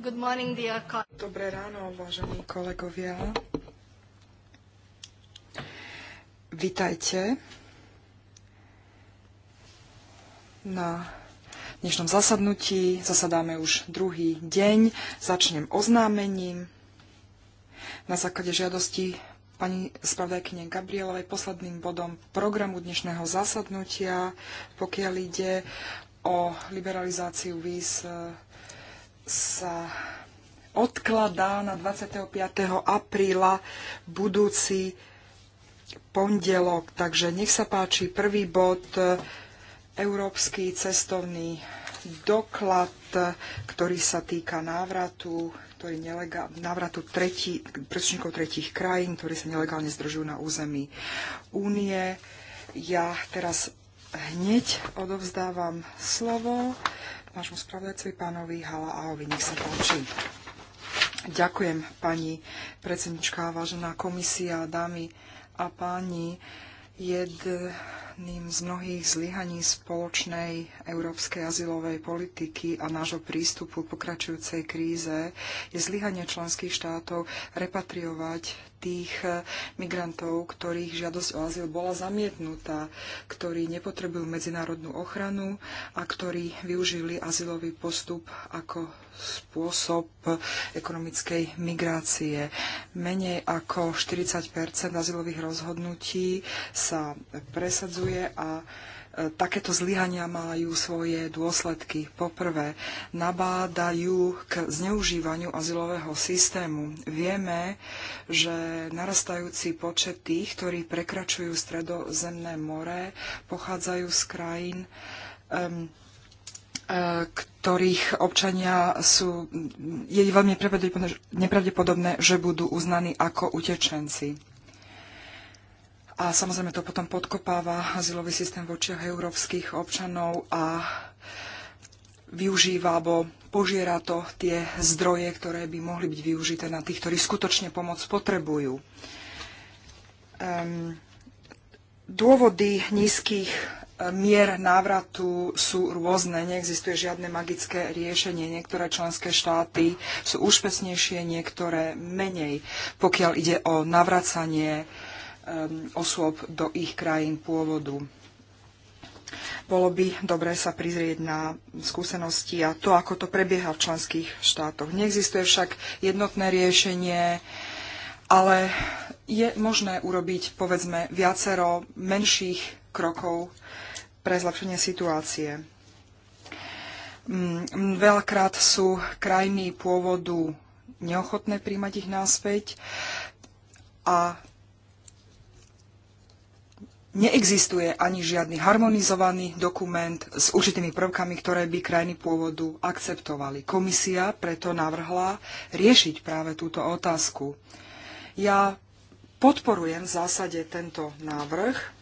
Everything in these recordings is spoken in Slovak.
Good morning, dear Dobré ráno, vážení kolegovia. Vítajte na dnešnom zasadnutí. Zasadáme už druhý deň. Začnem oznámením. Na základe žiadosti pani spravodajkyne Gabrielovej posledným bodom programu dnešného zasadnutia, pokiaľ ide o liberalizáciu víz sa odkladá na 25. apríla budúci pondelok. Takže nech sa páči prvý bod Európsky cestovný doklad, ktorý sa týka návratu, ktorý nelegál, návratu tretí, príslušníkov tretích krajín, ktorí sa nelegálne zdržujú na území únie. Ja teraz hneď odovzdávam slovo nášmu spravodajcovi pánovi Hala Halaáovi. Nech sa páči. Ďakujem, pani predsednička, vážená komisia, dámy a páni. Jed, jedným z mnohých zlyhaní spoločnej európskej azylovej politiky a nášho prístupu k pokračujúcej kríze je zlyhanie členských štátov repatriovať tých eh, migrantov, ktorých žiadosť o azyl bola zamietnutá, ktorí nepotrebujú medzinárodnú ochranu a ktorí využili azylový postup ako spôsob ekonomickej migrácie. Menej ako 40 azylových rozhodnutí sa presadzuje existuje a e, takéto zlyhania majú svoje dôsledky. Poprvé, nabádajú k zneužívaniu azylového systému. Vieme, že narastajúci počet tých, ktorí prekračujú stredozemné more, pochádzajú z krajín, um, ktorých občania sú, je veľmi nepravdepodobné, že budú uznaní ako utečenci. A samozrejme to potom podkopáva azylový systém v očiach európskych občanov a využíva alebo požiera to tie zdroje, ktoré by mohli byť využité na tých, ktorí skutočne pomoc potrebujú. Um, dôvody nízkych e, mier návratu sú rôzne, neexistuje žiadne magické riešenie. Niektoré členské štáty sú úspesnejšie, niektoré menej, pokiaľ ide o navracanie uh, Um, osôb do ich krajín pôvodu. Bolo by dobre sa prizrieť na skúsenosti a to, ako to prebieha v členských štátoch. Neexistuje však jednotné riešenie, ale je možné urobiť, povedzme, viacero menších krokov pre zlepšenie situácie. Mm, veľakrát sú krajiny pôvodu neochotné príjmať ich náspäť a neexistuje ani žiadny harmonizovaný dokument s určitými prvkami, ktoré by krajiny pôvodu akceptovali. Komisia preto navrhla riešiť práve túto otázku. Ja podporujem v zásade tento návrh.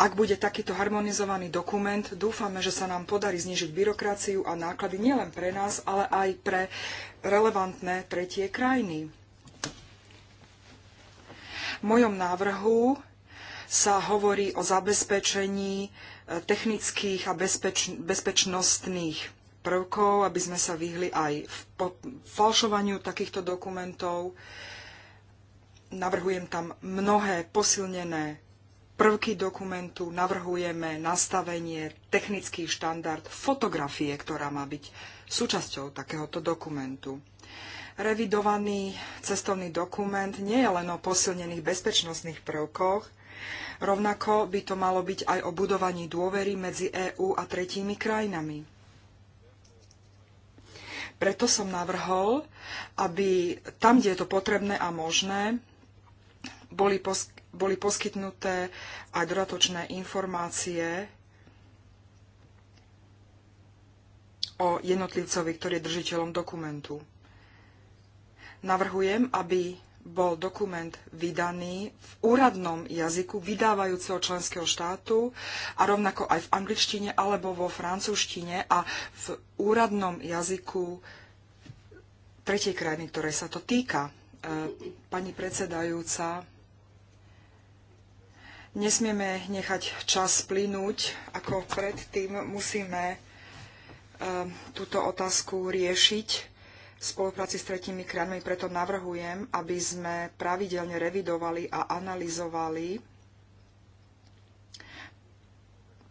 Ak bude takýto harmonizovaný dokument, dúfame, že sa nám podarí znižiť byrokraciu a náklady nielen pre nás, ale aj pre relevantné tretie krajiny. V mojom návrhu sa hovorí o zabezpečení e, technických a bezpeč- bezpečnostných prvkov, aby sme sa vyhli aj v falšovaniu takýchto dokumentov. Navrhujem tam mnohé posilnené prvky dokumentu, navrhujeme nastavenie technických štandard fotografie, ktorá má byť súčasťou takéhoto dokumentu. Revidovaný cestovný dokument nie je len o posilnených bezpečnostných prvkoch, Rovnako by to malo byť aj o budovaní dôvery medzi EÚ a tretími krajinami. Preto som navrhol, aby tam, kde je to potrebné a možné, boli, pos- boli poskytnuté aj dodatočné informácie o jednotlivcovi, ktorý je držiteľom dokumentu. Navrhujem, aby bol dokument vydaný v úradnom jazyku vydávajúceho členského štátu a rovnako aj v angličtine alebo vo francúzštine a v úradnom jazyku tretej krajiny, ktorej sa to týka. E, pani predsedajúca, nesmieme nechať čas plynúť, ako predtým musíme e, túto otázku riešiť v spolupráci s tretími krajinami, preto navrhujem, aby sme pravidelne revidovali a analyzovali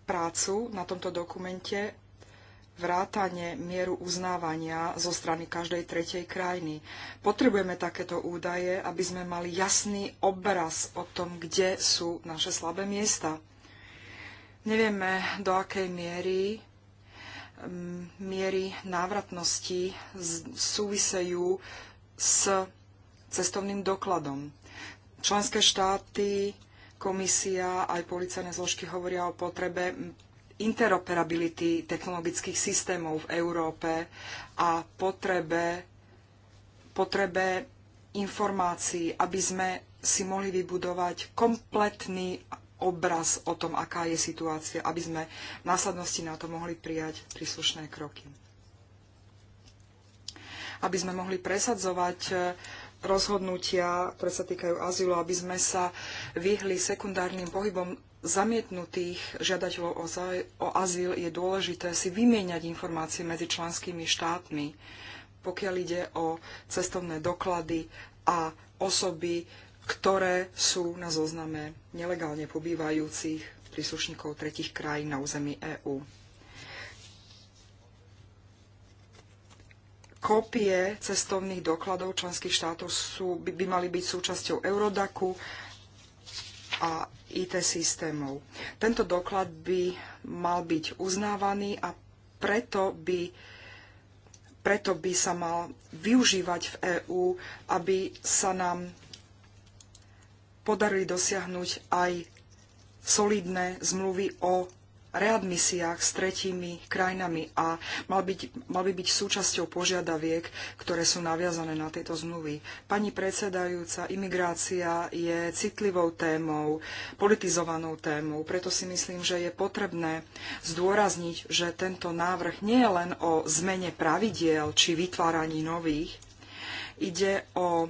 prácu na tomto dokumente vrátane mieru uznávania zo strany každej tretej krajiny. Potrebujeme takéto údaje, aby sme mali jasný obraz o tom, kde sú naše slabé miesta. Nevieme, do akej miery miery návratnosti súvisejú s cestovným dokladom. Členské štáty, komisia aj policajné zložky hovoria o potrebe interoperability technologických systémov v Európe a potrebe, potrebe informácií, aby sme si mohli vybudovať kompletný obraz o tom, aká je situácia, aby sme v následnosti na to mohli prijať príslušné kroky. Aby sme mohli presadzovať e, rozhodnutia, ktoré sa týkajú azylu, aby sme sa vyhli sekundárnym pohybom zamietnutých žiadateľov o, azyl, je dôležité si vymieňať informácie medzi členskými štátmi, pokiaľ ide o cestovné doklady a osoby, ktoré sú na zozname nelegálne pobývajúcich príslušníkov tretich krajín na území EÚ. Kópie cestovných dokladov členských štátov sú, by, by mali byť súčasťou Eurodaku a IT systémov. Tento doklad by mal byť uznávaný a preto by preto by sa mal využívať v EÚ, aby sa nám podarili dosiahnuť aj solidné zmluvy o readmisiách s tretími krajinami a mal, byť, mal by byť súčasťou požiadaviek, ktoré sú naviazané na tieto zmluvy. Pani predsedajúca, imigrácia je citlivou témou, politizovanou témou, preto si myslím, že je potrebné zdôrazniť, že tento návrh nie je len o zmene pravidiel či vytváraní nových, ide o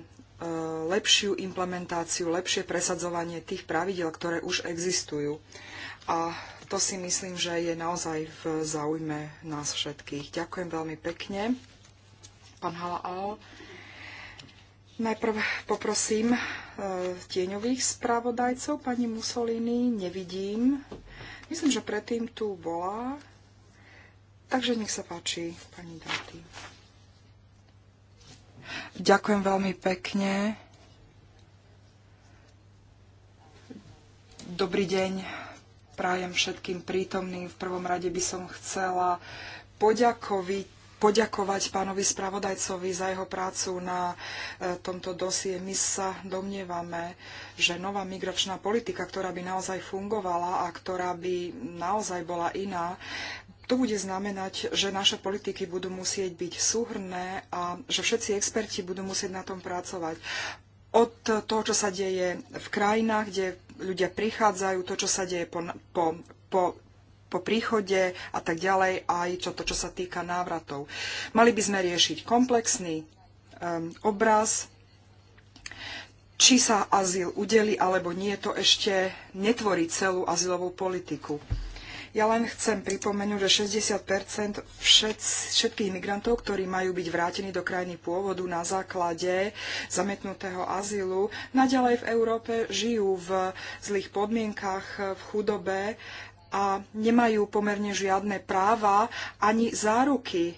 lepšiu implementáciu, lepšie presadzovanie tých pravidel, ktoré už existujú. A to si myslím, že je naozaj v záujme nás všetkých. Ďakujem veľmi pekne. Pán Halaal, najprv poprosím e, tieňových spravodajcov, pani Mussolini, nevidím. Myslím, že predtým tu bola. Takže nech sa páči, pani Dati. Ďakujem veľmi pekne. Dobrý deň prajem všetkým prítomným. V prvom rade by som chcela poďakoviť poďakovať pánovi spravodajcovi za jeho prácu na e, tomto dosie. My sa domnievame, že nová migračná politika, ktorá by naozaj fungovala a ktorá by naozaj bola iná, to bude znamenať, že naše politiky budú musieť byť súhrné a že všetci experti budú musieť na tom pracovať. Od toho, čo sa deje v krajinách, kde ľudia prichádzajú, to, čo sa deje po, po, po, po príchode a tak ďalej, aj čo, to, čo sa týka návratov. Mali by sme riešiť komplexný um, obraz, či sa azyl udeli alebo nie, to ešte netvorí celú azylovú politiku. Ja len chcem pripomenúť, že 60 všet, všetkých migrantov, ktorí majú byť vrátení do krajiny pôvodu na základe zametnutého azylu, naďalej v Európe žijú v zlých podmienkach, v chudobe a nemajú pomerne žiadne práva ani záruky. E,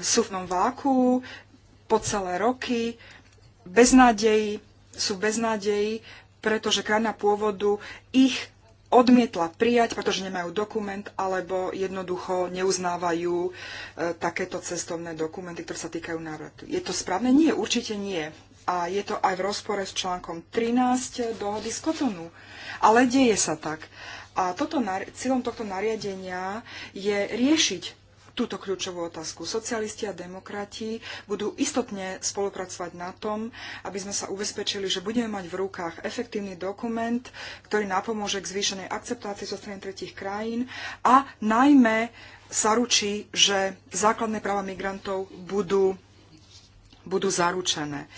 v súfnom váku po celé roky, bez sú beznádej, pretože krajina pôvodu ich odmietla prijať, pretože nemajú dokument alebo jednoducho neuznávajú e, takéto cestovné dokumenty, ktoré sa týkajú návratu. Je to správne? Nie, určite nie. A je to aj v rozpore s článkom 13 dohody z Kotonu. Ale deje sa tak. A toto, cieľom tohto nariadenia je riešiť túto kľúčovú otázku. Socialisti a demokrati budú istotne spolupracovať na tom, aby sme sa ubezpečili, že budeme mať v rukách efektívny dokument, ktorý napomôže k zvýšenej akceptácii zo strany tretich krajín a najmä sa ručí, že základné práva migrantov budú, budú zaručené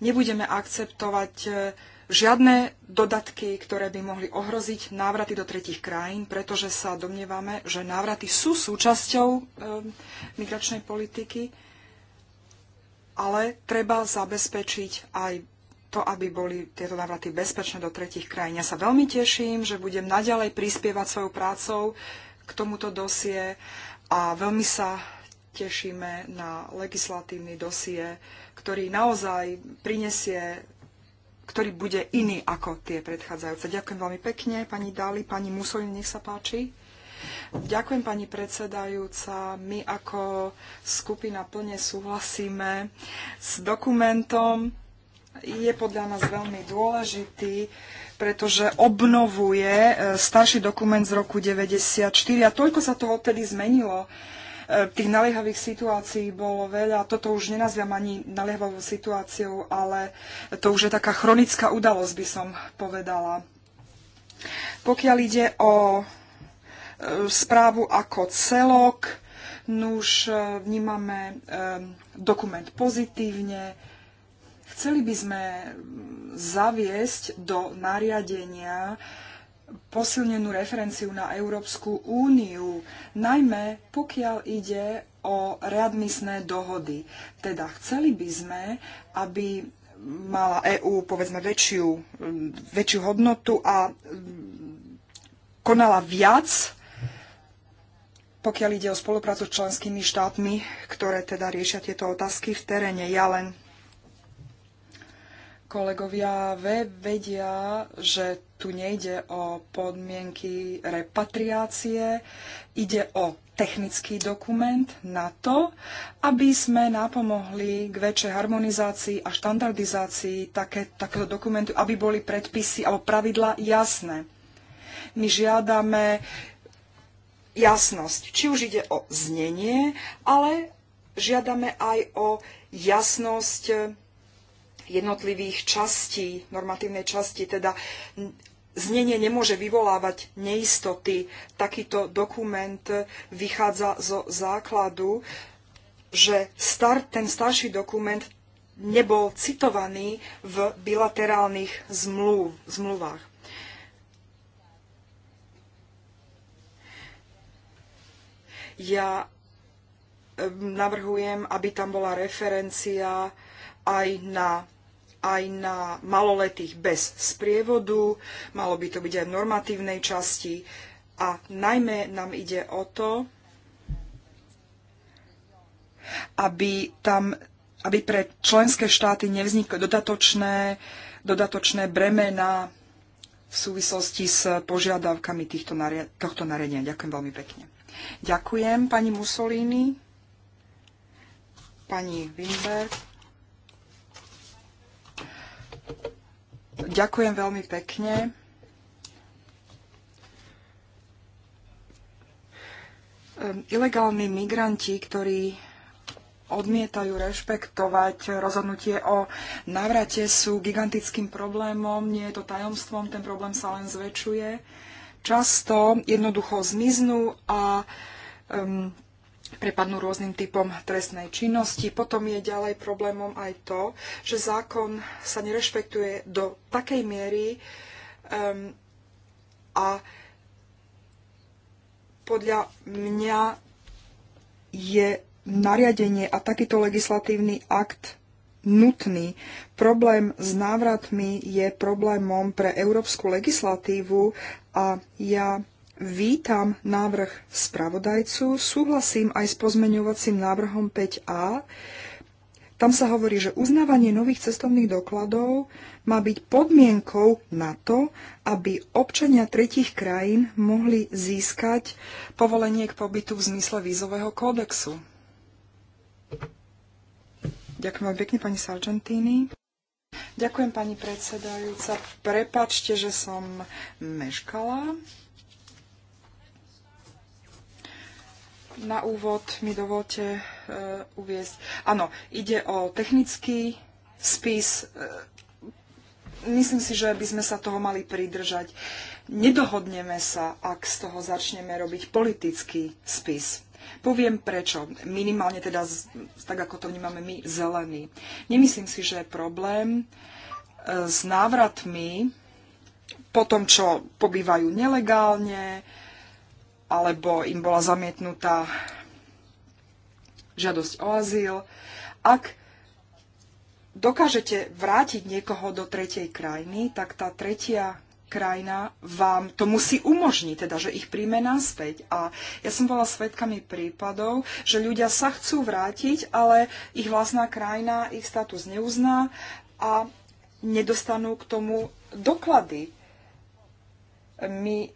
nebudeme akceptovať žiadne dodatky, ktoré by mohli ohroziť návraty do tretich krajín, pretože sa domnievame, že návraty sú súčasťou e, migračnej politiky, ale treba zabezpečiť aj to, aby boli tieto návraty bezpečné do tretich krajín. Ja sa veľmi teším, že budem naďalej prispievať svojou prácou k tomuto dosie a veľmi sa tešíme na legislatívny dosie, ktorý naozaj prinesie ktorý bude iný ako tie predchádzajúce. Ďakujem veľmi pekne, pani Dali, pani Musolini, nech sa páči. Ďakujem, pani predsedajúca. My ako skupina plne súhlasíme s dokumentom. Je podľa nás veľmi dôležitý, pretože obnovuje e, starší dokument z roku 94 a toľko sa to odtedy zmenilo Tých naliehavých situácií bolo veľa. Toto už nenazviem ani naliehavou situáciou, ale to už je taká chronická udalosť, by som povedala. Pokiaľ ide o e, správu ako celok, nuž e, vnímame e, dokument pozitívne. Chceli by sme zaviesť do nariadenia posilnenú referenciu na Európsku úniu, najmä pokiaľ ide o readmisné dohody. Teda chceli by sme, aby mala EÚ povedzme väčšiu, väčšiu hodnotu a mm, konala viac, pokiaľ ide o spoluprácu s členskými štátmi, ktoré teda riešia tieto otázky v teréne. Ja len Kolegovia V vedia, že tu nejde o podmienky repatriácie, ide o technický dokument na to, aby sme napomohli k väčšej harmonizácii a štandardizácii také, takéto dokumentu, aby boli predpisy alebo pravidla jasné. My žiadame jasnosť. Či už ide o znenie, ale žiadame aj o jasnosť jednotlivých častí, normatívnej časti, teda znenie nemôže vyvolávať neistoty. Takýto dokument vychádza zo základu, že star, ten starší dokument nebol citovaný v bilaterálnych zmluv, zmluvách. Ja navrhujem, aby tam bola referencia aj na aj na maloletých bez sprievodu, malo by to byť aj v normatívnej časti a najmä nám ide o to, aby tam aby pre členské štáty nevznikli dodatočné, dodatočné bremena v súvislosti s požiadavkami týchto nari- tohto nariadenia. Ďakujem veľmi pekne. Ďakujem pani Mussolini, pani Wimberg. Ďakujem veľmi pekne. Ehm, ilegálni migranti, ktorí odmietajú rešpektovať rozhodnutie o návrate, sú gigantickým problémom, nie je to tajomstvom, ten problém sa len zväčšuje. Často jednoducho zmiznú a um, prepadnú rôznym typom trestnej činnosti. Potom je ďalej problémom aj to, že zákon sa nerešpektuje do takej miery um, a podľa mňa je nariadenie a takýto legislatívny akt nutný. Problém s návratmi je problémom pre európsku legislatívu a ja Vítam návrh spravodajcu, súhlasím aj s pozmeňovacím návrhom 5a. Tam sa hovorí, že uznávanie nových cestovných dokladov má byť podmienkou na to, aby občania tretich krajín mohli získať povolenie k pobytu v zmysle vízového kódexu. Ďakujem veľmi pekne pani Sargentini. Ďakujem pani predsedajúca. Prepačte, že som meškala. Na úvod mi dovolte e, uviezť. Áno, ide o technický spis. E, myslím si, že by sme sa toho mali pridržať. Nedohodneme sa, ak z toho začneme robiť politický spis. Poviem prečo. Minimálne teda, tak ako to vnímame my, zelený. Nemyslím si, že je problém e, s návratmi po tom, čo pobývajú nelegálne, alebo im bola zamietnutá žiadosť o azyl. Ak dokážete vrátiť niekoho do tretej krajiny, tak tá tretia krajina vám to musí umožniť, teda že ich príjme naspäť. A ja som bola svedkami prípadov, že ľudia sa chcú vrátiť, ale ich vlastná krajina ich status neuzná a nedostanú k tomu doklady. My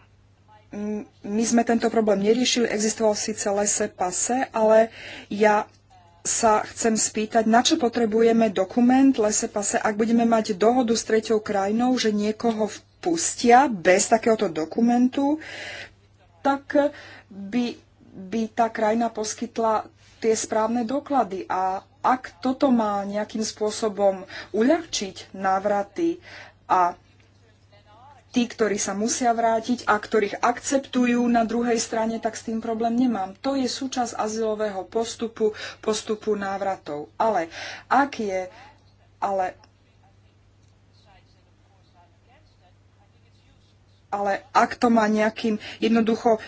my sme tento problém neriešili, existoval síce lese pase, ale ja sa chcem spýtať, na čo potrebujeme dokument lese pase, ak budeme mať dohodu s treťou krajinou, že niekoho vpustia bez takéhoto dokumentu, tak by, by tá krajina poskytla tie správne doklady a ak toto má nejakým spôsobom uľahčiť návraty a tí, ktorí sa musia vrátiť a ktorých akceptujú na druhej strane, tak s tým problém nemám. To je súčasť azylového postupu, postupu návratov. Ale ak je, ale ale ak to má nejakým, jednoducho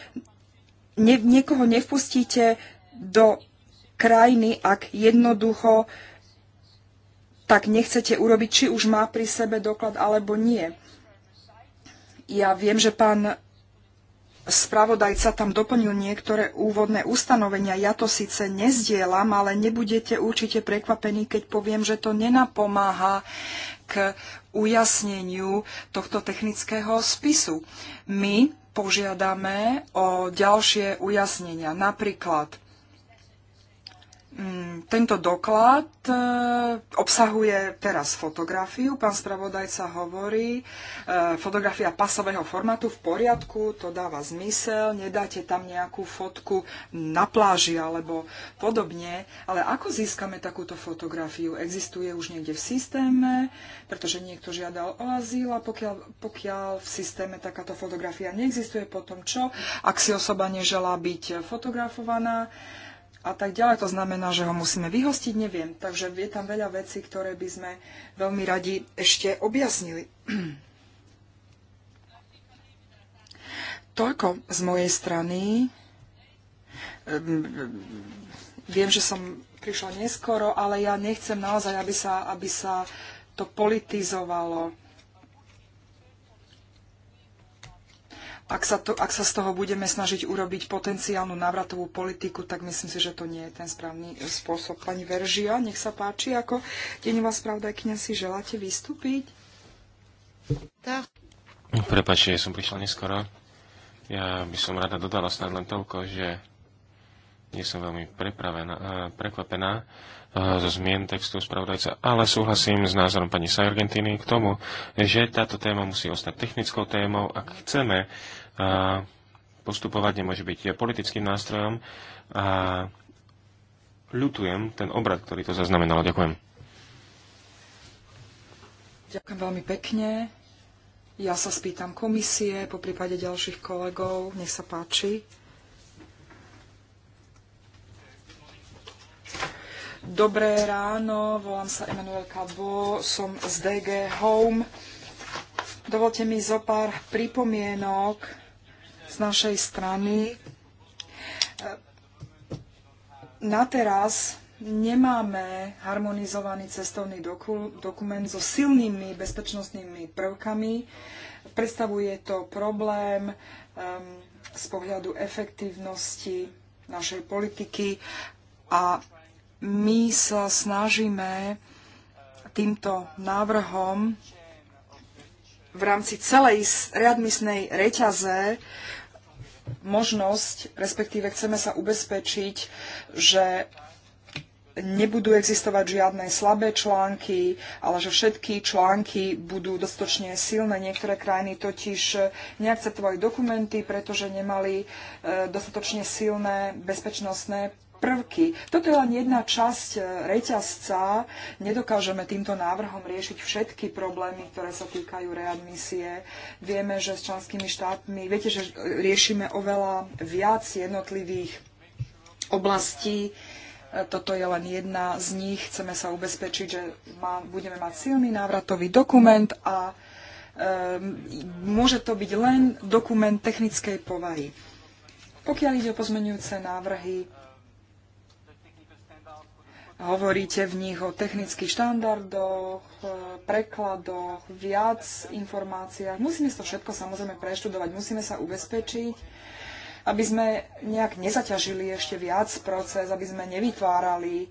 ne, niekoho nevpustíte do krajiny, ak jednoducho tak nechcete urobiť, či už má pri sebe doklad alebo nie. Ja viem, že pán spravodajca tam doplnil niektoré úvodné ustanovenia. Ja to síce nezdielam, ale nebudete určite prekvapení, keď poviem, že to nenapomáha k ujasneniu tohto technického spisu. My požiadame o ďalšie ujasnenia. Napríklad Mm, tento doklad e, obsahuje teraz fotografiu. Pán spravodajca hovorí, e, fotografia pasového formátu v poriadku, to dáva zmysel, nedáte tam nejakú fotku na pláži alebo podobne. Ale ako získame takúto fotografiu? Existuje už niekde v systéme, pretože niekto žiadal o azyl a pokiaľ, pokiaľ v systéme takáto fotografia neexistuje, potom čo? Ak si osoba neželá byť fotografovaná, a tak ďalej. To znamená, že ho musíme vyhostiť, neviem. Takže je tam veľa vecí, ktoré by sme veľmi radi ešte objasnili. Toľko z mojej strany. Viem, že som prišla neskoro, ale ja nechcem naozaj, aby sa, aby sa to politizovalo ak sa, to, ak sa z toho budeme snažiť urobiť potenciálnu návratovú politiku, tak myslím si, že to nie je ten správny spôsob. Pani Veržia, nech sa páči, ako vás pravda, spravodajkňa si želáte vystúpiť? Prepačte, ja som prišla neskoro. Ja by som rada dodala snad len toľko, že nie som veľmi prepravená, eh, prekvapená zo zmien textu spravodajca, ale súhlasím s názorom pani Sargentiny k tomu, že táto téma musí ostať technickou témou. Ak chceme postupovať, nemôže byť politickým nástrojom. A ľutujem ten obrad, ktorý to zaznamenalo. Ďakujem. Ďakujem veľmi pekne. Ja sa spýtam komisie, po prípade ďalších kolegov. Nech sa páči. Dobré ráno, volám sa Emanuel Kabo, som z DG Home. Dovolte mi zo pár pripomienok z našej strany. Na teraz nemáme harmonizovaný cestovný doku- dokument so silnými bezpečnostnými prvkami. Predstavuje to problém um, z pohľadu efektívnosti našej politiky a my sa snažíme týmto návrhom v rámci celej readmisnej reťaze možnosť, respektíve chceme sa ubezpečiť, že nebudú existovať žiadne slabé články, ale že všetky články budú dostatočne silné. Niektoré krajiny totiž neakceptovali dokumenty, pretože nemali e, dostatočne silné bezpečnostné prvky. Toto je len jedna časť e, reťazca. Nedokážeme týmto návrhom riešiť všetky problémy, ktoré sa týkajú readmisie. Vieme, že s členskými štátmi, viete, že riešime oveľa viac jednotlivých oblastí. E, toto je len jedna z nich. Chceme sa ubezpečiť, že má, budeme mať silný návratový dokument a e, môže to byť len dokument technickej povahy. Pokiaľ ide o pozmenujúce návrhy, Hovoríte v nich o technických štandardoch, e, prekladoch, viac informáciách. Musíme to všetko samozrejme preštudovať, musíme sa ubezpečiť, aby sme nejak nezaťažili ešte viac proces, aby sme nevytvárali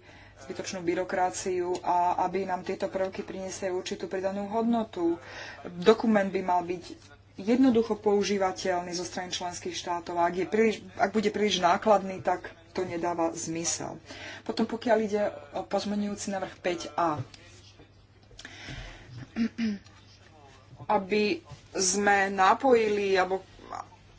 zbytočnú byrokraciu a aby nám tieto prvky priniesli určitú pridanú hodnotu. Dokument by mal byť jednoducho používateľný zo strany členských štátov. Ak, je príliš, ak bude príliš nákladný, tak to nedáva zmysel. Potom pokiaľ ide o pozmenujúci návrh 5a, aby sme napojili, alebo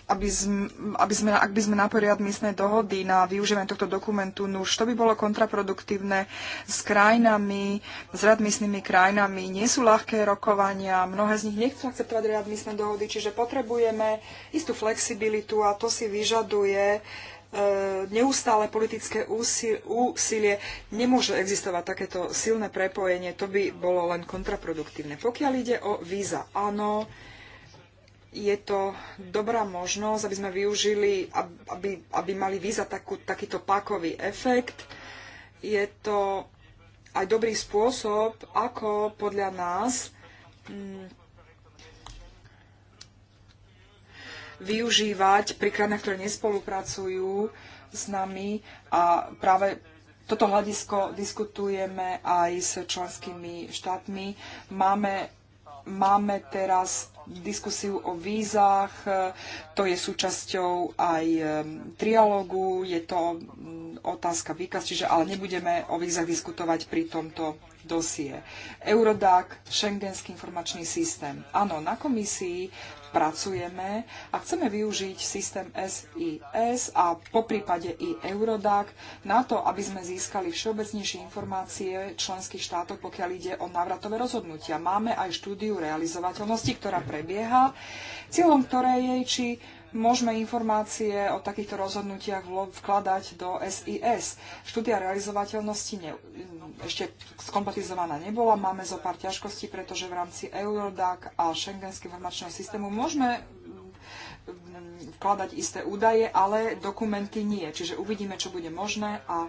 aby sme, aby sme, ak by sme napojili admisné dohody na využívanie tohto dokumentu, no už to by bolo kontraproduktívne s krajinami, s readmisnými krajinami. Nie sú ľahké rokovania, mnohé z nich nechcú akceptovať readmisné dohody, čiže potrebujeme istú flexibilitu a to si vyžaduje uh, E, neustále politické úsilie nemôže existovať takéto silné prepojenie, to by bolo len kontraproduktívne. Pokiaľ ide o víza, áno, je to dobrá možnosť, aby sme využili, aby, aby mali víza takú, takýto pákový efekt. Je to aj dobrý spôsob, ako podľa nás mm, využívať pri krajinách, ktoré nespolupracujú s nami a práve toto hľadisko diskutujeme aj s členskými štátmi. Máme, máme teraz diskusiu o vízach, to je súčasťou aj trialógu, je to otázka výkaz, čiže ale nebudeme o vízach diskutovať pri tomto dosie. Eurodac, Schengenský informačný systém. Áno, na komisii pracujeme a chceme využiť systém SIS a poprípade i Eurodac na to, aby sme získali všeobecnejšie informácie členských štátov, pokiaľ ide o návratové rozhodnutia. Máme aj štúdiu realizovateľnosti, ktorá prebieha, cieľom ktorej je, či môžeme informácie o takýchto rozhodnutiach vkladať do SIS. Štúdia realizovateľnosti ne, ešte skompatizovaná nebola. Máme zo pár ťažkostí, pretože v rámci Eurodac a Schengenského informačného systému môžeme mm, vkladať isté údaje, ale dokumenty nie. Čiže uvidíme, čo bude možné a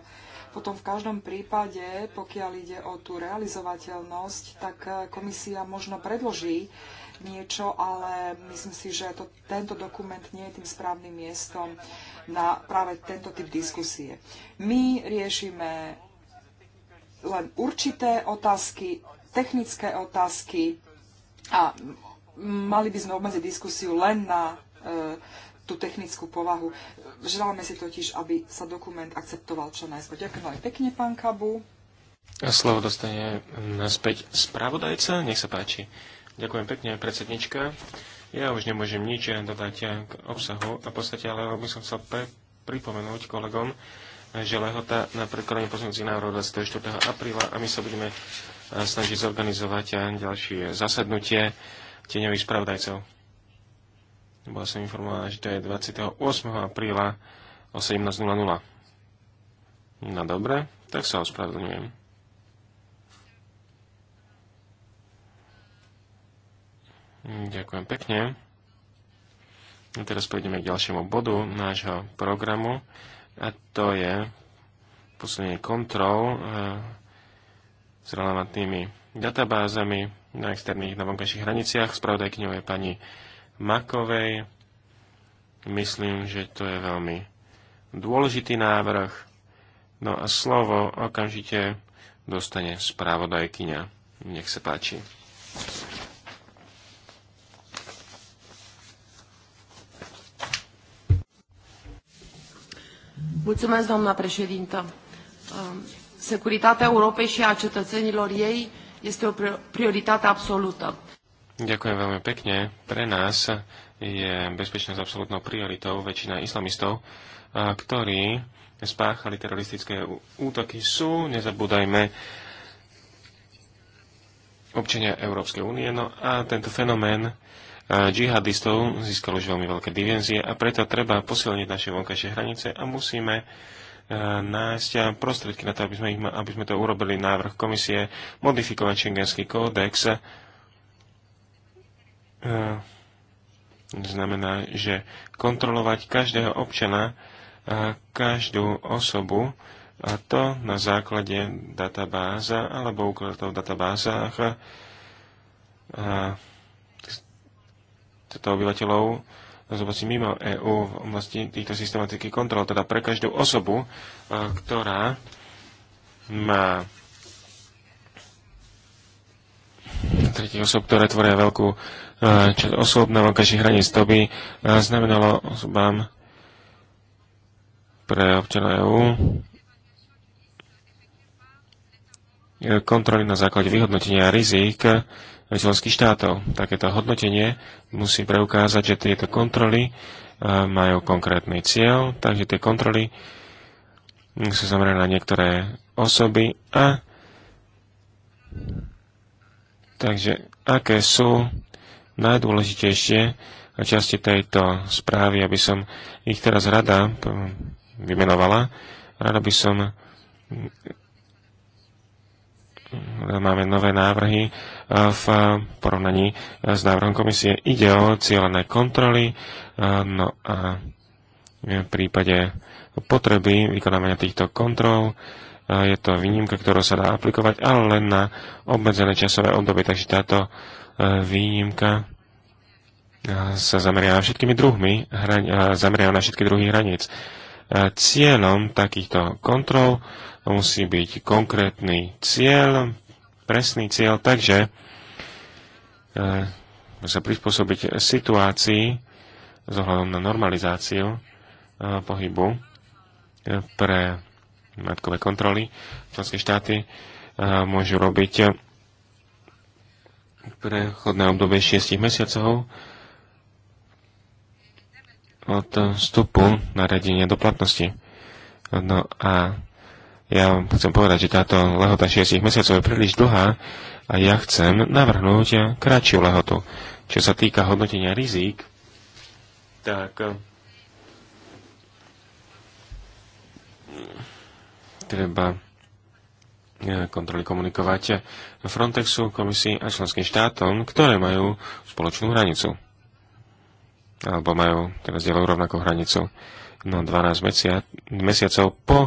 potom v každom prípade, pokiaľ ide o tú realizovateľnosť, tak eh, komisia možno predloží niečo, ale myslím si, že to, tento dokument nie je tým správnym miestom na práve tento typ diskusie. My riešime len určité otázky, technické otázky a mali by sme obmedziť diskusiu len na e, tú technickú povahu. Želáme si totiž, aby sa dokument akceptoval čo najskôr. Ďakujem veľmi pekne, pán Kabu. A slovo dostane naspäť spravodajca. Nech sa páči. Ďakujem pekne, predsednička. Ja už nemôžem nič dodať k obsahu a v podstate, ale by som chcel pripomenúť kolegom, že lehota na prekladanie pozornosti národa 24. apríla a my sa budeme e, snažiť zorganizovať e, ďalšie zasadnutie tieňových spravodajcov. Bola som informovaná, že to je 28. apríla o 17.00. No dobre, tak sa ospravedlňujem. Mm, ďakujem pekne. A teraz pôjdeme k ďalšiemu bodu nášho programu a to je posunenie kontrol e, s relevantnými databázami na externých, na vonkajších hraniciach. Spravodajkňou je pani Makovej. Myslím, že to je veľmi dôležitý návrh. No a slovo okamžite dostane spravodajkyňa. Nech sa páči. Mulțumesc, doamna președintă. Um, securitatea Europei și a cetățenilor ei este o prioritate absolută. Ďakujem veľmi pekne. Pre nás je bezpečnosť absolútnou prioritou. Väčšina islamistov, ktorí spáchali teroristické útoky, sú, nezabúdajme, občania Európskej únie. No a tento fenomén džihadistov získalo už veľmi veľké divenzie a preto treba posilniť naše vonkajšie hranice a musíme e, nájsť prostriedky na to, aby sme, ich, aby sme to urobili návrh komisie, modifikovať šengenský kódex. E, znamená, že kontrolovať každého občana, e, každú osobu, a to na základe databáza alebo úkladov v databázách. A týchto obyvateľov z oblasti mimo EÚ v oblasti týchto systematických kontrol, teda pre každú osobu, e, ktorá má tretich osob, ktoré tvoria veľkú e, časť osob na vonkajších hraníc. To by e, znamenalo osobám pre občana EÚ kontroly na základe vyhodnotenia rizik členských štátov. Takéto hodnotenie musí preukázať, že tieto kontroly e, majú konkrétny cieľ, takže tie kontroly sú zamerané na niektoré osoby a takže aké sú najdôležitejšie časti tejto správy, aby som ich teraz rada vymenovala. Rada by som máme nové návrhy e, v porovnaní e, s návrhom komisie. Ide o cieľené kontroly, e, no a v prípade potreby vykonávania týchto kontrol je to výnimka, ktorú sa dá aplikovať, ale len na obmedzené časové obdobie. Takže táto výnimka sa na všetkými druhmi, zameria na všetky druhy hraníc. Cieľom takýchto kontrol musí byť konkrétny cieľ, presný cieľ, takže eh, sa prispôsobiť situácii z ohľadom na normalizáciu eh, pohybu eh, pre matkové kontroly. Členské štáty môžu robiť prechodné obdobie 6 mesiacov od vstupu naradenia do platnosti. No a ja chcem povedať, že táto lehota 6 mesiacov je príliš dlhá a ja chcem navrhnúť kratšiu lehotu. Čo sa týka hodnotenia rizík, tak mm, treba e, kontroly komunikovať Frontexu, komisii a členským štátom, ktoré majú spoločnú hranicu alebo majú teraz dielajú rovnakú hranicu. No 12 mesiac, mesiacov po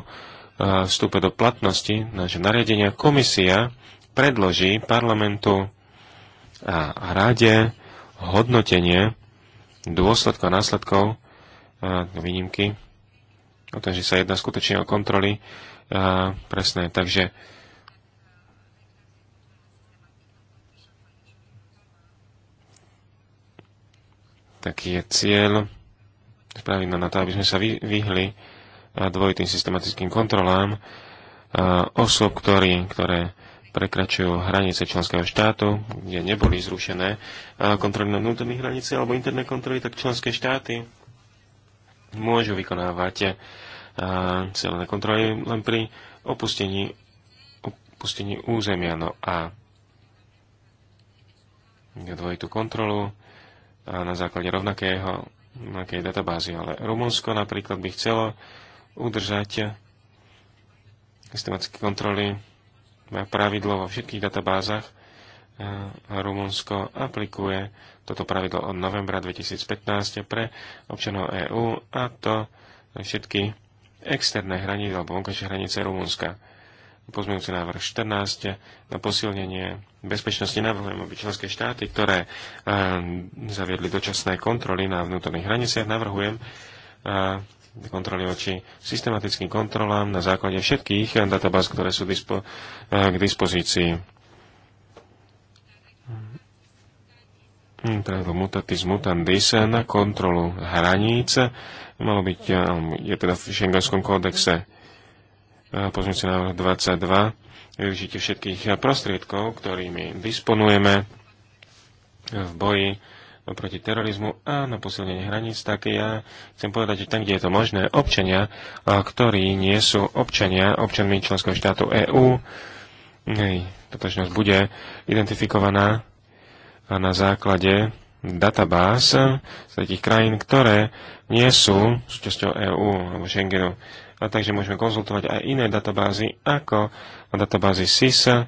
eh, vstupe do platnosti naše nariadenia komisia predloží parlamentu a rade hodnotenie dôsledkov a následkov eh, výnimky. O no, tom, že sa jedná skutočne o kontroly eh, presné. Takže taký je cieľ spraviť na to, aby sme sa vyhli eh, dvojitým systematickým kontrolám eh, osob, ktorý, ktoré prekračujú hranice členského štátu, kde neboli zrušené eh, kontroly na vnútorných hranice alebo interné kontroly, tak členské štáty môžu vykonávať celé kontroly len pri opustení, opustení územia. No a dvojitú kontrolu na základe rovnakého, nejakej databázy. Ale Rumunsko napríklad by chcelo udržať systematické kontroly má pravidlo vo všetkých databázach. Rumunsko aplikuje toto pravidlo od novembra 2015 pre občanov EÚ a to všetky externé hranice alebo vonkajšie hranice Rumunska pozmeňujúci návrh 14 na posilnenie bezpečnosti navrhujem, aby členské štáty, ktoré e, zaviedli dočasné kontroly na vnútorných hraniciach, navrhujem e, kontroly oči systematickým kontrolám na základe všetkých databáz, ktoré sú dispo, eh, k dispozícii. Pravidlo hmm, teda mutatis mutandis na kontrolu hraníc malo byť, je teda v šengenskom kódexe pozmeňujúci návrh 22, využite všetkých prostriedkov, ktorými disponujeme v boji proti terorizmu a na posilnenie hraníc, tak ja chcem povedať, že tam, kde je to možné, občania, ktorí nie sú občania, občanmi členského štátu EÚ, totožnosť bude identifikovaná na základe databáz z tých krajín, ktoré nie sú súčasťou EÚ alebo Schengenu a takže môžeme konzultovať aj iné databázy ako databázy SIS,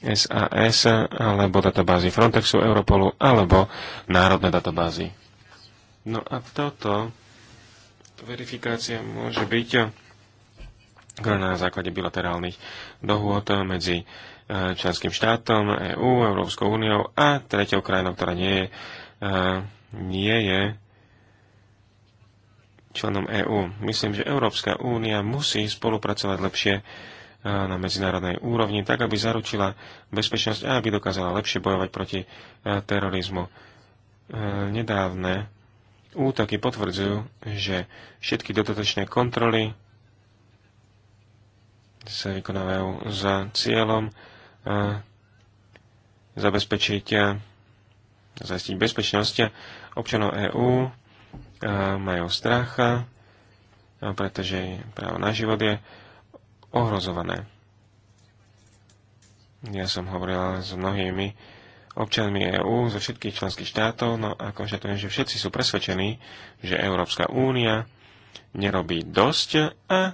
SAS alebo databázy Frontexu, Europolu alebo národné databázy. No a toto verifikácia môže byť na základe bilaterálnych dohôd medzi e, členským štátom, EÚ, Európskou úniou a tretou krajinou, ktorá nie je, e, nie je členom EÚ. Myslím, že Európska únia musí spolupracovať lepšie e, na medzinárodnej úrovni, tak aby zaručila bezpečnosť a aby dokázala lepšie bojovať proti e, terorizmu. E, nedávne útoky potvrdzujú, že všetky dodatočné kontroly sa vykonávajú za cieľom zabezpečiť a zaistiť bezpečnosť občanov EÚ majú stracha, pretože právo na život je ohrozované. Ja som hovoril s mnohými občanmi EÚ zo všetkých členských štátov, no a konštatujem, že všetci sú presvedčení, že Európska únia nerobí dosť a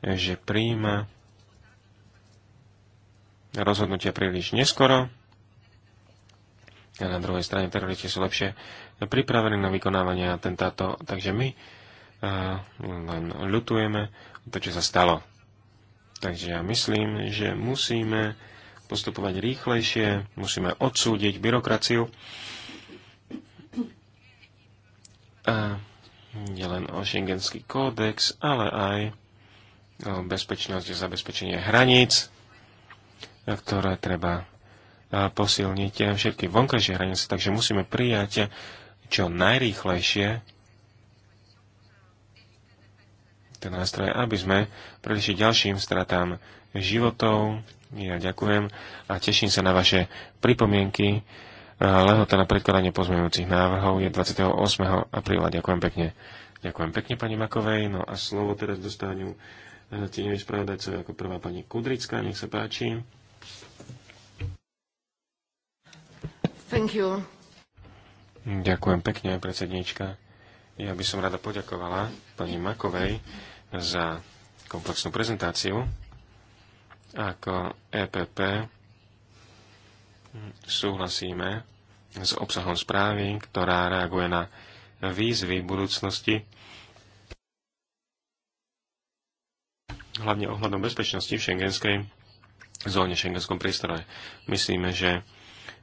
že príjma rozhodnutia príliš neskoro. A na druhej strane teroristi sú lepšie pripravení na vykonávanie atentáto, takže my len ľutujeme to, čo sa stalo. Takže ja myslím, že musíme postupovať rýchlejšie, musíme odsúdiť byrokraciu. A nie len o šengenský kódex, ale aj o bezpečnosť a zabezpečenie hraníc, ktoré treba posilniť všetky vonkajšie hranice, takže musíme prijať čo najrýchlejšie ten nástroj, aby sme prešli ďalším stratám životov. Ja ďakujem a teším sa na vaše pripomienky. Lehota na predkladanie pozmeňujúcich návrhov je 28. apríla. Ďakujem pekne. Ďakujem pekne pani Makovej. No a slovo teraz dostanú e, tieňoví spravodajcovi ako prvá pani Kudrická. Nech sa páči. Thank you. Ďakujem pekne, predsedníčka. Ja by som rada poďakovala pani Makovej za komplexnú prezentáciu. Ako EPP súhlasíme s obsahom správy, ktorá reaguje na výzvy budúcnosti, hlavne ohľadom bezpečnosti v šengenskej zóne, šengenskom prístroje. Myslíme, že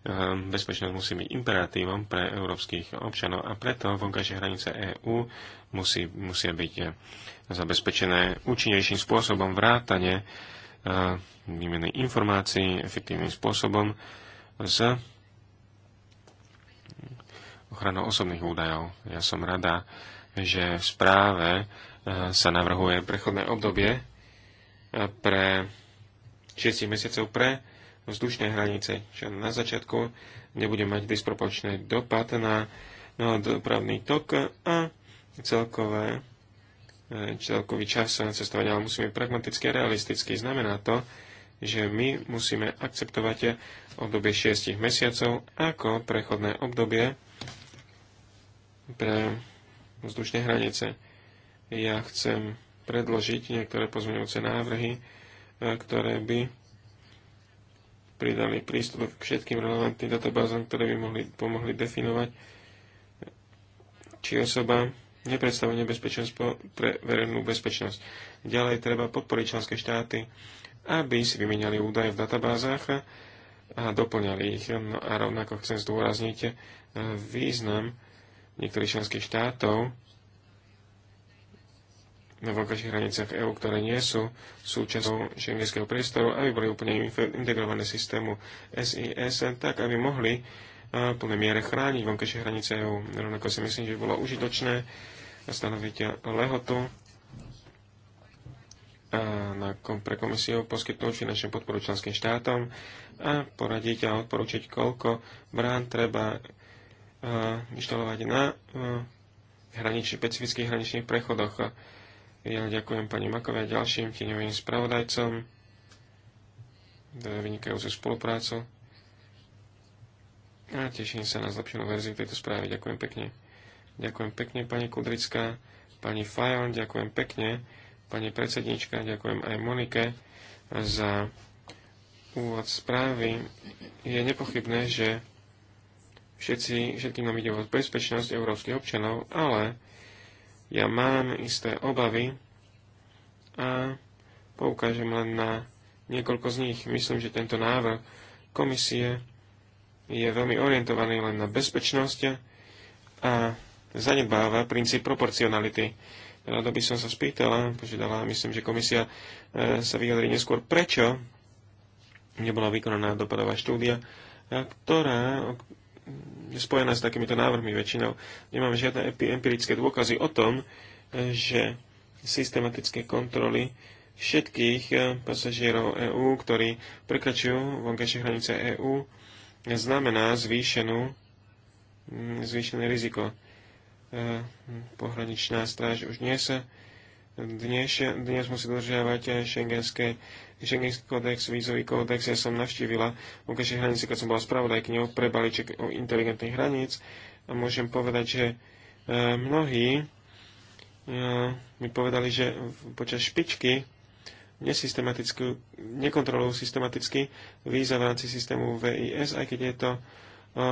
Ehm, bezpečnosť musí byť imperatívom pre európskych občanov a preto vonkajšie hranice EÚ musí, musia byť eh, zabezpečené účinnejším spôsobom vrátane eh, výmeny informácií efektívnym spôsobom s ochranou osobných údajov. Ja som rada, že v správe eh, sa navrhuje prechodné obdobie pre 6 mesiacov pre vzdušnej hranice, Čiže na začiatku nebude mať disproporčný dopad na, dopravný tok a celkové, e, celkový čas cestovať, ale musíme pragmaticky a realisticky. Znamená to, že my musíme akceptovať obdobie 6 mesiacov ako prechodné obdobie pre vzdušné hranice. Ja chcem predložiť niektoré pozmeňujúce návrhy, e, ktoré by pridali prístup k všetkým relevantným databázam, ktoré by mohli, pomohli definovať, či osoba nepredstavuje nebezpečenstvo pre verejnú bezpečnosť. Ďalej treba podporiť členské štáty, aby si vymenali údaje v databázach a doplňali ich. No a rovnako chcem zdôrazniť eh, význam niektorých členských štátov na vonkajších hraniciach EÚ, ktoré nie sú súčasťou šengenského priestoru, aby boli úplne integrované systému SIS, tak aby mohli e, v plnej miere chrániť vonkajšie hranice EÚ. Rovnako si myslím, že by bolo užitočné stanoviť lehotu e, na na, pre komisiu poskytnúť finančnú podporu členským štátom a poradiť a odporučiť, koľko brán treba e, inštalovať na hranič, špecifických hraničných prechodoch. Ja ďakujem pani Makovej a ďalším tieňovým spravodajcom za vynikajúcu spoluprácu a teším sa na zlepšenú verziu tejto správy. Ďakujem pekne. Ďakujem pekne, pani Kudrická, pani Fajon, ďakujem pekne, pani predsednička, ďakujem aj Monike za úvod správy. Je nepochybné, že všetci, všetkým nám ide o bezpečnosť európskych občanov, ale ja mám isté obavy a poukážem len na niekoľko z nich. Myslím, že tento návrh komisie je veľmi orientovaný len na bezpečnosť a zanebáva princíp proporcionality. Rado by som sa spýtala, požiadala, myslím, že komisia e, sa vyjadri neskôr, prečo nebola vykonaná dopadová štúdia, e, ktorá, spojená s takýmito návrhmi väčšinou. Nemáme žiadne empirické dôkazy o tom, e, že systematické kontroly všetkých e, pasažierov EÚ, ktorí prekračujú vonkajšie hranice EÚ, znamená zvýšenú, zvýšené riziko. E, pohraničná stráž už nie sa dnes, dnes musí dodržiavať šengenské Schengenský kódex, vízový kódex, ja som navštívila vonkajšie hranice, keď som bola spravodajkňou pre balíček o inteligentných hraníc a môžem povedať, že e, mnohí e, mi povedali, že počas špičky nekontrolujú systematicky víza v rámci systému VIS, aj keď je to e,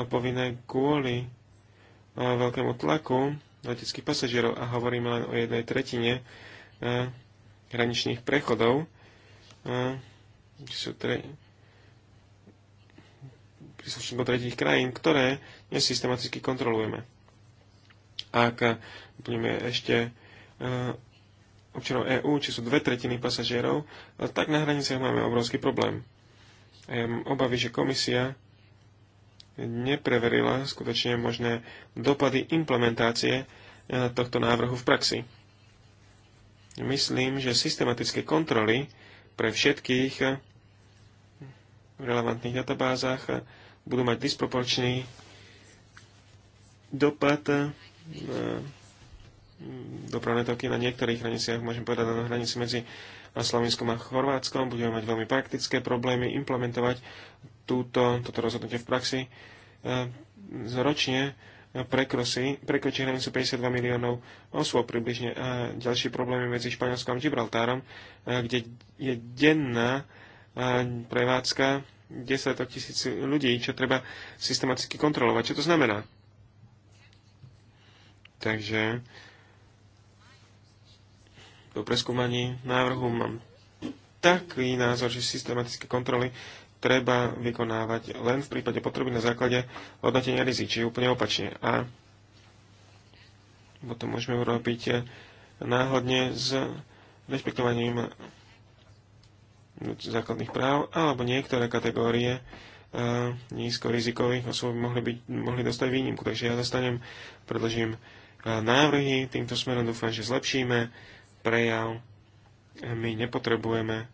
povinné kvôli veľkému tlaku leteckých pasažierov a hovoríme len o jednej tretine hraničných prechodov, sú tre, príslušníkov tretich krajín, ktoré nesystematicky kontrolujeme. Ak budeme ešte občanov EÚ, či sú dve tretiny pasažierov, tak na hraniciach máme obrovský problém. A ja mám obavy, že komisia nepreverila skutočne možné dopady implementácie tohto návrhu v praxi. Myslím, že systematické kontroly pre všetkých v relevantných databázach budú mať disproporčný dopad dopravné toky na niektorých hraniciach, môžem povedať na hranici medzi Slovenskom a Chorvátskom. Budeme mať veľmi praktické problémy implementovať túto, toto rozhodnutie v praxi. Eh, Zročne prekrosy, prekročí hranicu 52 miliónov osôb približne. A ďalší problém je medzi Španielskom a Gibraltárom, kde je denná prevádzka 10 tisíc ľudí, čo treba systematicky kontrolovať. Čo to znamená? Takže po preskúmaní návrhu mám taký názor, že systematické kontroly treba vykonávať len v prípade potreby na základe hodnotenia rizik, či úplne opačne. A potom môžeme urobiť náhodne s rešpektovaním základných práv, alebo niektoré kategórie eh, nízkorizikových osôb mohli, byť, mohli dostať výnimku. Takže ja zastanem, predložím eh, návrhy, týmto smerom dúfam, že zlepšíme prejav. My nepotrebujeme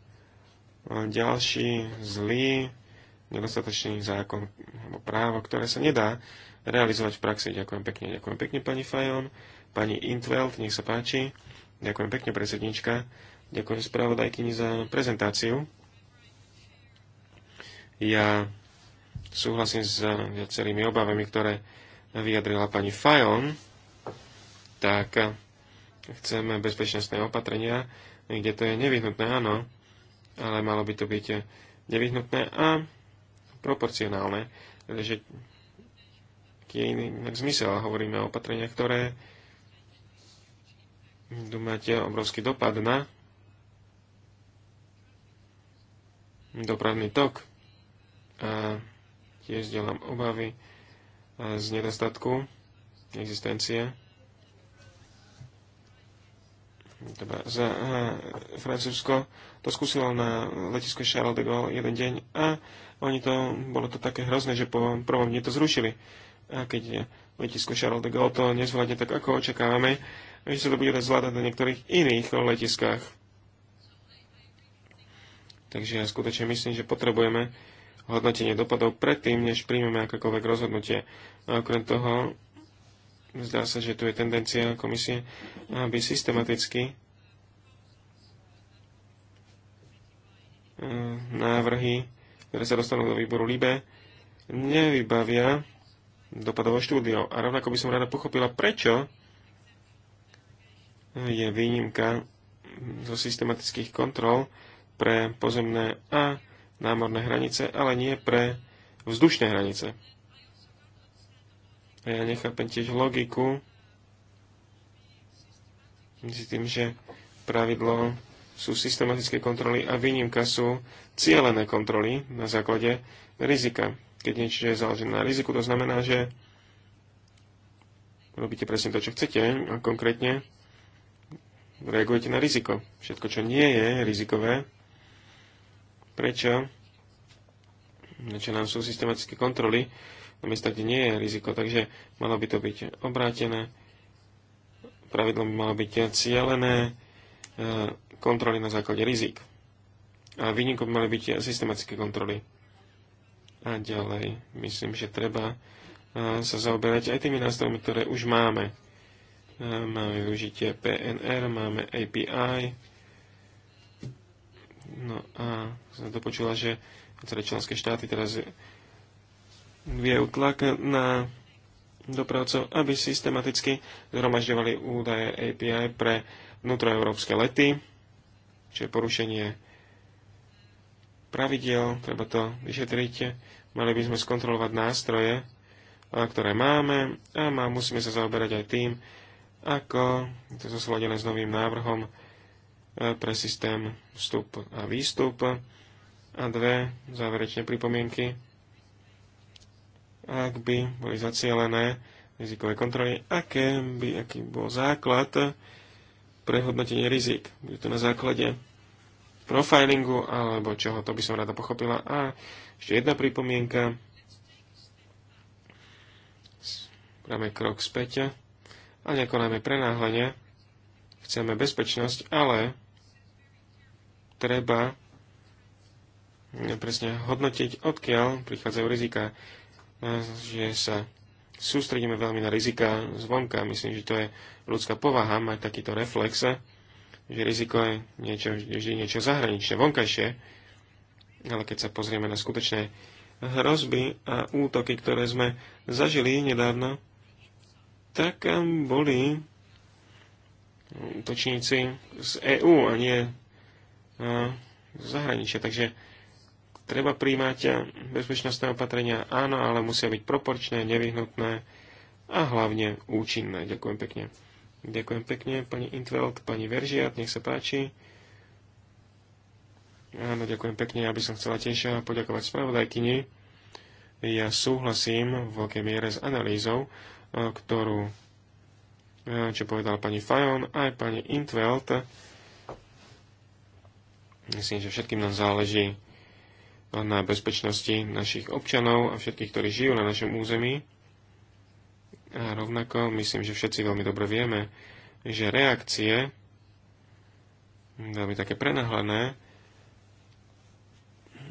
ďalší zlý, nedostatočný zákon alebo právo, ktoré sa nedá realizovať v praxi. Ďakujem pekne. Ďakujem pekne, pani Fajon. Pani Intveld, nech sa páči. Ďakujem pekne, predsednička. Ďakujem spravodajkyni za prezentáciu. Ja súhlasím s viacerými obavami, ktoré vyjadrila pani Fajon. Tak chceme bezpečnostné opatrenia, kde to je nevyhnutné, áno ale malo by to byť nevyhnutné a proporcionálne, pretože je iný zmysel. Hovoríme o opatreniach, ktoré budú mať obrovský dopad na dopravný tok. A tiež delám obavy z nedostatku existencie teda za eh, Francúzsko to skúsilo na letisko Charles de Gaulle jeden deň a oni to, bolo to také hrozné, že po prvom dne to zrušili. A keď letisko Charles de Gaulle to nezvládne tak, ako očakávame, že sa to bude dať zvládať na niektorých iných letiskách. Takže ja skutočne myslím, že potrebujeme hodnotenie dopadov predtým, než príjmeme akékoľvek rozhodnutie. A okrem toho Zdá sa, že tu je tendencia komisie, aby systematicky eh, návrhy, ktoré sa dostanú do výboru LIBE, nevybavia dopadovo štúdio. A rovnako by som rada pochopila, prečo je výnimka zo systematických kontrol pre pozemné a námorné hranice, ale nie pre vzdušné hranice. A ja nechápem tiež logiku Myslím, tým, že pravidlo sú systematické kontroly a výnimka sú cieľené kontroly na základe rizika. Keď niečo je založené na riziku, to znamená, že robíte presne to, čo chcete a konkrétne reagujete na riziko. Všetko, čo nie je rizikové, prečo? Prečo nám sú systematické kontroly? na miesta, kde nie je riziko. Takže malo by to byť obrátené, pravidlo by malo byť cielené, e, kontroly na základe rizik. A výnikom by mali byť systematické kontroly. A ďalej, myslím, že treba e, sa zaoberať aj tými nástrojmi, ktoré už máme. E, máme využitie PNR, máme API. No a som dopočula, že celé členské štáty teraz vie tlak na dopravcov, aby systematicky zhromažďovali údaje API pre vnútroeurópske lety, čo je porušenie pravidel, treba to vyšetriť. Mali by sme skontrolovať nástroje, ktoré máme a má, musíme sa zaoberať aj tým, ako to zosúladené s novým návrhom e, pre systém vstup a výstup. A dve záverečné pripomienky ak by boli zacielené rizikové kontroly, aké by, aký bol základ pre hodnotenie rizik. Bude to na základe profilingu alebo čoho, to by som rada pochopila. A ešte jedna pripomienka. Práme krok späť a nekonáme prenáhlenie. Chceme bezpečnosť, ale treba presne hodnotiť, odkiaľ prichádzajú rizika že sa sústredíme veľmi na rizika zvonka. Myslím, že to je ľudská povaha mať takýto reflex, že riziko je niečo, vždy niečo zahraničné, vonkajšie. Ale keď sa pozrieme na skutočné hrozby a útoky, ktoré sme zažili nedávno, tak ehm, boli útočníci z EÚ a nie z ehm, zahraničia. Takže treba príjmať bezpečnostné opatrenia, áno, ale musia byť proporčné, nevyhnutné a hlavne účinné. Ďakujem pekne. Ďakujem pekne, pani Intveld, pani Veržiat, nech sa páči. Áno, ďakujem pekne. Ja by som chcela tiež poďakovať spravodajkyni. Ja súhlasím v veľkej miere s analýzou, e, ktorú, e, čo povedala pani Fajon, aj pani Intveld. Myslím, že všetkým nám záleží na bezpečnosti našich občanov a všetkých, ktorí žijú na našom území. A rovnako myslím, že všetci veľmi dobre vieme, že reakcie, veľmi také prenahlené,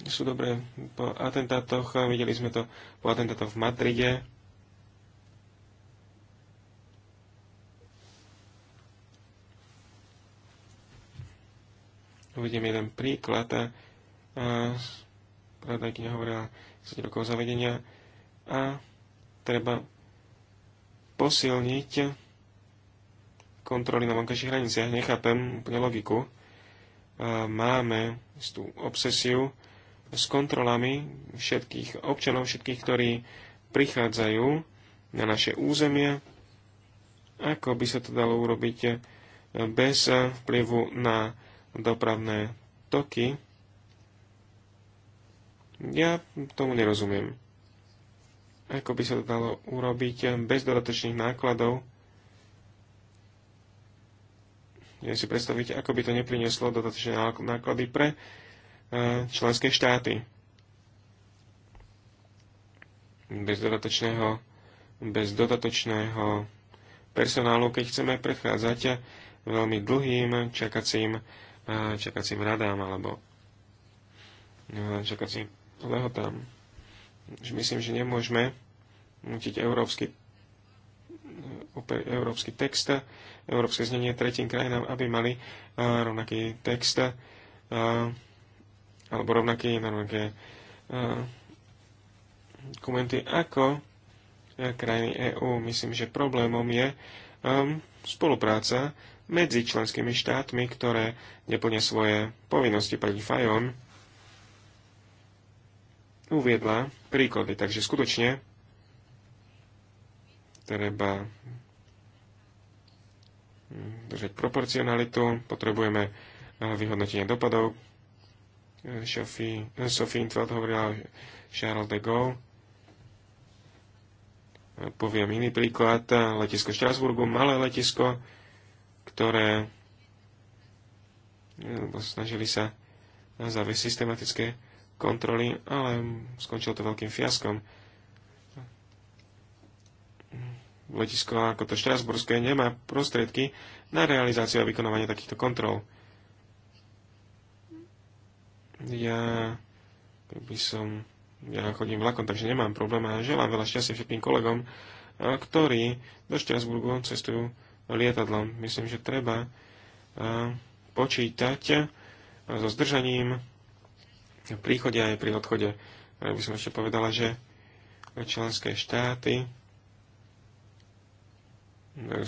sú dobré po atentátoch, videli sme to po atentátoch v Madride, Uvidím jeden príklad. A, a, predajkyňa hovorila 10 rokov zavedenia a treba posilniť kontroly na vonkajších hraniciach. Nechápem úplne logiku. Máme tú obsesiu s kontrolami všetkých občanov, všetkých, ktorí prichádzajú na naše územie. Ako by sa to dalo urobiť bez vplyvu na dopravné toky? Ja tomu nerozumiem. Ako by sa to dalo urobiť bez dodatočných nákladov? Viem si predstaviť, ako by to neprinieslo dodatočné náklady pre e, členské štáty. Bez dodatočného, bez dodatočného personálu, keď chceme prechádzať veľmi dlhým čakacím, e, čakacím radám alebo e, čakacím lehotám. Myslím, že nemôžeme nutiť európsky, európsky text, európske znenie tretím krajinám, aby mali eh, rovnaký text eh, alebo rovnaké rovnaké dokumenty eh, ako krajiny EÚ. Myslím, že problémom je ehm, spolupráca medzi členskými štátmi, ktoré neplnia svoje povinnosti. Pani Fajon uviedla príklady. Takže skutočne treba držať proporcionalitu, potrebujeme eh, vyhodnotenie dopadov. Eh, Sophie, eh, Sophie Intveld hovorila o Charles de Gaulle. Poviem iný príklad. Letisko Štrasburgu, malé letisko, ktoré snažili sa zaviesť systematické kontroly, ale skončilo to veľkým fiaskom. Letisko ako to Štrasburské nemá prostriedky na realizáciu a vykonovanie takýchto kontrol. Ja by som, ja chodím vlakom, takže nemám problém a želám veľa šťastia všetkým kolegom, ktorí do Štrasburgu cestujú lietadlom. Myslím, že treba počítať so zdržaním príchode aj pri odchode. Ale by som ešte povedala, že členské štáty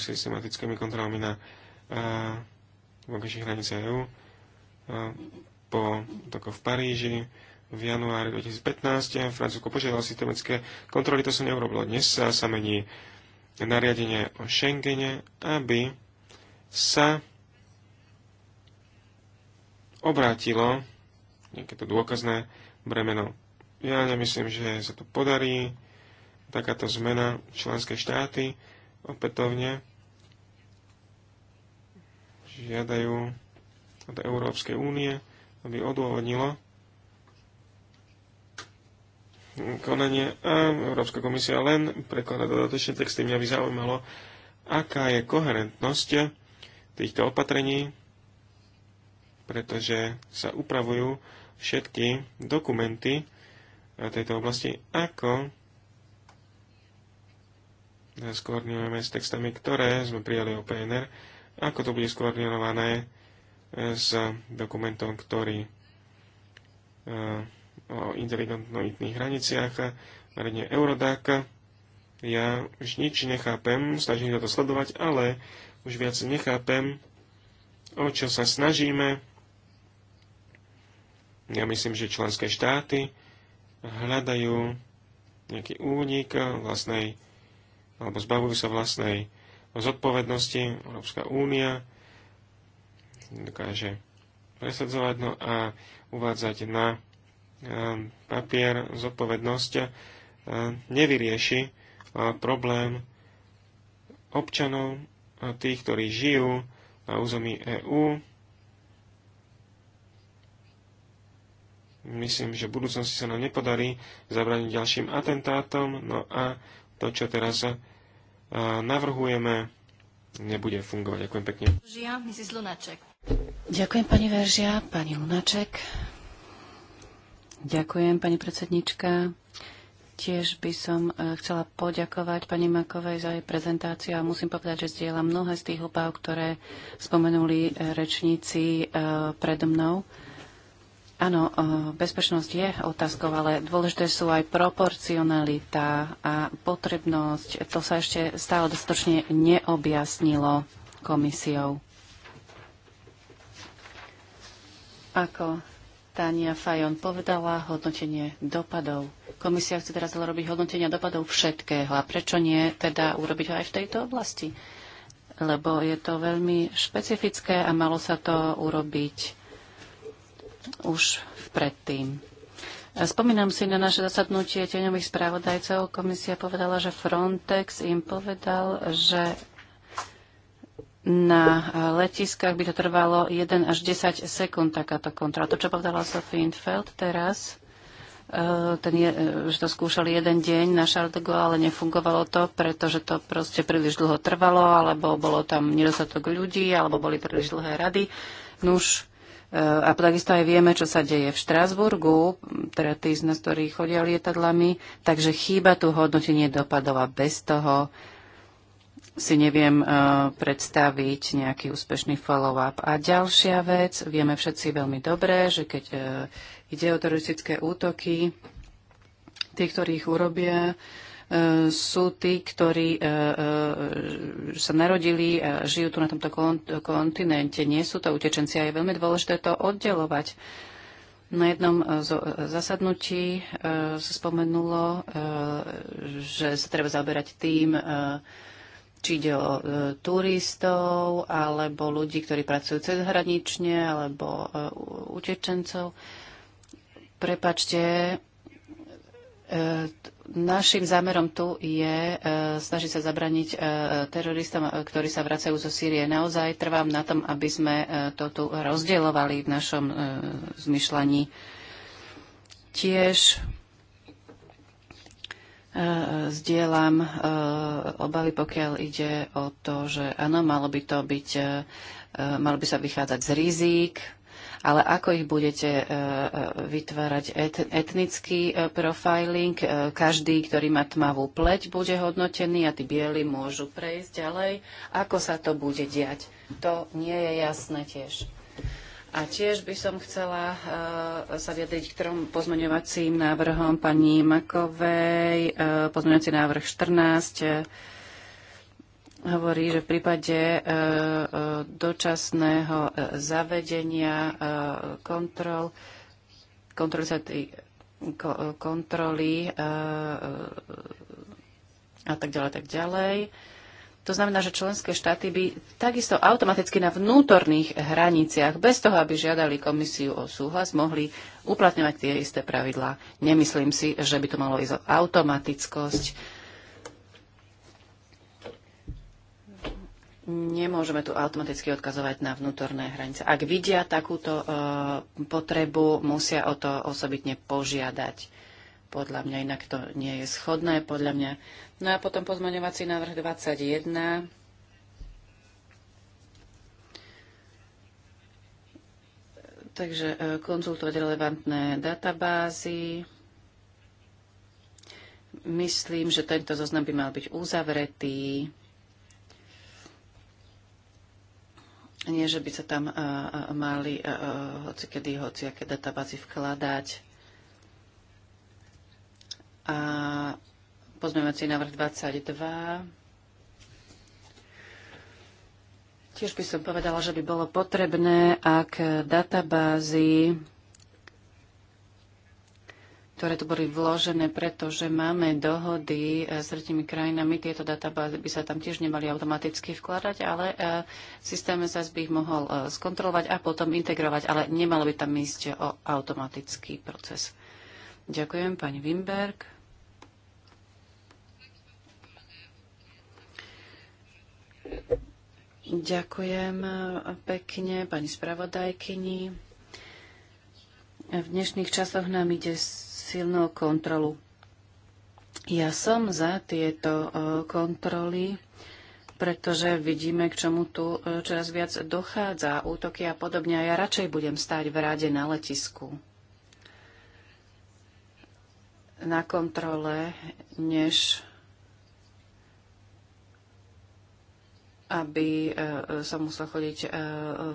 systematickými kontrolami na vonkajších hranicách EÚ po toko v Paríži v januári 2015 Francúzsko požiadalo systematické kontroly, to sa neurobilo. Dnes sa, sa mení nariadenie o Schengene, aby sa obrátilo nejaké to dôkazné bremeno. Ja nemyslím, že sa to podarí. Takáto zmena členské štáty opätovne žiadajú od Európskej únie, aby odôvodnilo konanie a Európska komisia len prekladá dodatočné texty. Mňa by zaujímalo, aká je koherentnosť týchto opatrení, pretože sa upravujú všetky dokumenty e, tejto oblasti, ako skoordinujeme s textami, ktoré sme prijali o PNR, ako to bude skoordinované e, s dokumentom, ktorý e, o inteligentných hraniciach, verejne Eurodáka. Ja už nič nechápem, snažím sa to sledovať, ale už viac nechápem, o čo sa snažíme. Ja myslím, že členské štáty hľadajú nejaký únik vlastnej, alebo zbavujú sa vlastnej zodpovednosti. Európska únia dokáže presadzovať no a uvádzať na eh, papier zodpovednosť eh, nevyrieši eh, problém občanov, tých, ktorí žijú na území EÚ, myslím, že v budúcnosti sa nám nepodarí zabrániť ďalším atentátom, no a to, čo teraz eh, navrhujeme, nebude fungovať. Ďakujem pekne. Ďakujem pani Veržia, pani Lunaček. Ďakujem pani predsednička. Tiež by som eh, chcela poďakovať pani Makovej za jej prezentáciu a musím povedať, že zdieľam mnohé z tých obáv, ktoré spomenuli eh, rečníci pred mnou. Áno, eh, bezpečnosť je otázkou, ale dôležité sú aj proporcionalita a potrebnosť. To sa ešte stále dostatočne neobjasnilo komisiou. Ako Tania Fajon povedala, hodnotenie dopadov. Komisia chce teraz robiť hodnotenia dopadov všetkého. A prečo nie teda urobiť ho aj v tejto oblasti? Lebo je to veľmi špecifické a malo sa to urobiť už predtým. Spomínam si na naše zasadnutie tieňových správodajcov. Komisia povedala, že Frontex im povedal, že na letiskách by to trvalo 1 až 10 sekúnd takáto kontrola. To, čo povedala Sophie Infeld teraz, e, ten je, e, že to skúšali jeden deň na Charles de Gaulle, ale nefungovalo to, pretože to proste príliš dlho trvalo, alebo bolo tam nedostatok ľudí, alebo boli príliš dlhé rady. Nuž, a takisto aj vieme, čo sa deje v Štrásburgu, teda tí z nás, ktorí chodia lietadlami. Takže chýba tu hodnotenie dopadov a bez toho si neviem uh, predstaviť nejaký úspešný follow-up. A ďalšia vec, vieme všetci veľmi dobre, že keď uh, ide o teroristické útoky, tí, ktorí ich urobia, sú tí, ktorí e, e, sa narodili a žijú tu na tomto kontinente. Nie sú to utečenci a je veľmi dôležité to oddelovať. Na jednom e, zasadnutí sa spomenulo, že sa treba zaoberať tým, či ide o turistov, alebo ľudí, ktorí pracujú cezhranične, alebo utečencov. Prepačte, Našim zámerom tu je e, snažiť sa zabraniť e, teroristom, e, ktorí sa vracajú zo Sýrie. Naozaj trvám na tom, aby sme to tu rozdielovali v našom zmyšľaní. Tiež zdieľam obavy, pokiaľ ide o to, že áno, malo by to byť, malo by sa vychádzať z rizík, ale ako ich budete e, e, vytvárať? Etnický e, profiling, každý, ktorý má tmavú pleť, bude hodnotený a tí bieli môžu prejsť ďalej. Ako sa to bude diať? To nie je jasné tiež. A tiež by som chcela sa vyjadriť k trom pozmeňovacím návrhom pani Makovej, pozmeňovací návrh 14, hovorí, že v prípade e, e, dočasného e, zavedenia kontrol, kontroly, kontroly a tak ďalej, tak ďalej. To znamená, že členské štáty by takisto automaticky na vnútorných hraniciach, bez toho, aby žiadali komisiu o súhlas, mohli uplatňovať tie isté pravidlá. Nemyslím si, že by to malo ísť o automatickosť Nemôžeme tu automaticky odkazovať na vnútorné hranice. Ak vidia takúto e, potrebu, musia o to osobitne požiadať. Podľa mňa inak to nie je schodné, podľa mňa. No a potom pozmaňovací návrh 21. Takže e, konzultovať relevantné databázy. Myslím, že tento zoznam by mal byť uzavretý. Nie, že by sa tam mali kedy hoci, aké databázy vkladať. A pozmeňovací návrh 22. Tiež by som povedala, že by bolo potrebné, ak databázy ktoré tu boli vložené, pretože máme dohody e, s tretimi krajinami. Tieto databázy by sa tam tiež nemali automaticky vkladať, ale e, systém SAS by ich mohol e, skontrolovať a potom integrovať, ale nemalo by tam ísť o automatický proces. Ďakujem, pani Wimberg. Ďakujem pekne pani spravodajkyni. V dnešných časoch nám ide silnú kontrolu. Ja som za tieto e, kontroly, pretože vidíme, k čomu tu e, čoraz viac dochádza, útoky a podobne. A ja radšej budem stáť v rade na letisku na kontrole, než aby e, som musel chodiť e,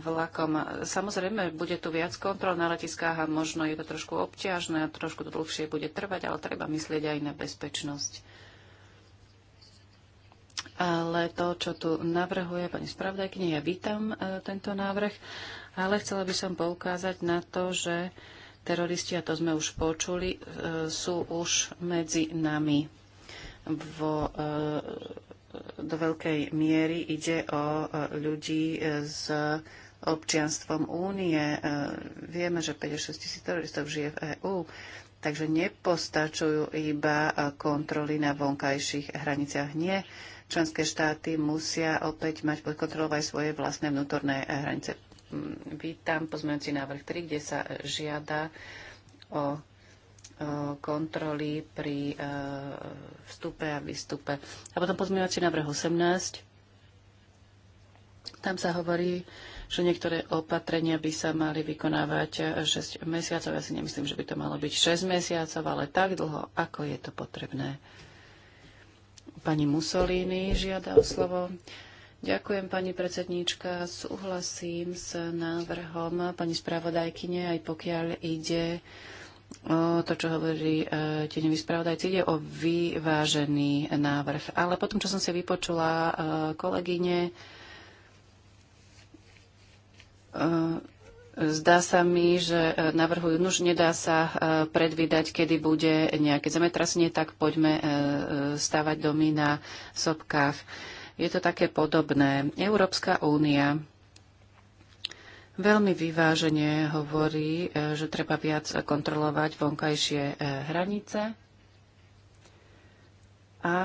vlakom. Samozrejme, bude tu viac kontrol na letiskách a možno je to trošku obťažné a trošku to dlhšie bude trvať, ale treba myslieť aj na bezpečnosť. Ale to, čo tu navrhuje pani spravodajkyne, ja vítam e, tento návrh, ale chcela by som poukázať na to, že teroristi, a to sme už počuli, sú už medzi nami vo do veľkej miery ide o e, ľudí e, s občianstvom únie. E, vieme, že 56 tisíc teroristov žije v EÚ, takže nepostačujú iba kontroly na vonkajších hraniciach. Nie, členské štáty musia opäť mať pod kontrolou aj svoje vlastné vnútorné hranice. Mm, vítam pozmeňujúci návrh 3, kde sa žiada o kontroly pri e, vstupe a výstupe. A potom pozmývací návrh 18. Tam sa hovorí, že niektoré opatrenia by sa mali vykonávať 6 e, mesiacov. Ja si nemyslím, že by to malo byť 6 mesiacov, ale tak dlho, ako je to potrebné. Pani Mussolini žiada o slovo. Ďakujem, pani predsedníčka. Súhlasím s návrhom pani spravodajkyne, aj pokiaľ ide o to, čo hovorí e, tenevý spravodajci, ide o vyvážený návrh. Ale potom, čo som si vypočula e, kolegyne, e, zdá sa mi, že e, navrhujú, už nedá sa e, predvídať, kedy bude nejaké zemetrasenie, tak poďme e, stavať domy na sopkách. Je to také podobné. Európska únia veľmi vyvážene hovorí, e, že treba viac kontrolovať vonkajšie e, hranice a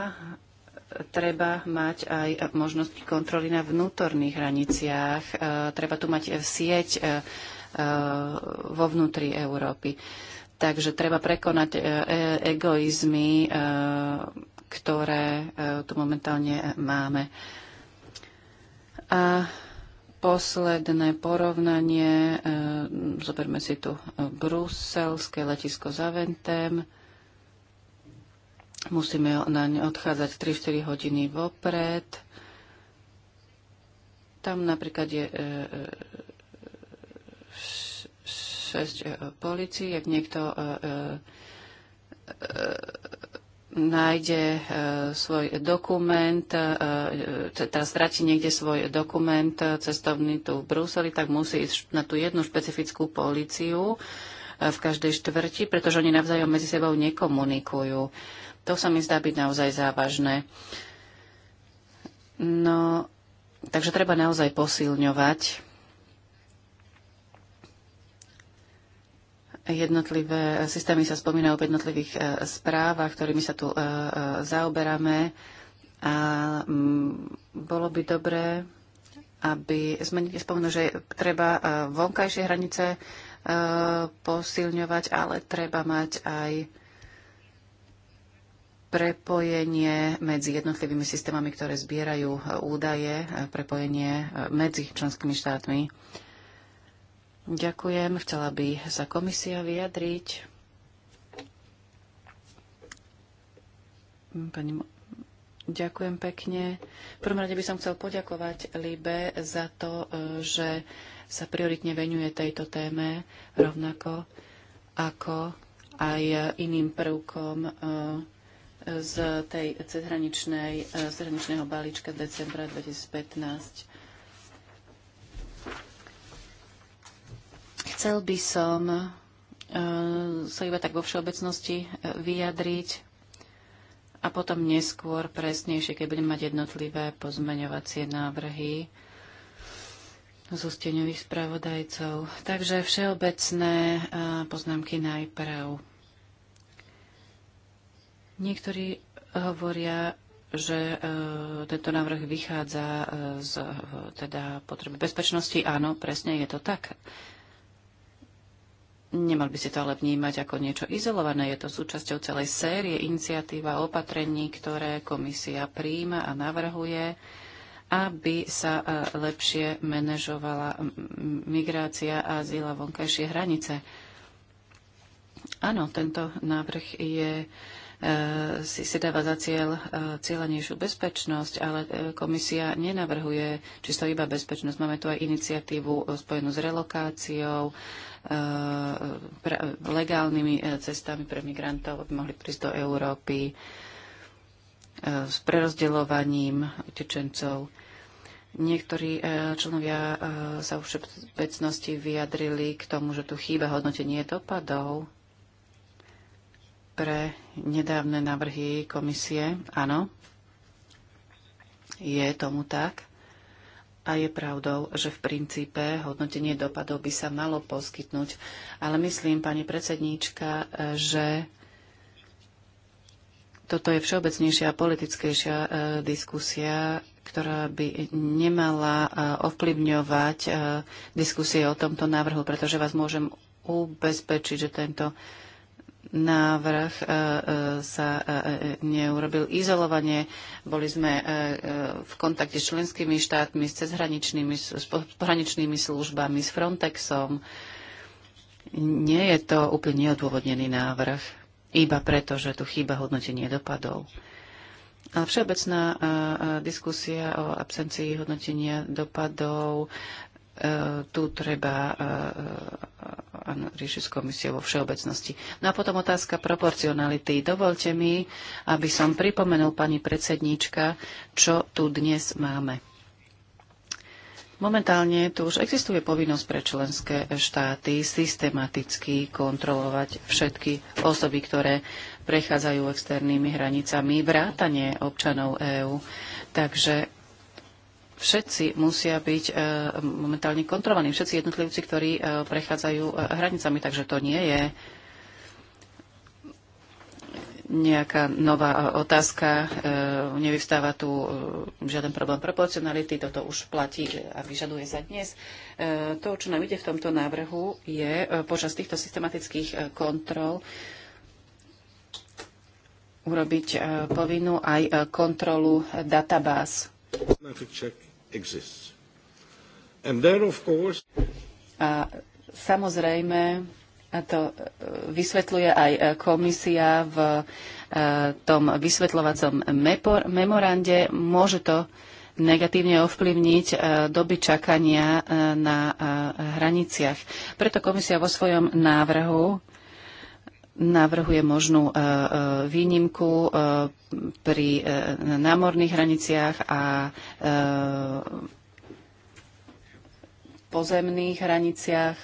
treba mať aj možnosti kontroly na vnútorných hraniciach. E, treba tu mať sieť vo vnútri Európy. Takže treba prekonať egoizmy, ktoré tu momentálne máme. A posledné porovnanie. E, zoberme si tu bruselské letisko Zaventem. Musíme naň odchádzať 3-4 hodiny vopred. Tam napríklad je 6 e, e, policií. Ak niekto nájde e, svoj dokument, teda stratí niekde svoj dokument cestovný tu v Bruseli, tak musí ísť na tú jednu špecifickú políciu v každej štvrti, pretože oni navzájom medzi sebou nekomunikujú. To sa mi zdá byť naozaj závažné. No, takže treba naozaj posilňovať Jednotlivé systémy sa spomínajú v jednotlivých e, správach, ktorými sa tu e, e, zaoberáme. A mm, bolo by dobré, aby sme spomenuli, že treba vonkajšie hranice posilňovať, ale treba mať aj prepojenie medzi jednotlivými systémami, ktoré zbierajú údaje, prepojenie medzi členskými štátmi. Ďakujem. Chcela by sa komisia vyjadriť. Pani, ďakujem pekne. V prvom rade by som chcel poďakovať Libe za to, e, že sa prioritne venuje tejto téme rovnako ako aj iným prvkom e, z tej cezhraničnej, e, cezhraničného balíčka decembra 2015. Chcel by som e, sa iba tak vo všeobecnosti e, vyjadriť a potom neskôr presnejšie, keď budem mať jednotlivé pozmeňovacie návrhy z ústeňových spravodajcov. Takže všeobecné e, poznámky najprv. Niektorí hovoria, že tento návrh vychádza z teda potreby bezpečnosti. Áno, presne je to tak. Nemal by si to ale vnímať ako niečo izolované. Je to súčasťou celej série iniciatíva a opatrení, ktoré komisia príjma a navrhuje, aby sa e, lepšie manažovala migrácia a zíla vonkajšie hranice. Áno, tento návrh je Eh, si, si dáva za cieľ eh, cieľanejšiu bezpečnosť, ale eh, komisia nenavrhuje čisto iba bezpečnosť. Máme tu aj iniciatívu spojenú s relokáciou, pra, legálnymi cestami pre migrantov, aby mohli prísť do Európy, s prerozdeľovaním utečencov. Niektorí členovia sa už v všeobecnosti vyjadrili k tomu, že tu chýba hodnotenie dopadov pre nedávne návrhy komisie. Áno, je tomu tak. A je pravdou, že v princípe hodnotenie dopadov by sa malo poskytnúť. Ale myslím, pani predsedníčka, že toto je všeobecnejšia a politickejšia e, diskusia, ktorá by nemala e, ovplyvňovať e, diskusie o tomto návrhu, pretože vás môžem ubezpečiť, že tento návrh e, e, sa e, neurobil izolovanie. Boli sme v kontakte s členskými štátmi, s cezhraničnými, s pohraničnými službami, s Frontexom. Nie je to úplne neodôvodnený návrh, iba preto, že tu chýba hodnotenie dopadov. Ale všeobecná diskusia o absencii hodnotenia dopadov E, tu treba e, e, riešiť s komisiou vo všeobecnosti. No a potom otázka proporcionality. Dovolte mi, aby som pripomenul pani predsedníčka, čo tu dnes máme. Momentálne tu už existuje povinnosť pre členské štáty systematicky kontrolovať všetky osoby, ktoré prechádzajú externými hranicami, vrátanie občanov EÚ. Takže všetci musia byť e, momentálne kontrolovaní, všetci jednotlivci, ktorí e, prechádzajú e, hranicami, takže to nie je nejaká nová otázka, nevyvstáva tu žiaden problém proporcionality, toto už platí a vyžaduje sa dnes. To, čo nám ide v tomto návrhu, je počas týchto systematických kontrol urobiť povinnú aj kontrolu databáz. Check exists. And there, of course... A samozrejme, to vysvetľuje aj komisia v e, tom vysvetľovacom memorande. Môže to negatívne ovplyvniť e, doby čakania e, na hraniciach. Preto komisia vo svojom návrhu navrhuje možnú e, e, výnimku e, pri námorných hraniciach a pozemných hraniciach.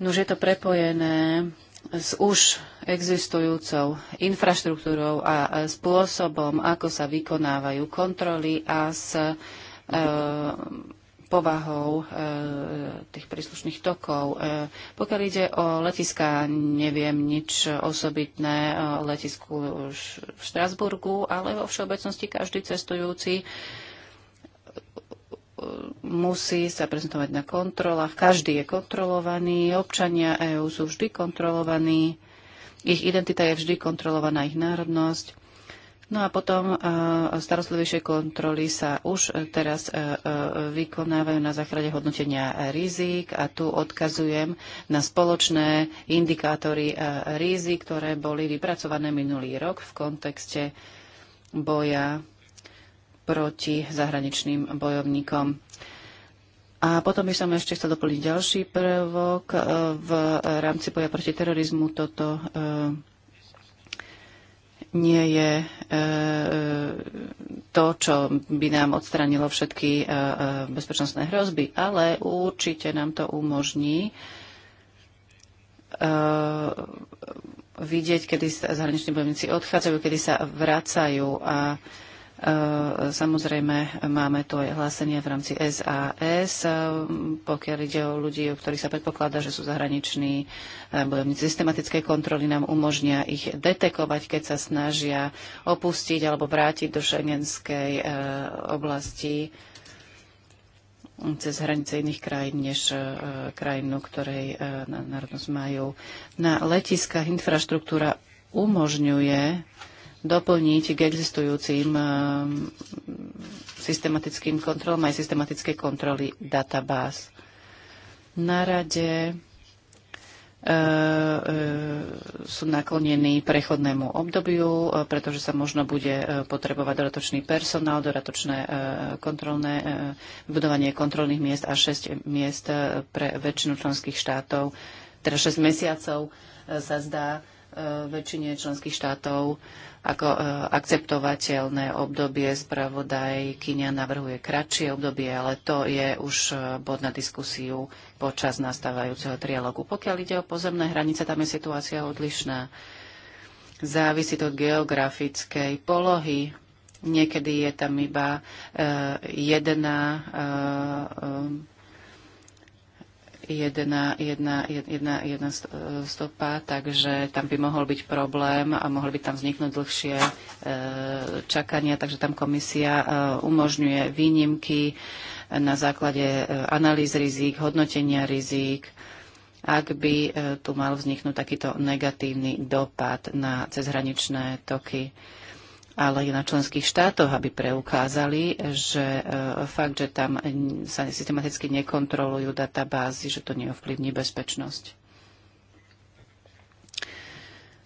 Nož je to prepojené s už existujúcou infraštruktúrou a spôsobom, ako sa vykonávajú kontroly a s povahou e, tých príslušných tokov. E, pokiaľ ide o letiska, neviem nič osobitné o letisku v Štrasburgu, ale vo všeobecnosti každý cestujúci e, musí sa prezentovať na kontrolách. Každý je kontrolovaný, občania EÚ sú vždy kontrolovaní, ich identita je vždy kontrolovaná, ich národnosť. No a potom e, starostlivejšie kontroly sa už teraz e, e, vykonávajú na záchrade hodnotenia rizik a tu odkazujem na spoločné indikátory rizik, ktoré boli vypracované minulý rok v kontekste boja proti zahraničným bojovníkom. A potom by som ešte chcel doplniť ďalší prvok. V rámci boja proti terorizmu toto nie je e, e, to, čo by nám odstranilo všetky e, bezpečnostné hrozby, ale určite nám to umožní vidieť, kedy sa zahraniční bojovníci odchádzajú, kedy sa vracajú a E, samozrejme, máme tu aj hlásenie v rámci SAS, e, pokiaľ ide o ľudí, o ktorých sa predpokladá, že sú zahraniční e, bojovníci. Systematické kontroly nám umožnia ich detekovať, keď sa snažia opustiť alebo vrátiť do šengenskej oblasti cez hranice iných krajín než krajinu, ktorej národnosť majú. Na letiskách infraštruktúra umožňuje doplniť k existujúcim eh, systematickým kontrolom aj systematické kontroly databáz. Na rade eh, eh, sú naklonení prechodnému obdobiu, pretože sa možno bude potrebovať dodatočný personál, dodatočné kontrolné, budovanie kontrolných miest a 6 miest pre väčšinu členských štátov. Teda 6 mesiacov sa zdá väčšine členských štátov ako e, akceptovateľné obdobie. Spravodajkynia navrhuje kratšie obdobie, ale to je už e, bod na diskusiu počas nastávajúceho trialogu. Pokiaľ ide o pozemné hranice, tam je situácia odlišná. Závisí to od geografickej polohy. Niekedy je tam iba e, jedna e, jedna, jedna, jedna, jedna e, stopa, takže tam by mohol byť problém a mohli by tam vzniknúť dlhšie e, čakania, takže tam komisia e, umožňuje výnimky na základe analýz rizík, hodnotenia rizík, ak by tu mal vzniknúť takýto negatívny dopad na cezhraničné toky ale je na členských štátoch, aby preukázali, že e, fakt, že tam sa systematicky nekontrolujú databázy, že to neovplyvní bezpečnosť.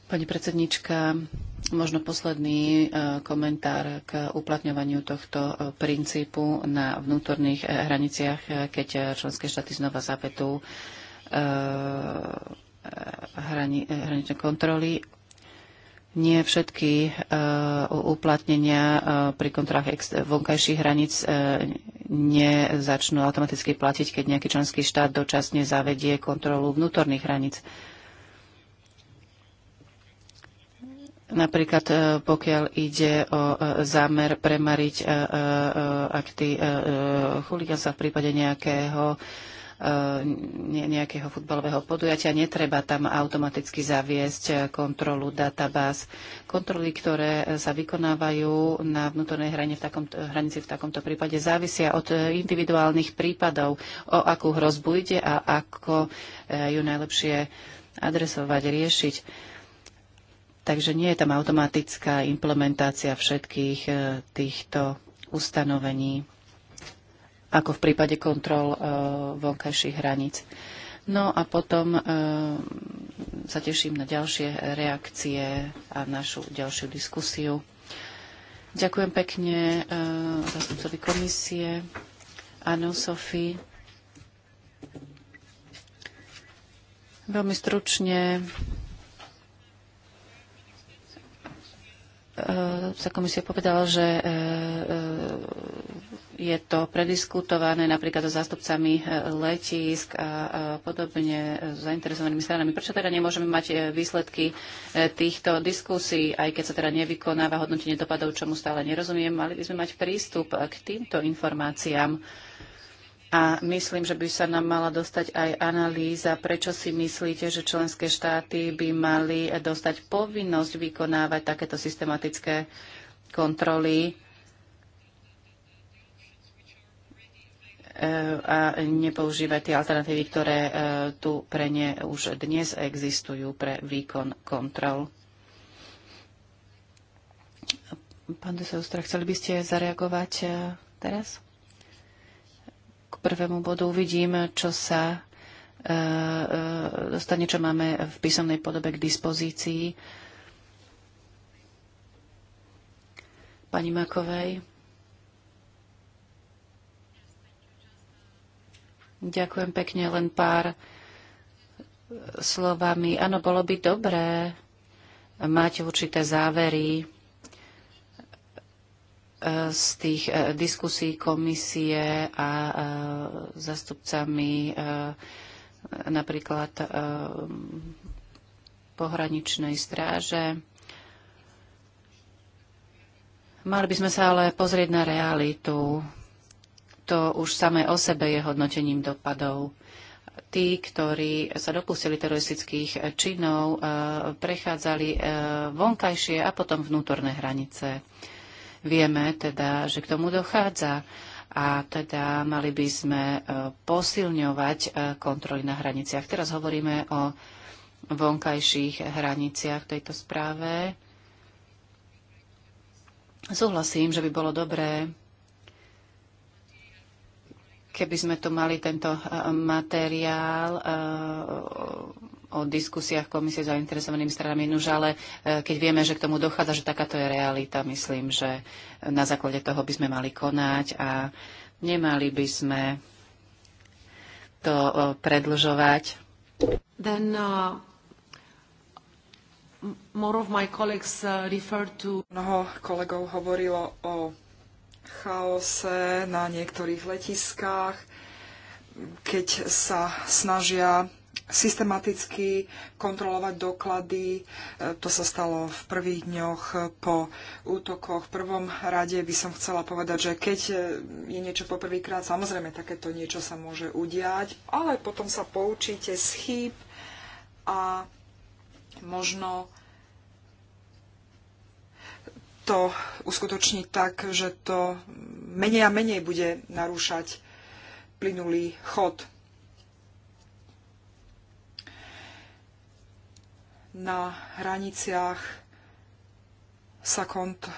Pani predsednička, možno posledný e, komentár k uplatňovaniu tohto e, princípu na vnútorných hraniciach, keď členské štáty znova zapetú hraničné kontroly nie všetky e, uplatnenia e, pri kontrách vonkajších hraníc e, nezačnú automaticky platiť, keď nejaký členský štát dočasne zavedie kontrolu vnútorných hraníc. Napríklad pokiaľ ide o zámer premariť akty sa v prípade nejakého E, nejakého futbalového podujatia. Netreba tam automaticky zaviesť e, kontrolu databáz. Kontroly, ktoré e, sa vykonávajú na vnútornej hrane v takom, hranici v takomto prípade, závisia od individuálnych prípadov, o akú hrozbu ide a ako ju najlepšie adresovať, riešiť. Takže nie je tam automatická implementácia všetkých týchto ustanovení ako v prípade kontrol e, vonkajších hraníc. No a potom e, sa teším na ďalšie reakcie a našu ďalšiu diskusiu. Ďakujem pekne e, zastupcovi komisie. Áno, Sofi. Veľmi stručne e, sa komisia povedala, že e, je to prediskutované napríklad so zástupcami e, letisk a podobne s zainteresovanými stranami. Prečo teda nemôžeme mať e, výsledky e, týchto diskusí, aj keď sa teda nevykonáva hodnotenie dopadov, čomu stále nerozumiem, mali by sme mať prístup k týmto informáciám. A myslím, že by sa nám mala dostať aj analýza, prečo si myslíte, že členské štáty by mali dostať povinnosť vykonávať takéto systematické kontroly a nepoužívať tie alternatívy, ktoré e, tu pre ne už dnes existujú pre výkon kontrol. Pán Deseustra, chceli by ste zareagovať e, teraz? K prvému bodu uvidím, čo sa e, dostane, čo máme v písomnej podobe k dispozícii. Pani Makovej. Ďakujem pekne len pár slovami. Áno, bolo by dobré mať určité závery e, z tých e, diskusí komisie a e, zastupcami napríklad pohraničnej stráže. Mali by sme sa ale pozrieť na realitu to už samé o sebe je hodnotením dopadov. Tí, ktorí sa dopustili teroristických činov, e, prechádzali e, vonkajšie a potom vnútorné hranice. Vieme teda, že k tomu dochádza a teda mali by sme e, posilňovať kontroly na hraniciach. Teraz hovoríme o vonkajších hraniciach v tejto správe. Súhlasím, že by bolo dobré keby sme tu mali tento eh, materiál eh, o diskusiách komisie s zainteresovanými stranami. Nuž, ale eh, keď vieme, že k tomu dochádza, že takáto je realita, myslím, že na základe toho by sme mali konať a nemali by sme to predlžovať. Then, uh... More of my colleagues uh, to... Mnoho kolegov hovorilo o chaose na niektorých letiskách, keď sa snažia systematicky kontrolovať doklady. E, to sa stalo v prvých dňoch e, po útokoch. V prvom rade by som chcela povedať, že keď e, je niečo poprvýkrát, samozrejme takéto niečo sa môže udiať, ale potom sa poučíte z chýb a možno to uskutočniť tak, že to menej a menej bude narúšať plynulý chod. Na hraniciach sa kont-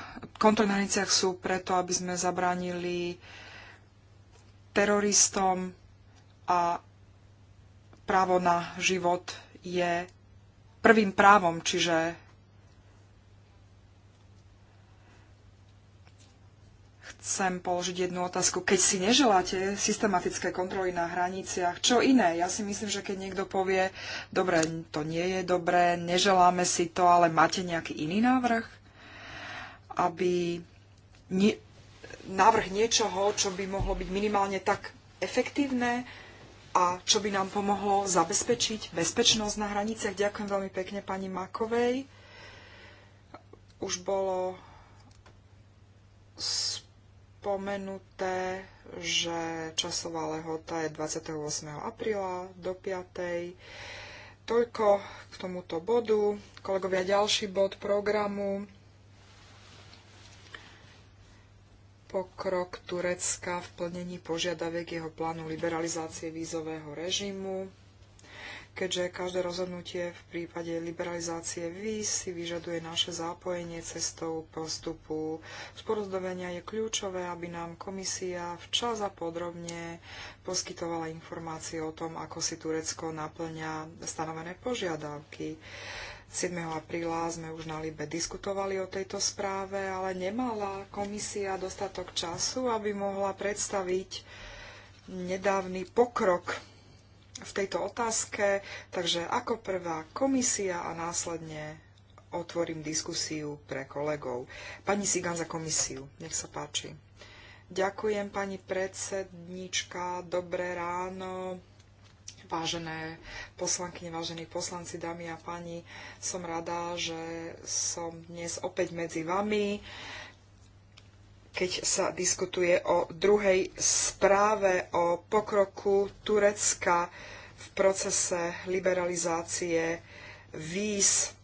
na hraniciach sú preto, aby sme zabránili teroristom a právo na život je prvým právom, čiže chcem položiť jednu otázku. Keď si neželáte systematické kontroly na hraniciach, čo iné? Ja si myslím, že keď niekto povie, dobre, to nie je dobré, neželáme si to, ale máte nejaký iný návrh, aby nie, návrh niečoho, čo by mohlo byť minimálne tak efektívne a čo by nám pomohlo zabezpečiť bezpečnosť na hraniciach. Ďakujem veľmi pekne pani Makovej. Už bolo pomenuté, že časová lehota je 28. apríla do 5. Toľko k tomuto bodu. Kolegovia, ďalší bod programu. Pokrok Turecka v plnení požiadaviek jeho plánu liberalizácie vízového režimu keďže každé rozhodnutie v prípade liberalizácie víz si vyžaduje naše zápojenie cestou postupu. Sporozdovenia je kľúčové, aby nám komisia včas a podrobne poskytovala informácie o tom, ako si Turecko naplňa stanovené požiadavky. 7. apríla sme už na Libe diskutovali o tejto správe, ale nemala komisia dostatok času, aby mohla predstaviť nedávny pokrok v tejto otázke. Takže ako prvá komisia a následne otvorím diskusiu pre kolegov. Pani Sigan za komisiu, nech sa páči. Ďakujem, pani predsednička, dobré ráno. Vážené poslanky, vážení poslanci, dámy a páni, som rada, že som dnes opäť medzi vami keď sa diskutuje o druhej správe o pokroku Turecka v procese liberalizácie víz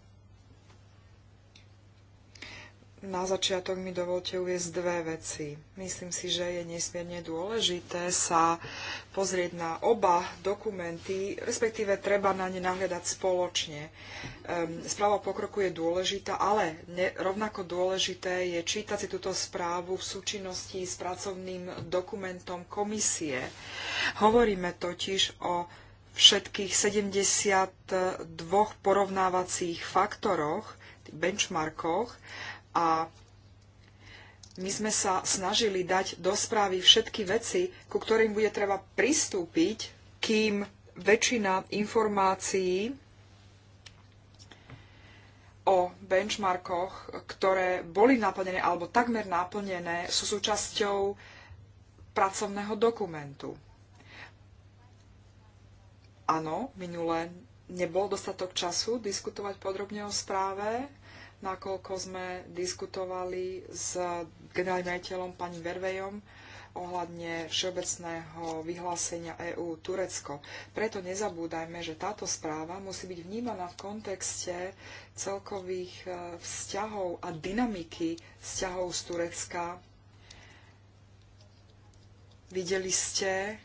Na začiatok mi dovolte uviezť dve veci. Myslím si, že je nesmierne dôležité sa pozrieť na oba dokumenty, respektíve treba na ne nahľadať spoločne. Ehm, správa o pokroku je dôležitá, ale ne, rovnako dôležité je čítať si túto správu v súčinnosti s pracovným dokumentom komisie. Hovoríme totiž o všetkých 72 porovnávacích faktoroch, benchmarkoch, a my sme sa snažili dať do správy všetky veci, ku ktorým bude treba pristúpiť, kým väčšina informácií o benchmarkoch, ktoré boli naplnené alebo takmer naplnené, sú súčasťou pracovného dokumentu. Áno, minule nebol dostatok času diskutovať podrobne o správe, nakoľko sme diskutovali s generálnym majiteľom pani Vervejom ohľadne všeobecného vyhlásenia EÚ Turecko. Preto nezabúdajme, že táto správa musí byť vnímaná v kontexte celkových e, vzťahov a dynamiky vzťahov z Turecka. Videli ste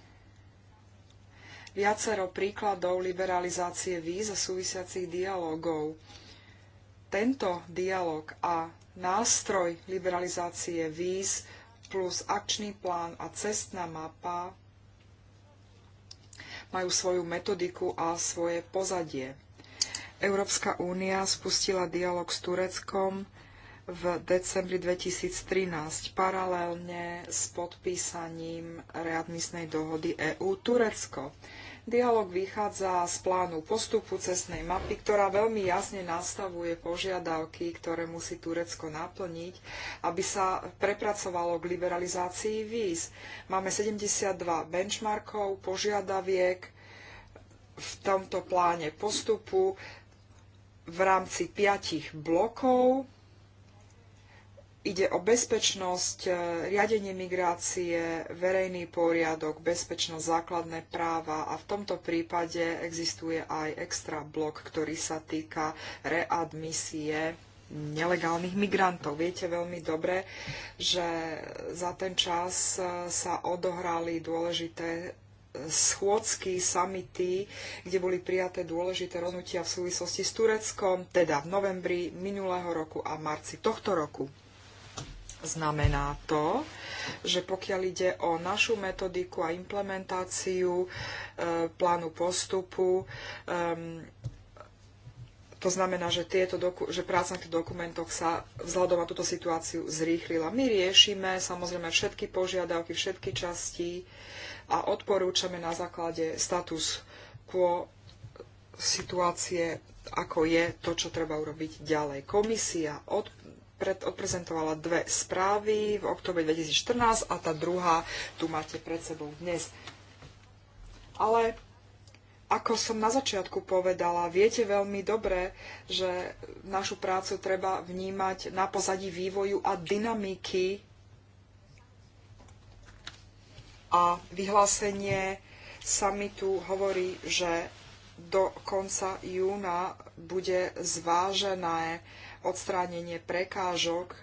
viacero príkladov liberalizácie víz a súvisiacich dialogov tento dialog a nástroj liberalizácie víz plus akčný plán a cestná mapa majú svoju metodiku a svoje pozadie. Európska únia spustila dialog s Tureckom v decembri 2013 paralelne s podpísaním readmisnej dohody EU-Turecko. Dialóg vychádza z plánu postupu cestnej mapy, ktorá veľmi jasne nastavuje požiadavky, ktoré musí Turecko naplniť, aby sa prepracovalo k liberalizácii víz. Máme 72 benchmarkov, požiadaviek v tomto pláne postupu v rámci piatich blokov ide o bezpečnosť, e, riadenie migrácie, verejný poriadok, bezpečnosť, základné práva a v tomto prípade existuje aj extra blok, ktorý sa týka readmisie nelegálnych migrantov. Viete veľmi dobre, že za ten čas e, sa odohrali dôležité e, schôdzky, samity, kde boli prijaté dôležité rozhodnutia v súvislosti s Tureckom, teda v novembri minulého roku a marci tohto roku. Znamená to, že pokiaľ ide o našu metodiku a implementáciu e, plánu postupu, e, to znamená, že, tieto doku- že práca na tých dokumentoch sa vzhľadom na túto situáciu zrýchlila. My riešime samozrejme všetky požiadavky, všetky časti a odporúčame na základe status quo situácie, ako je to, čo treba urobiť ďalej. Komisia od- pred, odprezentovala dve správy v oktobe 2014 a tá druhá tu máte pred sebou dnes. Ale ako som na začiatku povedala, viete veľmi dobre, že našu prácu treba vnímať na pozadí vývoju a dynamiky a vyhlásenie samitu hovorí, že do konca júna bude zvážené odstránenie prekážok um,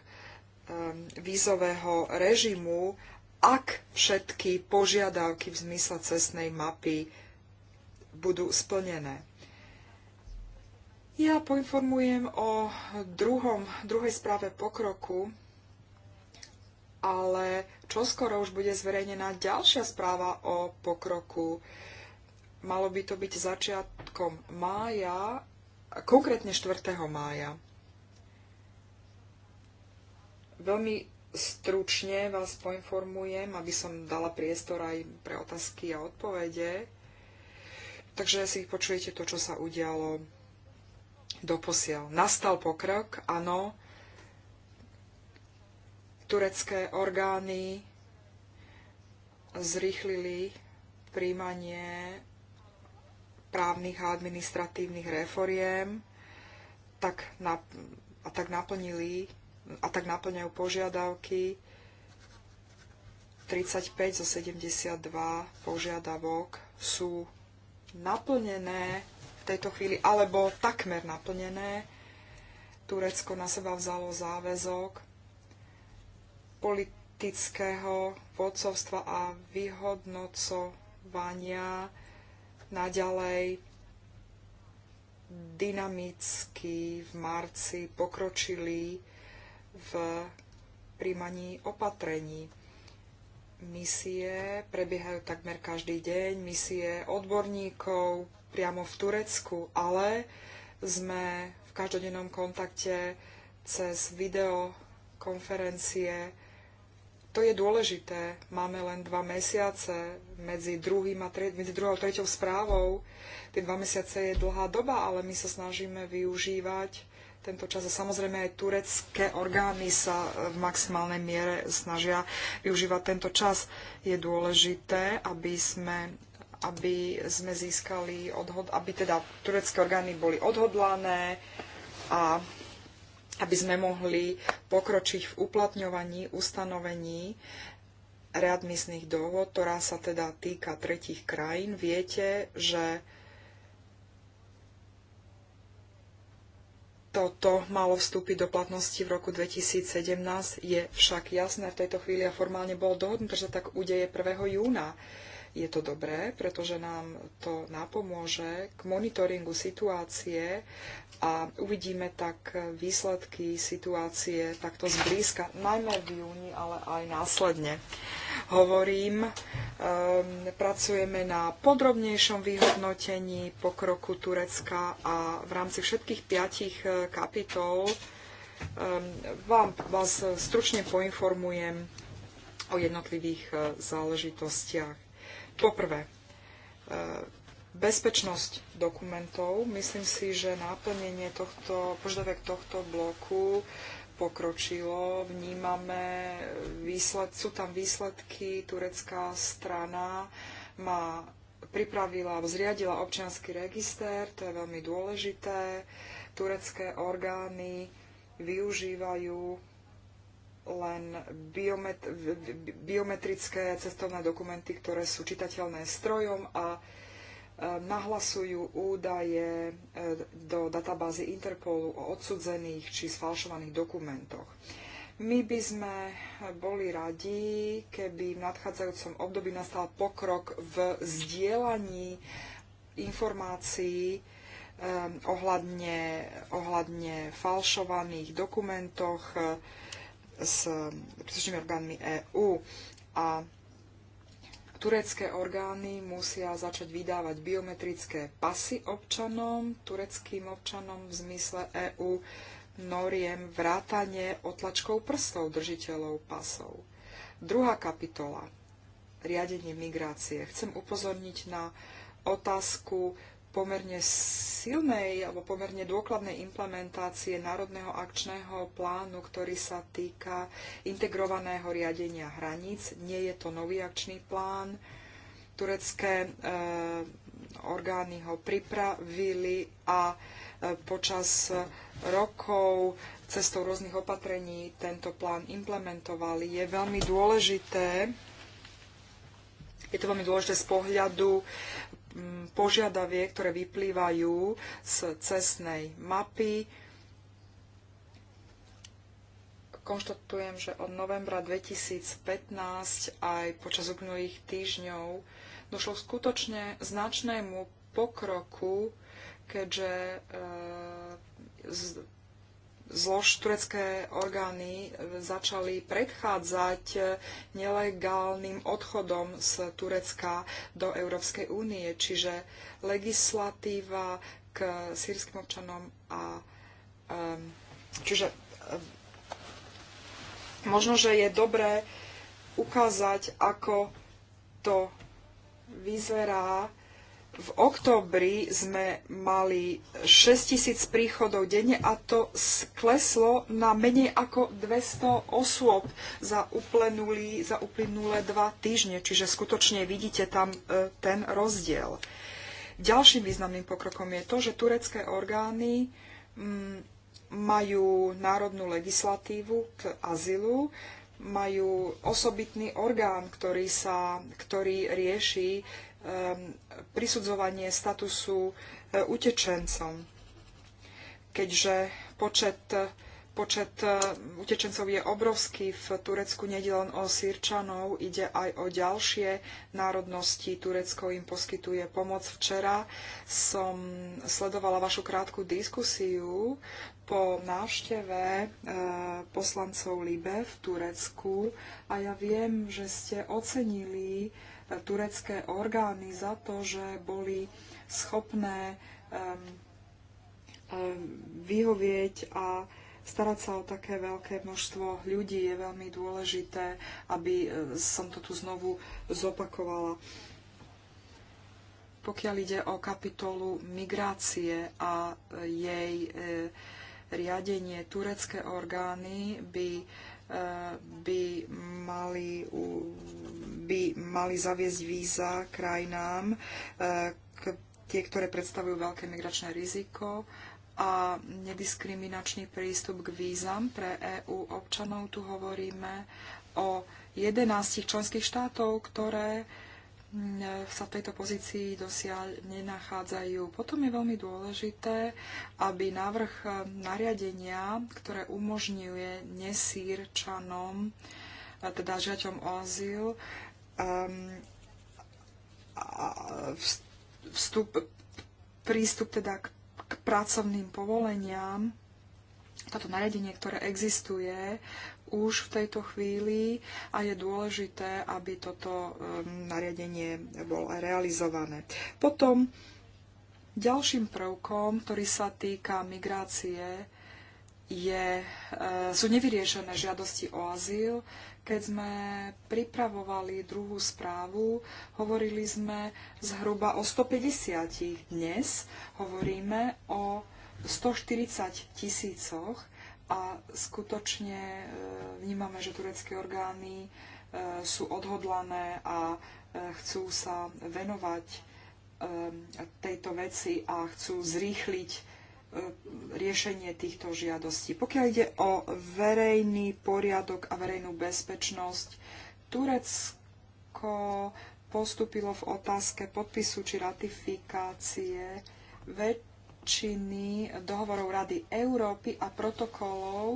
vízového režimu, ak všetky požiadavky v zmysle cestnej mapy budú splnené. Ja poinformujem o druhom, druhej správe pokroku, ale čoskoro už bude zverejnená ďalšia správa o pokroku. Malo by to byť začiatkom mája, konkrétne 4. mája. Veľmi stručne vás poinformujem, aby som dala priestor aj pre otázky a odpovede. Takže si počujete to, čo sa udialo doposiaľ. Nastal pokrok, áno. Turecké orgány zrýchlili príjmanie právnych a administratívnych reforiem tak na, a tak naplnili a tak naplňajú požiadavky 35 zo 72 požiadavok sú naplnené v tejto chvíli, alebo takmer naplnené. Turecko na seba vzalo záväzok politického vodcovstva a vyhodnocovania naďalej dynamicky v marci pokročili v príjmaní opatrení. Misie prebiehajú takmer každý deň, misie odborníkov priamo v Turecku, ale sme v každodennom kontakte cez videokonferencie. To je dôležité. Máme len dva mesiace medzi, druhým a tre- medzi druhou a treťou správou. Tie dva mesiace je dlhá doba, ale my sa snažíme využívať tento čas a samozrejme aj turecké orgány sa v maximálnej miere snažia využívať tento čas. Je dôležité, aby sme aby sme získali odhod, aby teda turecké orgány boli odhodlané a aby sme mohli pokročiť v uplatňovaní ustanovení readmisných dohod, ktorá sa teda týka tretich krajín. Viete, že toto malo vstúpiť do platnosti v roku 2017. Je však jasné v tejto chvíli a formálne bolo dohodnuté, že tak udeje 1. júna. Je to dobré, pretože nám to napomôže k monitoringu situácie a uvidíme tak výsledky situácie takto zblízka, najmä v júni, ale aj následne. Hovorím, um, pracujeme na podrobnejšom vyhodnotení pokroku Turecka a v rámci všetkých piatich e, kapitol um, vám, vás stručne poinformujem o jednotlivých e, záležitostiach. Poprvé, e, bezpečnosť dokumentov. Myslím si, že náplnenie tohto, požiadavek tohto bloku pokročilo. Vnímame, výsled, sú tam výsledky. Turecká strana má pripravila a zriadila občianský register, to je veľmi dôležité. Turecké orgány využívajú len biomet- biometrické cestovné dokumenty, ktoré sú čitateľné strojom a e, nahlasujú údaje e, do databázy Interpolu o odsudzených či sfalšovaných dokumentoch. My by sme boli radi, keby v nadchádzajúcom období nastal pokrok v zdieľaní informácií e, ohľadne, ohľadne falšovaných dokumentoch, s príslušnými orgánmi EÚ a turecké orgány musia začať vydávať biometrické pasy občanom, tureckým občanom v zmysle EÚ noriem vrátanie otlačkov prstov držiteľov pasov. Druhá kapitola. Riadenie migrácie. Chcem upozorniť na otázku pomerne silnej alebo pomerne dôkladnej implementácie Národného akčného plánu, ktorý sa týka integrovaného riadenia hraníc. Nie je to nový akčný plán. Turecké e, orgány ho pripravili a e, počas rokov cestou rôznych opatrení tento plán implementovali. Je veľmi dôležité, je to veľmi dôležité z pohľadu Mm, požiadavie, ktoré vyplývajú z cestnej mapy. Konštatujem, že od novembra 2015 aj počas uplynulých týždňov došlo skutočne značnému pokroku, keďže e, z, zlož turecké orgány začali predchádzať nelegálnym odchodom z Turecka do Európskej únie, čiže legislatíva k sírskym občanom a um, čiže um, možno, že je dobré ukázať, ako to vyzerá v októbri sme mali 6000 príchodov denne a to skleslo na menej ako 200 osôb za, uplenulý, za uplynulé dva týždne. Čiže skutočne vidíte tam e, ten rozdiel. Ďalším významným pokrokom je to, že turecké orgány m, mm, majú národnú legislatívu k azylu, majú osobitný orgán, ktorý, sa, ktorý rieši Um, prisudzovanie statusu uh, utečencom, keďže počet počet uh, utečencov je obrovský. V Turecku nejde len o Sýrčanov, ide aj o ďalšie národnosti. Turecko im poskytuje pomoc. Včera som sledovala vašu krátku diskusiu po návšteve uh, poslancov Libe v Turecku a ja viem, že ste ocenili turecké orgány za to, že boli schopné vyhovieť a starať sa o také veľké množstvo ľudí je veľmi dôležité, aby e, som to tu znovu zopakovala. Pokiaľ ide o kapitolu migrácie a e, jej e, riadenie, turecké orgány by, by mali by mali zaviesť víza krajinám, e, tie, ktoré predstavujú veľké migračné riziko a nediskriminačný prístup k vízam pre EÚ občanov. Tu hovoríme o 11 členských štátov, ktoré sa v tejto pozícii dosiaľ nenachádzajú. Potom je veľmi dôležité, aby návrh e, nariadenia, ktoré umožňuje nesírčanom, e, teda žiaťom o azyl, Ehm, vstup, prístup teda k, k pracovným povoleniam. Toto nariadenie, ktoré existuje už v tejto chvíli a je dôležité, aby toto ehm, nariadenie bolo realizované. Potom ďalším prvkom, ktorý sa týka migrácie, je, e, sú nevyriešené žiadosti o azyl. Keď sme pripravovali druhú správu, hovorili sme zhruba o 150. Dnes hovoríme o 140 tisícoch a skutočne e, vnímame, že turecké orgány e, sú odhodlané a chcú sa venovať tejto veci a chcú zrýchliť riešenie týchto žiadostí. Pokiaľ ide o verejný poriadok a verejnú bezpečnosť, Turecko postupilo v otázke podpisu či ratifikácie väčšiny dohovorov Rady Európy a protokolov,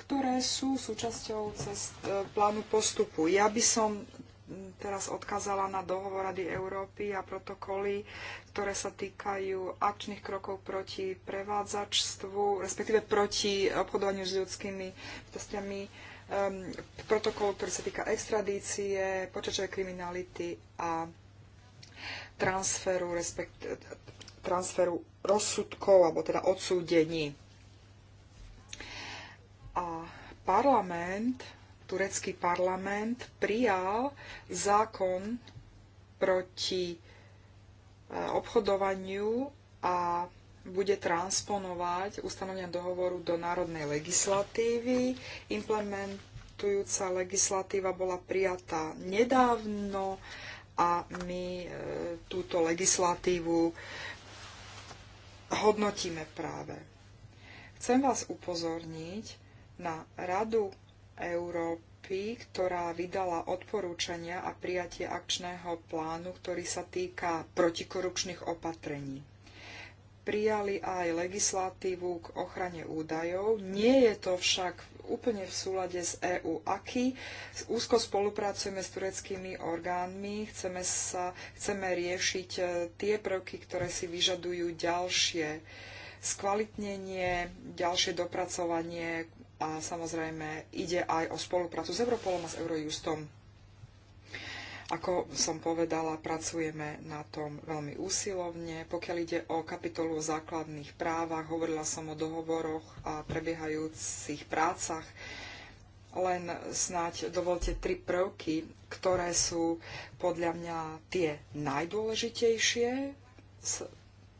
ktoré sú súčasťou cest, plánu postupu. Ja by som teraz odkázala na dohovor Rady Európy a protokoly, ktoré sa týkajú akčných krokov proti prevádzačstvu, respektíve proti obchodovaniu s ľudskými bytostiami, um, protokol, ktorý sa týka extradície, počačovej kriminality a transferu, respekt, transferu rozsudkov, alebo teda odsúdení. A parlament turecký parlament prijal zákon proti e, obchodovaniu a bude transponovať ustanovenia dohovoru do národnej legislatívy. Implementujúca legislatíva bola prijatá nedávno a my e, túto legislatívu hodnotíme práve. Chcem vás upozorniť na radu Európy, ktorá vydala odporúčania a prijatie akčného plánu, ktorý sa týka protikorupčných opatrení. Prijali aj legislatívu k ochrane údajov. Nie je to však úplne v súlade s EÚ. Aký? Úzko spolupracujeme s tureckými orgánmi, chceme, sa, chceme riešiť e, tie prvky, ktoré si vyžadujú ďalšie skvalitnenie, ďalšie dopracovanie a samozrejme ide aj o spoluprácu s Europolom a s Eurojustom. Ako som povedala, pracujeme na tom veľmi úsilovne. Pokiaľ ide o kapitolu o základných právach, hovorila som o dohovoroch a prebiehajúcich prácach. Len snáď dovolte tri prvky, ktoré sú podľa mňa tie najdôležitejšie z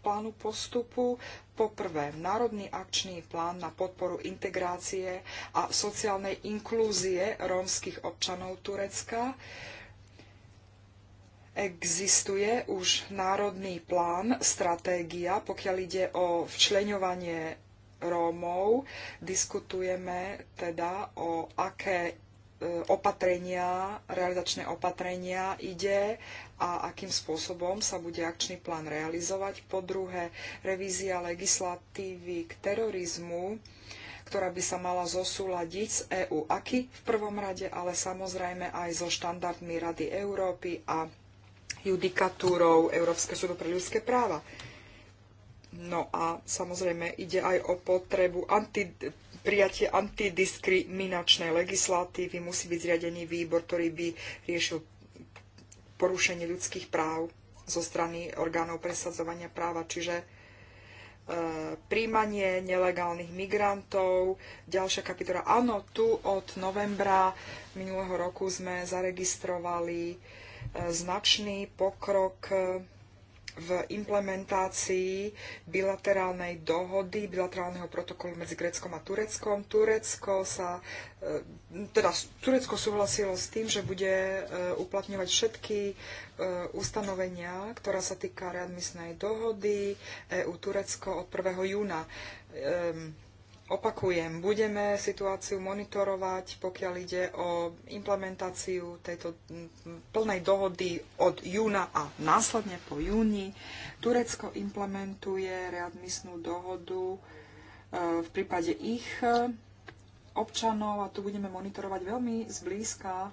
plánu postupu. Poprvé, Národný akčný plán na podporu integrácie a sociálnej inklúzie rómskych občanov Turecka. Existuje už národný plán, stratégia, pokiaľ ide o včleňovanie Rómov. Diskutujeme teda o aké e, opatrenia, realizačné opatrenia ide a akým spôsobom sa bude akčný plán realizovať. Po druhé, revízia legislatívy k terorizmu, ktorá by sa mala zosúľadiť s EU AKI v prvom rade, ale samozrejme aj so štandardmi Rady Európy a judikatúrou Európskeho súdu pre ľudské práva. No a samozrejme ide aj o potrebu anti, prijatie antidiskriminačnej legislatívy. Musí byť zriadený výbor, ktorý by riešil porušenie ľudských práv zo strany orgánov presadzovania práva, čiže e, príjmanie nelegálnych migrantov. Ďalšia kapitola. Áno, tu od novembra minulého roku sme zaregistrovali e, značný pokrok v implementácii bilaterálnej dohody, bilaterálneho protokolu medzi Gréckom a Tureckom. Turecko sa, e, teda Turecko súhlasilo s tým, že bude e, uplatňovať všetky e, ustanovenia, ktorá sa týka readmisnej dohody EU-Turecko od 1. júna. Ehm, Opakujem, budeme situáciu monitorovať, pokiaľ ide o implementáciu tejto plnej dohody od júna a následne po júni. Turecko implementuje readmisnú dohodu e, v prípade ich e, občanov a tu budeme monitorovať veľmi zblízka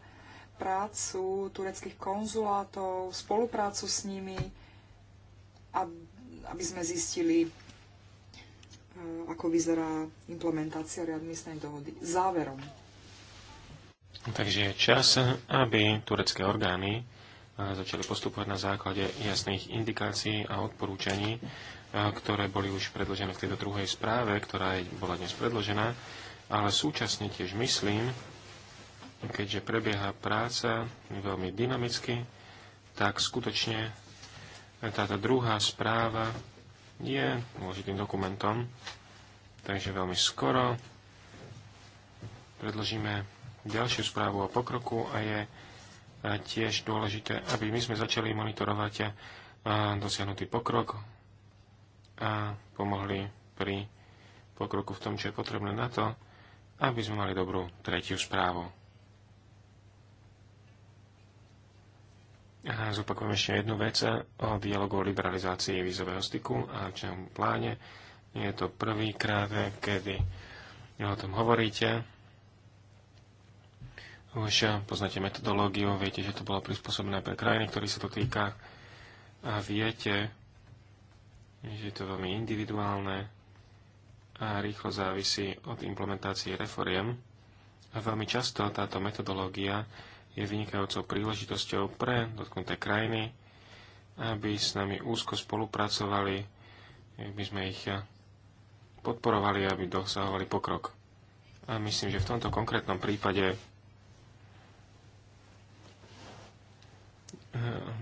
prácu tureckých konzulátov, spoluprácu s nimi, aby sme zistili, ako vyzerá implementácia readmisnej dohody. Záverom. Takže je čas, aby turecké orgány e, začali postupovať na základe jasných indikácií a odporúčaní, e, ktoré boli už predložené v tejto druhej správe, ktorá bola dnes predložená, ale súčasne tiež myslím, keďže prebieha práca veľmi dynamicky, tak skutočne táto druhá správa je dôležitým dokumentom, takže veľmi skoro predložíme ďalšiu správu o pokroku a je e, tiež dôležité, aby my sme začali monitorovať e, dosiahnutý pokrok a pomohli pri pokroku v tom, čo je potrebné na to, aby sme mali dobrú tretiu správu. zopakujem ešte jednu vec eh, o dialogu o liberalizácii vízového styku a čom pláne. Je to prvýkrát, kedy o tom hovoríte. Už eh, poznáte metodológiu, viete, že to bolo prispôsobené pre krajiny, ktorých sa to týka. A viete, že je to veľmi individuálne a rýchlo závisí od implementácie reforiem. A veľmi často táto metodológia je vynikajúcou príležitosťou pre dotknuté krajiny, aby s nami úzko spolupracovali, aby sme ich podporovali, aby dosahovali pokrok. A myslím, že v tomto konkrétnom prípade eh,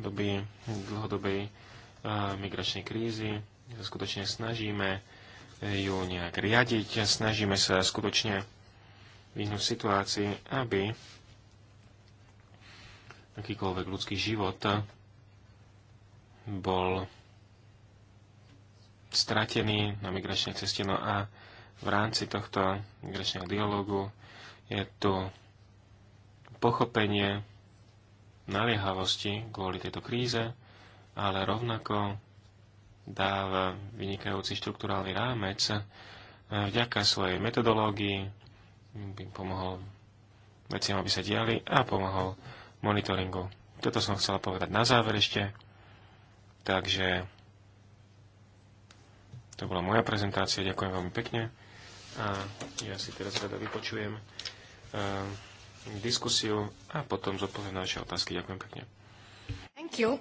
doby, dlhodobej eh, migračnej krízy sa skutočne snažíme eh, ju nejak riadiť, snažíme sa skutočne vyhnúť situácii, aby akýkoľvek ľudský život bol stratený na migračnej ceste. No a v rámci tohto migračného dialogu je tu pochopenie naliehavosti kvôli tejto kríze, ale rovnako dáva vynikajúci štruktúrálny rámec eh, vďaka svojej metodológii, by pomohol veciam, aby sa diali a pomohol monitoringu. Toto som chcela povedať na záver ešte. Takže to bola moja prezentácia, ďakujem veľmi pekne. A ja si teraz rada vypočujem uh, diskusiu a potom zodpoviem na vaše otázky. Ďakujem pekne. Thank you.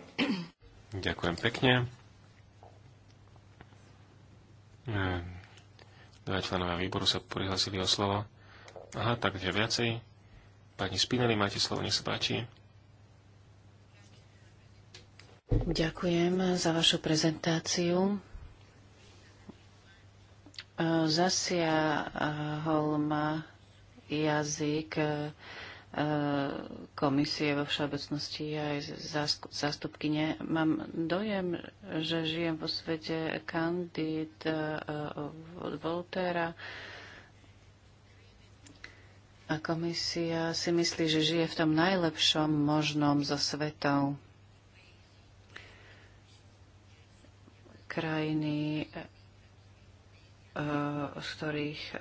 Ďakujem pekne. E, dva členovia výboru sa prihlásili o slovo. Aha, takže viacej. Pani Spinelli, máte slovo, nech sa páči. Ďakujem za vašu prezentáciu. E, zasiahol ma jazyk e, komisie vo všeobecnosti aj zástupkyne. Mám dojem, že žijem vo svete kandid e, Voltera, a komisia si myslí, že žije v tom najlepšom možnom zo svetov. Krajiny, eh, eh, z ktorých eh,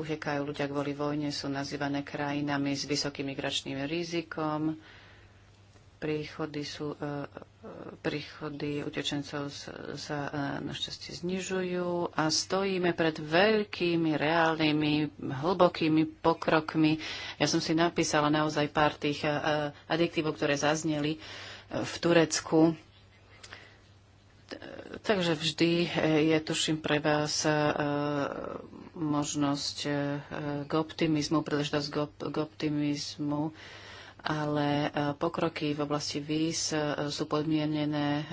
utekajú ľudia kvôli vojne, sú nazývané krajinami s vysokým migračným rizikom Príchody, sú, e, e, príchody utečencov sa e, našťastie znižujú a stojíme pred veľkými, reálnymi, hlbokými pokrokmi. Ja som si napísala naozaj pár tých adiktívov, ktoré zazneli v Turecku. Takže vždy je, tuším, pre vás možnosť k optimizmu, príležitosť k optimizmu ale e, pokroky v oblasti víz e, sú podmienené e,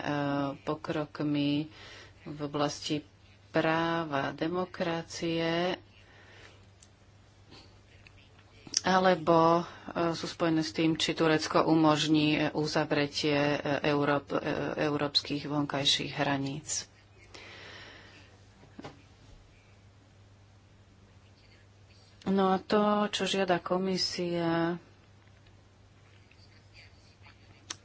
pokrokmi v oblasti práva, demokracie alebo sú spojené s tým, či Turecko umožní uzavretie Európ, európskych vonkajších hraníc. No a to, čo žiada komisia,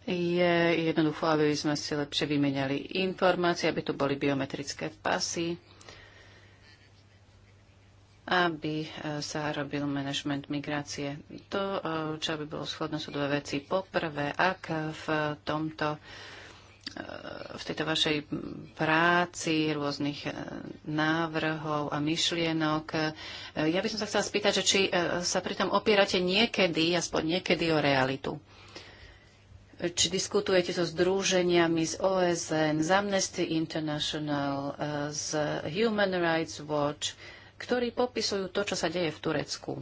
je jednoducho, aby sme si lepšie vymenali informácie, aby tu boli biometrické pasy, aby sa e, robil manažment migrácie. To, e, čo by bolo schodné, sú dve veci. Poprvé, ak v tomto e, v tejto vašej práci rôznych návrhov a myšlienok. Ja by som sa chcela spýtať, že či sa pritom opierate niekedy, aspoň niekedy o realitu či diskutujete so združeniami z OSN, z Amnesty International, eh, z Human Rights Watch, ktorí popisujú to, čo sa deje v Turecku.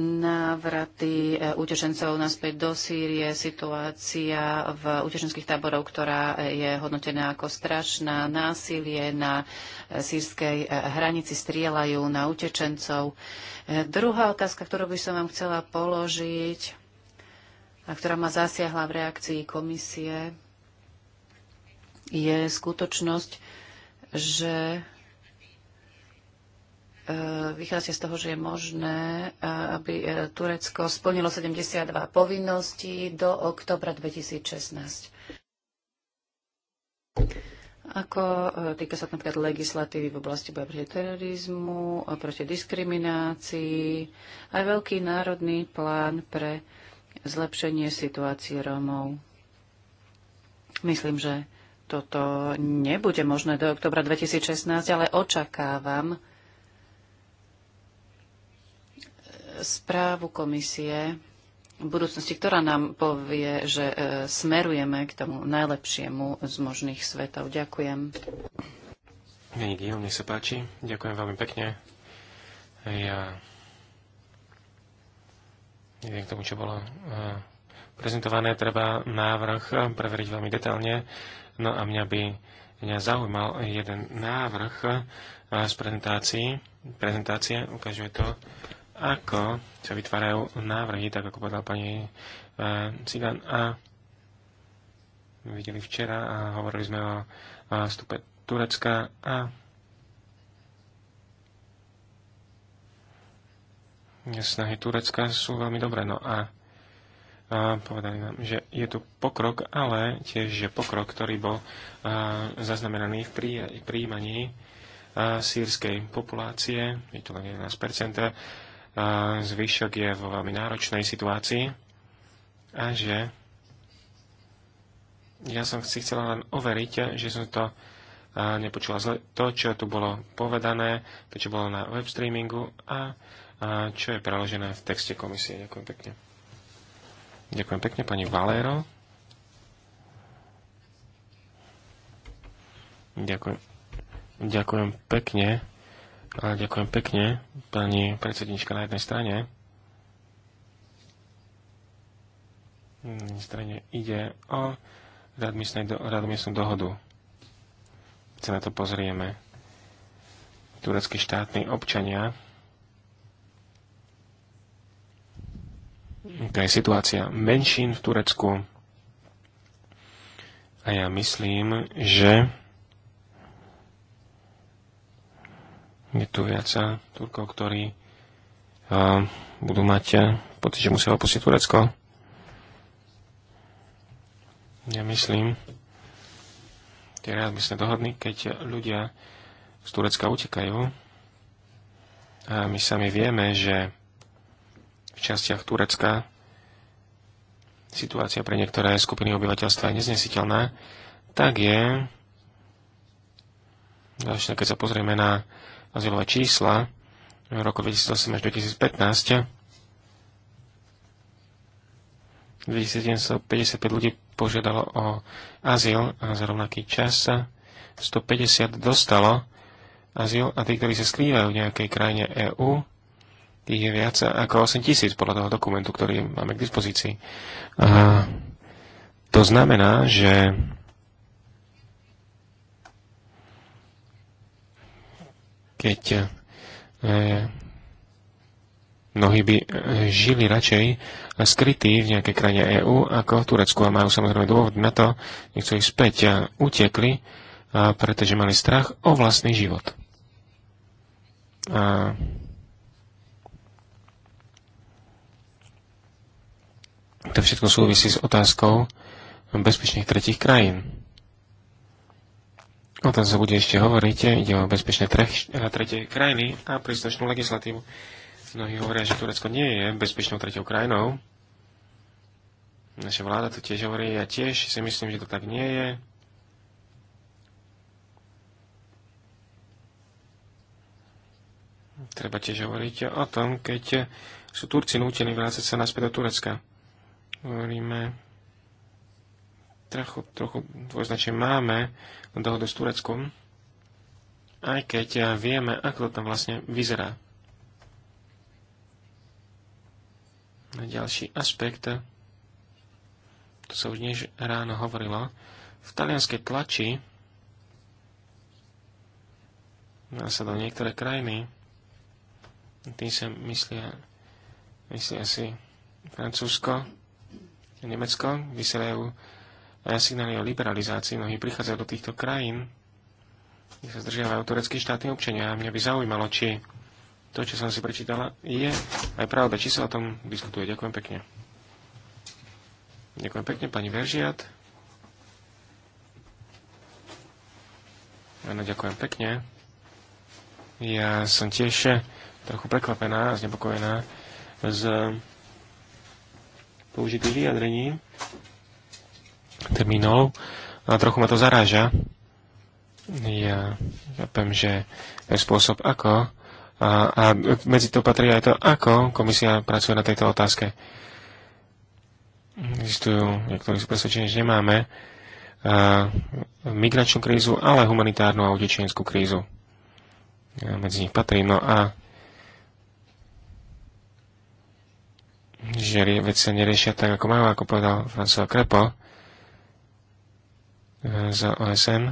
Návraty eh, utečencov naspäť do Sýrie, situácia v utečenských táboroch, ktorá eh, je hodnotená ako strašná, násilie na sírskej hranici strieľajú na utečencov. Druhá otázka, ktorú by som vám chcela položiť, a ktorá ma zasiahla v reakcii komisie, je skutočnosť, že e, vychádza z toho, že je možné, e, aby e, Turecko splnilo 72 povinností do oktobra 2016. Ako týka sa napríklad legislatívy v oblasti boja proti terorizmu, proti diskriminácii, aj veľký národný plán pre zlepšenie situácie Rómov. Myslím, že toto nebude možné do oktobra 2016, ale očakávam správu komisie v budúcnosti, ktorá nám povie, že e, smerujeme k tomu najlepšiemu z možných svetov. Ďakujem. Není Guillaume, nech sa páči. Ďakujem veľmi pekne. Ja k tomu, čo bolo eh, prezentované, treba návrh eh, preveriť veľmi detailne. No a mňa by mňa zaujímal jeden návrh eh, z prezentácií. Prezentácie ukazuje to, ako sa vytvárajú návrhy, tak ako povedal pani Cigan. A videli včera a hovorili sme o vstupe Turecka a snahy Turecka sú veľmi dobré. No a, a povedali nám, že je tu pokrok, ale tiež, že pokrok, ktorý bol a, zaznamenaný v príjmaní a, sírskej populácie, je to len 11%, a, zvyšok je vo veľmi náročnej situácii a že ja som si chcela len overiť, že som to a nepočula zle to, čo tu bolo povedané, to, čo bolo na web streamingu a a čo je preložené v texte komisie. Ďakujem pekne. Ďakujem pekne, pani Valero. Ďakujem. Ďakujem pekne. A ďakujem pekne, pani predsednička na jednej strane. Na jednej strane ide o radmiestnú dohodu. Sa na to pozrieme. Tureckí štátni občania to je situácia menšín v Turecku. A ja myslím, že je tu viac Turkov, ktorí uh, budú mať pocit, že musia opustiť Turecko. Ja myslím, teraz by sme dohodli, keď ľudia z Turecka utekajú, a my sami vieme, že častiach Turecka situácia pre niektoré skupiny obyvateľstva je neznesiteľná, tak je Ďalšie, keď sa pozrieme na azylové čísla v roku 2008 až 2015, 2755 ľudí požiadalo o azyl a za rovnaký čas 150 dostalo azyl a tí, ktorí sa skrývajú v nejakej krajine EÚ, ich je viac ako 8 tisíc podľa toho dokumentu, ktorý máme k dispozícii. A to znamená, že keď e, mnohí by e, žili radšej skrytí v nejakej krajine EÚ ako v Turecku a majú samozrejme dôvod na to, nechcú ich späť a utekli, pretože mali strach o vlastný život. A To všetko súvisí s otázkou bezpečných tretich krajín. O tom sa bude ešte hovoriť. Ide o bezpečné eh, tretie krajiny a príslušnú legislatívu. Mnohí hovoria, že Turecko nie je bezpečnou tretiou krajinou. Naša vláda to tiež hovorí. Ja tiež si myslím, že to tak nie je. Treba tiež hovoriť o tom, keď sú Turci nútení vrácať sa naspäť do Turecka hovoríme, trochu, trochu dvojznačne máme dohodu s Tureckom, aj keď vieme, ako to tam vlastne vyzerá. Na ďalší aspekt, to sa už dnes ráno hovorilo, v talianskej tlači nasadol niektoré krajiny, tým sa myslia, myslia si Francúzsko, Nemecko vysielajú eh, signály o liberalizácii. Mnohí prichádzajú do týchto krajín, kde sa zdržiavajú turecké štátne občania. A mňa by zaujímalo, či to, čo som si prečítala, je aj pravda. Či sa o tom diskutuje. Ďakujem pekne. Ďakujem pekne, pani Veržiat. Áno, ďakujem pekne. Ja som tiež trochu prekvapená a znepokojená z použitých vyjadrení, termínov. A trochu ma to zaráža. Ja chápem, že je spôsob ako a, a medzi to patrí aj to, ako komisia pracuje na tejto otázke. Existujú, niektorí sú presvedčení, že nemáme a, migračnú krízu, ale humanitárnu a utečenskú krízu. A medzi nich patrí. No a že veci sa neriešia tak, ako majú, ako povedal François Krepo e, za OSN.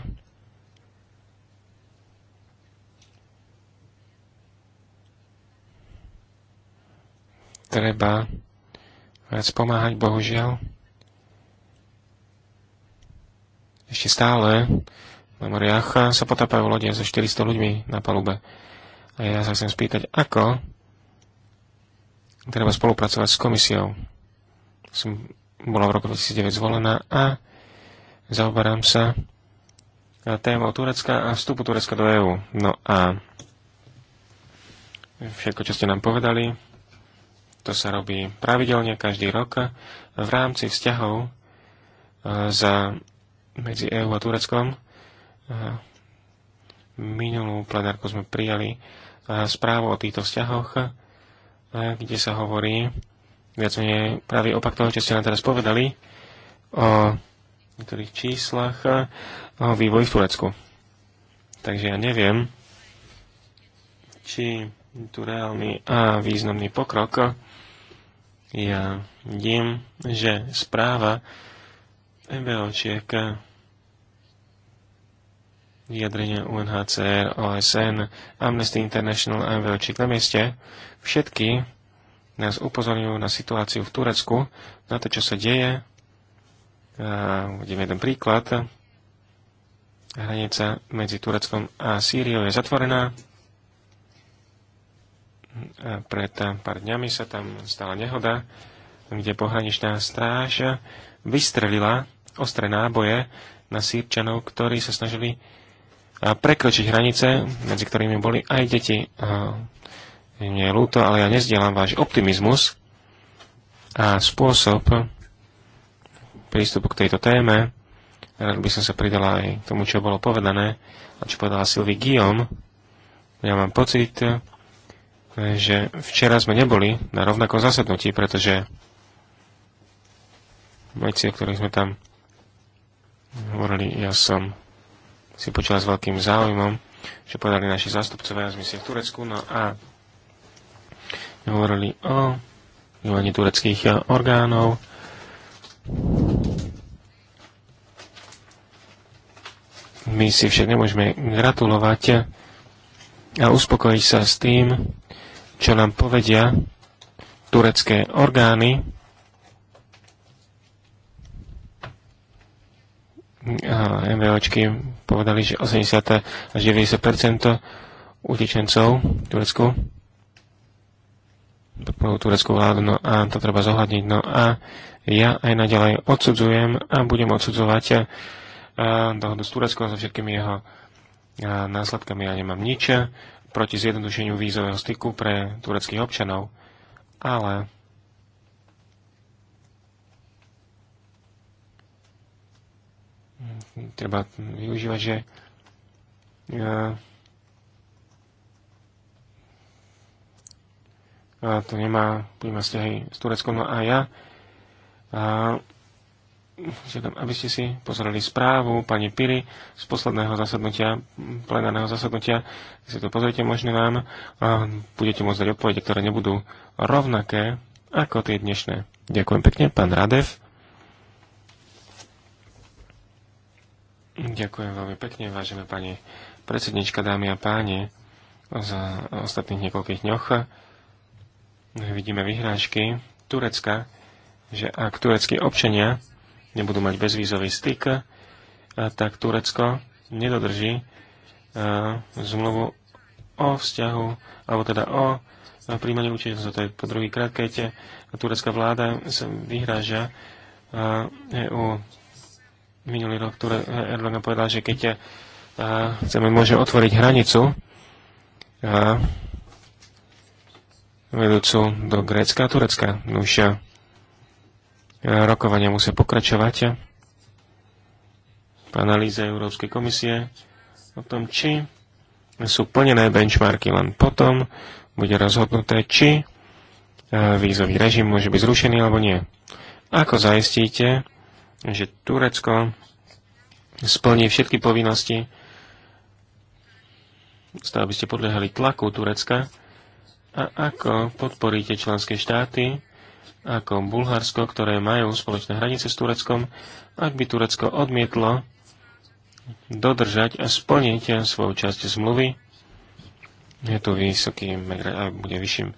Treba viac pomáhať, bohužiaľ. Ešte stále na moriach sa potápajú lodia so 400 ľuďmi na palube. A ja sa chcem spýtať, ako treba spolupracovať s komisiou. Som bola v roku 2009 zvolená a zaoberám sa témou Turecka a vstupu Turecka do EÚ. No a všetko, čo ste nám povedali, to sa robí pravidelne každý rok v rámci vzťahov e, za medzi EÚ a Tureckom. E, minulú plenárku sme prijali e, správu o týchto vzťahoch E, kde sa hovorí viac menej pravý opak toho, čo ste nám teraz povedali o niektorých číslach e, o vývoji v Turecku. Takže ja neviem, či je tu reálny a významný pokrok. Ja vidím, že správa MBOčiek vyjadrenia UNHCR, OSN, Amnesty International a MVOčiek na mieste Všetky nás upozorňujú na situáciu v Turecku, na to, čo sa deje. Uvidím jeden príklad. Hranica medzi Tureckom a Sýriou je zatvorená. pred pár dňami sa tam stala nehoda, kde pohraničná stráž vystrelila ostré náboje na sírčanov, ktorí sa snažili prekročiť hranice, medzi ktorými boli aj deti mne je ľúto, ale ja nezdielam váš optimizmus a spôsob prístupu k tejto téme. Rád by som sa pridala aj k tomu, čo bolo povedané a čo povedala Silvi Guillom, Ja mám pocit, že včera sme neboli na rovnakom zasadnutí, pretože veci, o ktorých sme tam hovorili, ja som si počula s veľkým záujmom, čo povedali naši zástupcovia z misie v Turecku. No a hovorili o vyvaní tureckých eh, orgánov. My si však nemôžeme gratulovať eh, a uspokojiť sa s tým, čo nám povedia turecké orgány. A MVOčky povedali, že 80 až 90 utečencov v Turecku tureckú vládu, no a to treba zohľadniť. No a ja aj naďalej odsudzujem a budem odsudzovať eh, dohodu s Tureckom so všetkými jeho eh, následkami. Ja nemám nič eh, proti zjednodušeniu vízového styku pre tureckých občanov, ale treba využívať, že a to nemá príma vzťahy s Tureckom, no a ja a žiadam, aby ste si pozreli správu pani Piri z posledného zasadnutia, plenárneho zasadnutia. Keď si to pozrite, možno nám a budete môcť dať odpovede, ktoré nebudú rovnaké ako tie dnešné. Ďakujem pekne, pán Radev. Ďakujem veľmi pekne, vážená pani predsednička, dámy a páni, za ostatných niekoľkých dňoch vidíme vyhrážky Turecka, že ak tureckí občania nebudú mať bezvízový styk, eh, tak Turecko nedodrží eh, zmluvu o vzťahu, alebo teda o eh, príjmaní utečencov. To je po druhý krát, keď turecká vláda sa vyhráža EU. Minulý rok Erdogan povedal, že keď chceme, môže otvoriť hranicu vedúcu do Grécka a Turecka. Už e, rokovania musia pokračovať v analýze Európskej komisie o tom, či sú plnené benchmarky len potom, bude rozhodnuté, či e, vízový režim môže byť zrušený alebo nie. Ako zaistíte, že Turecko splní všetky povinnosti, stále by ste podliehali tlaku Turecka, a ako podporíte členské štáty, ako Bulharsko, ktoré majú spoločné hranice s Tureckom, ak by Turecko odmietlo dodržať a splniť svoju časť zmluvy, je tu vysoký, bude vyšším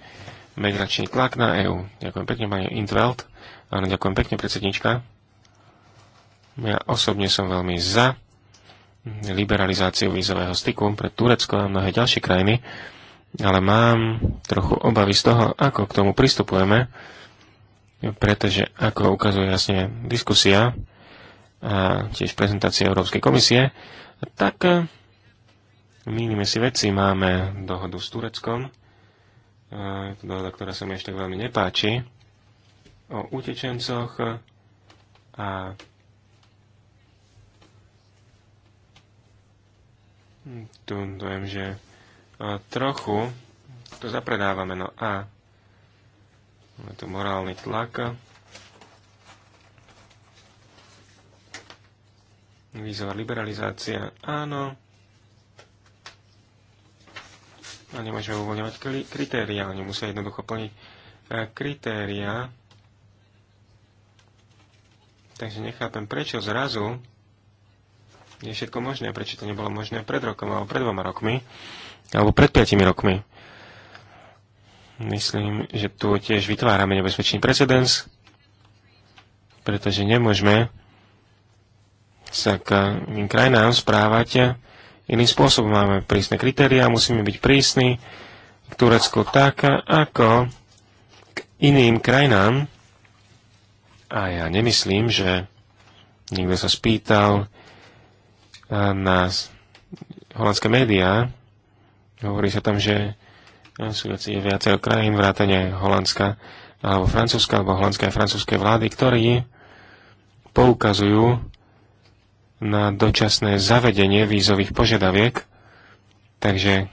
migračný tlak na EÚ. Ďakujem pekne, pani Intveld. Áno, ďakujem pekne, predsednička. Ja osobne som veľmi za liberalizáciu vízového styku pre Turecko a mnohé ďalšie krajiny ale mám trochu obavy z toho, ako k tomu pristupujeme, pretože, ako ukazuje jasne diskusia a tiež prezentácia Európskej komisie, tak eh, mínime si veci. Máme dohodu s Tureckom, eh, dohoda, ktorá sa mi ešte veľmi nepáči, o utečencoch eh, a hm, tu dojem, že trochu to zapredávame. No a máme tu morálny tlak. Vízová liberalizácia, áno. A nemôžeme uvoľňovať kritéria, oni musia jednoducho plniť e, kritéria. Takže nechápem, prečo zrazu je všetko možné, prečo to nebolo možné pred rokom alebo pred dvoma rokmi alebo pred 5 rokmi. Myslím, že tu tiež vytvárame nebezpečný precedens, pretože nemôžeme sa k krajinám správať iným spôsobom. Máme prísne kritériá, musíme byť prísni k Turecku tak, ako k iným krajinám. A ja nemyslím, že niekto sa spýtal eh, na holandské médiá, Hovorí sa tam, že e, sú veci viacero krajín, vrátane Holandska alebo Francúzska, alebo holandské a francúzske vlády, ktorí poukazujú na dočasné zavedenie vízových požiadaviek. Takže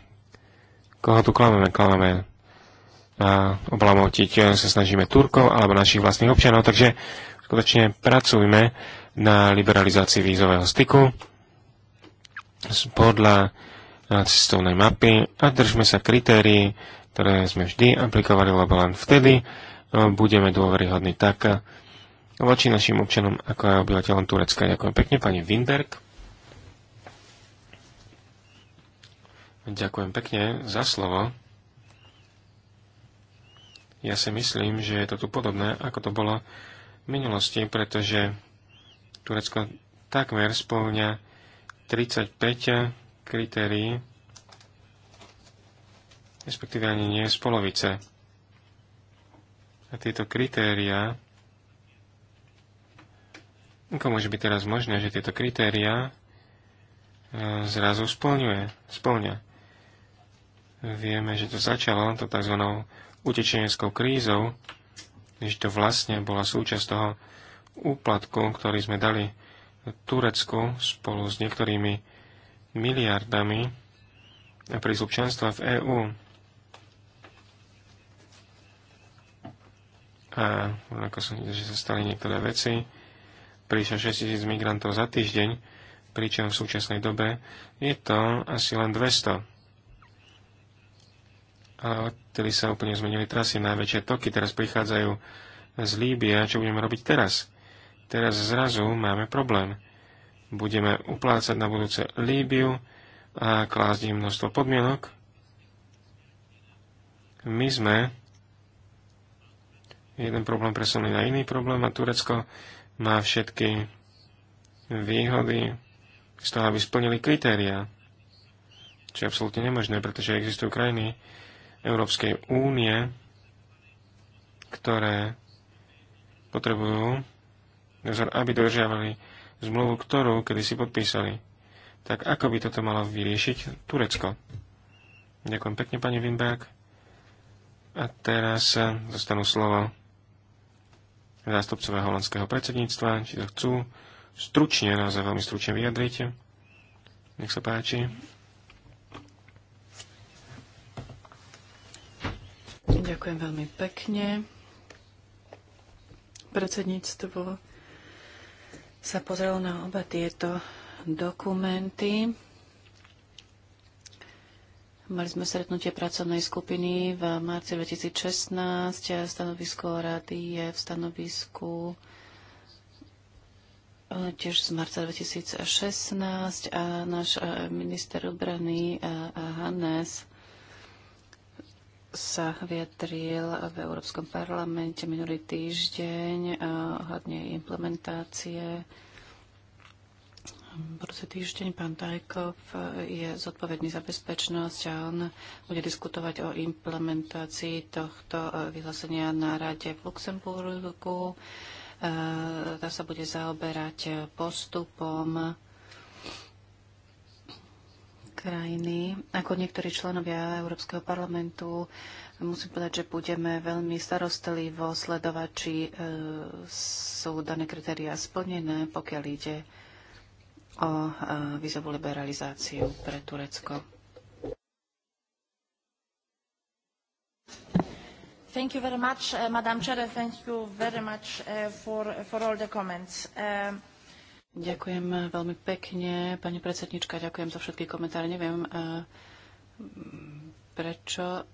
koho tu klameme? Klameme a oblamotiť e, sa snažíme Turkov alebo našich vlastných občanov, takže skutočne pracujme na liberalizácii vízového styku podľa na cestovnej mapy a držme sa kritérií, ktoré sme vždy aplikovali, lebo len vtedy e, budeme dôveryhodní tak e, voči našim občanom, ako aj obyvateľom Turecka. Ďakujem pekne, pani Winberg. Ďakujem pekne za slovo. Ja si myslím, že je to tu podobné, ako to bolo v minulosti, pretože Turecko takmer spĺňa 35 kritérií, respektíve ani nie z polovice. A tieto kritéria, ako môže byť teraz možné, že tieto kritéria e, zrazu splňuje, splňa. Vieme, že to začalo to tzv. utečeneckou krízou, že to vlastne bola súčasť toho úplatku, ktorý sme dali Turecku spolu s niektorými miliardami na prísľub v EÚ. A ako som videl, že sa stali niektoré veci, prišlo 6 tisíc migrantov za týždeň, pričom v súčasnej dobe je to asi len 200 ale odtedy sa úplne zmenili trasy. Najväčšie toky teraz prichádzajú z Líbie a čo budeme robiť teraz? Teraz zrazu máme problém budeme uplácať na budúce Líbiu a klásť im množstvo podmienok. My sme jeden problém presunuli na iný problém a Turecko má všetky výhody z toho, aby splnili kritériá, čo je absolútne nemožné, pretože existujú krajiny Európskej únie, ktoré potrebujú dozor, aby dodržiavali zmluvu, ktorú kedy si podpísali. Tak ako by toto malo vyriešiť Turecko? Ďakujem pekne, pani Wimberg. A teraz eh, dostanú slovo zástupcové holandského predsedníctva, či to chcú stručne, naozaj veľmi stručne vyjadriť. Nech sa páči. Ďakujem veľmi pekne. Predsedníctvo sa pozrel na oba tieto dokumenty. Mali sme stretnutie pracovnej skupiny v marci 2016. Stanovisko rady je v stanovisku e, tiež z marca 2016 a náš e, minister obrany e, Hannes sa vyjadril v Európskom parlamente minulý týždeň eh, ohľadne implementácie. Budúci týždeň pán Tajkov eh, je zodpovedný za bezpečnosť a on bude diskutovať o implementácii tohto eh, vyhlásenia na rade v Luxemburgu. Tá sa bude zaoberať postupom krajiny. Ako niektorí členovia Európskeho parlamentu musím povedať, že budeme veľmi starostlivo sledovať, či e, sú dané kritéria splnené, pokiaľ ide o e, vízovú liberalizáciu pre Turecko. Thank you very much, eh, Madam Chair. Thank you very much eh, for, for all the comments. Um, Ďakujem eh, veľmi pekne, pani predsednička, ďakujem za všetky komentáre. Neviem, eh, prečo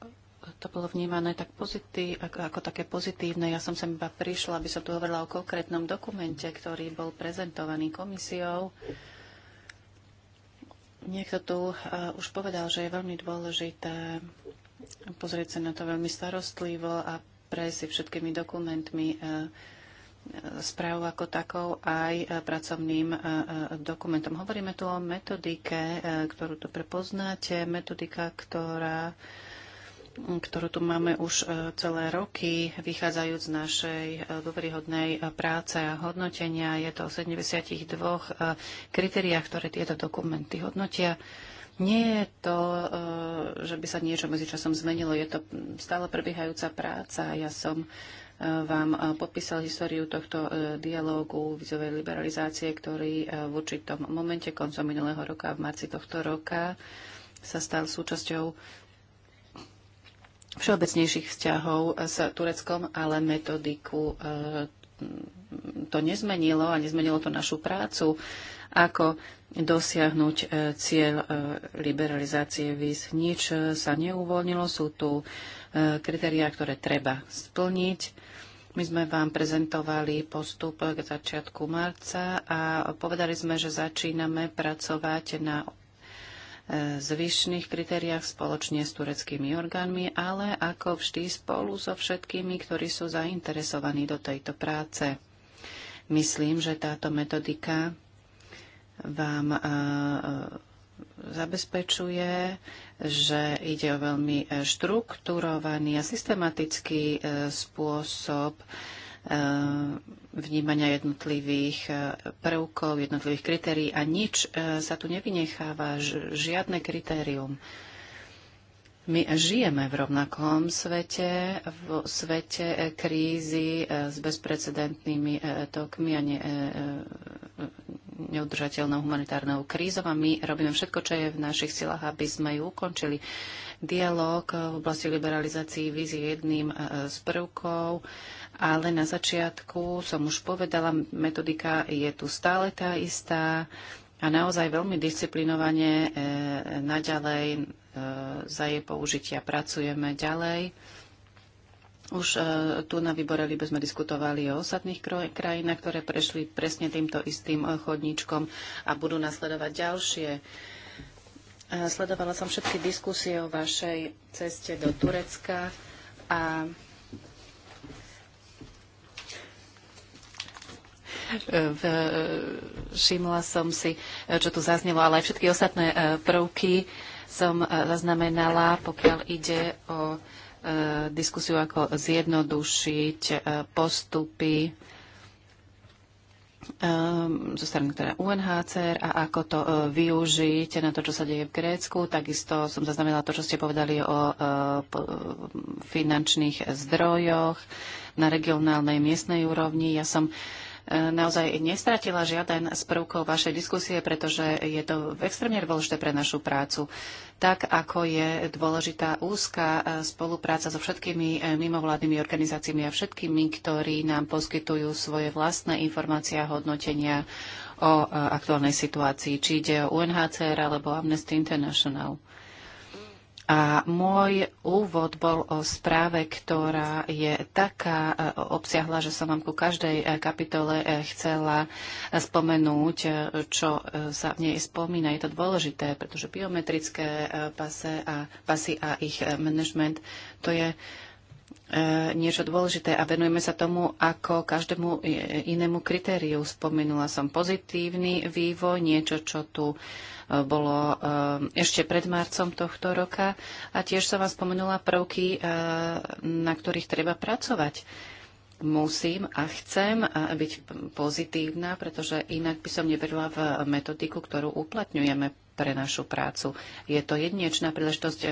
to bolo vnímané tak pozitív, ako, ako také pozitívne. Ja som sem iba prišla, aby som tu hovorila o konkrétnom dokumente, ktorý bol prezentovaný komisiou. Niekto tu eh, už povedal, že je veľmi dôležité pozrieť sa na to veľmi starostlivo a prejsť si všetkými dokumentmi správu ako takou aj e, pracovným e, e, dokumentom. Hovoríme tu o metodike, ktorú tu prepoznáte, metodika, ktorá ktorú tu máme už celé roky, vychádzajúc z našej dôveryhodnej práce a hodnotenia. Je to o 72 kritériách, ktoré tieto dokumenty hodnotia. Nie je to, že by sa niečo medzi časom zmenilo, je to stále prebiehajúca práca. Ja som vám eh, podpísal históriu tohto eh, dialógu vizovej liberalizácie, ktorý eh, v určitom momente koncom minulého roka, v marci tohto roka, sa stal súčasťou všeobecnejších vzťahov s Tureckom, ale metodiku to nezmenilo a nezmenilo to našu prácu, ako dosiahnuť cieľ liberalizácie víz. Nič sa neuvoľnilo, sú tu kritériá, ktoré treba splniť my sme vám prezentovali postup k začiatku marca a povedali sme, že začíname pracovať na e, zvyšných kritériách spoločne s tureckými orgánmi, ale ako vždy spolu so všetkými, ktorí sú zainteresovaní do tejto práce. Myslím, že táto metodika vám e, e, zabezpečuje že ide o veľmi e, štrukturovaný a systematický e, spôsob e, vnímania jednotlivých prvkov, jednotlivých kritérií a nič sa tu nevynecháva, žiadne kritérium. My žijeme v rovnakom svete, v svete e, krízy e, s bezprecedentnými e, tokmi a ne, neudržateľnou humanitárnou krízou a my robíme všetko, čo je v našich silách, aby sme ju ukončili. Dialóg v oblasti liberalizácií víz je jedným z prvkov, ale na začiatku som už povedala, metodika je tu stále tá istá a naozaj veľmi disciplinovane e, naďalej za jej použitia. Pracujeme ďalej. Už e, tu na výbore by sme diskutovali o ostatných krajinách, ktoré prešli presne týmto istým e, chodníčkom a budú nasledovať ďalšie. E, sledovala som všetky diskusie o vašej ceste do Turecka a všimla som si, čo tu zaznelo, ale aj všetky ostatné prvky som e, zaznamenala, pokiaľ ide o e, diskusiu, ako zjednodušiť e, postupy zo strany teda UNHCR a ako to využiť na to, čo sa deje v Grécku. Takisto som zaznamenala to, čo ste povedali o finančných zdrojoch na regionálnej miestnej úrovni. Ja som E, naozaj nestratila žiaden z prvkov vašej diskusie, pretože je to extrémne dôležité pre našu prácu. Tak ako je dôležitá úzka e, spolupráca so všetkými e, mimovládnymi organizáciami a všetkými, ktorí nám poskytujú svoje vlastné informácie a hodnotenia o aktuálnej situácii, či ide o UNHCR alebo Amnesty International. A môj úvod bol o správe, ktorá je taká e, obsiahla, že som vám ku každej e, kapitole e, chcela spomenúť, čo sa v nej spomína. Je to dôležité, pretože biometrické pasy a, pasy a ich management, to je E, niečo dôležité a venujeme sa tomu ako každému e, inému kritériu. Spomenula som pozitívny vývoj, niečo, čo tu e, bolo ešte pred marcom tohto roka a tiež som vám spomenula prvky, na ktorých treba pracovať. Musím a chcem byť pozitívna, pretože inak by som neverila v metodiku, ktorú uplatňujeme pre našu prácu. Je to jedinečná príležitosť e,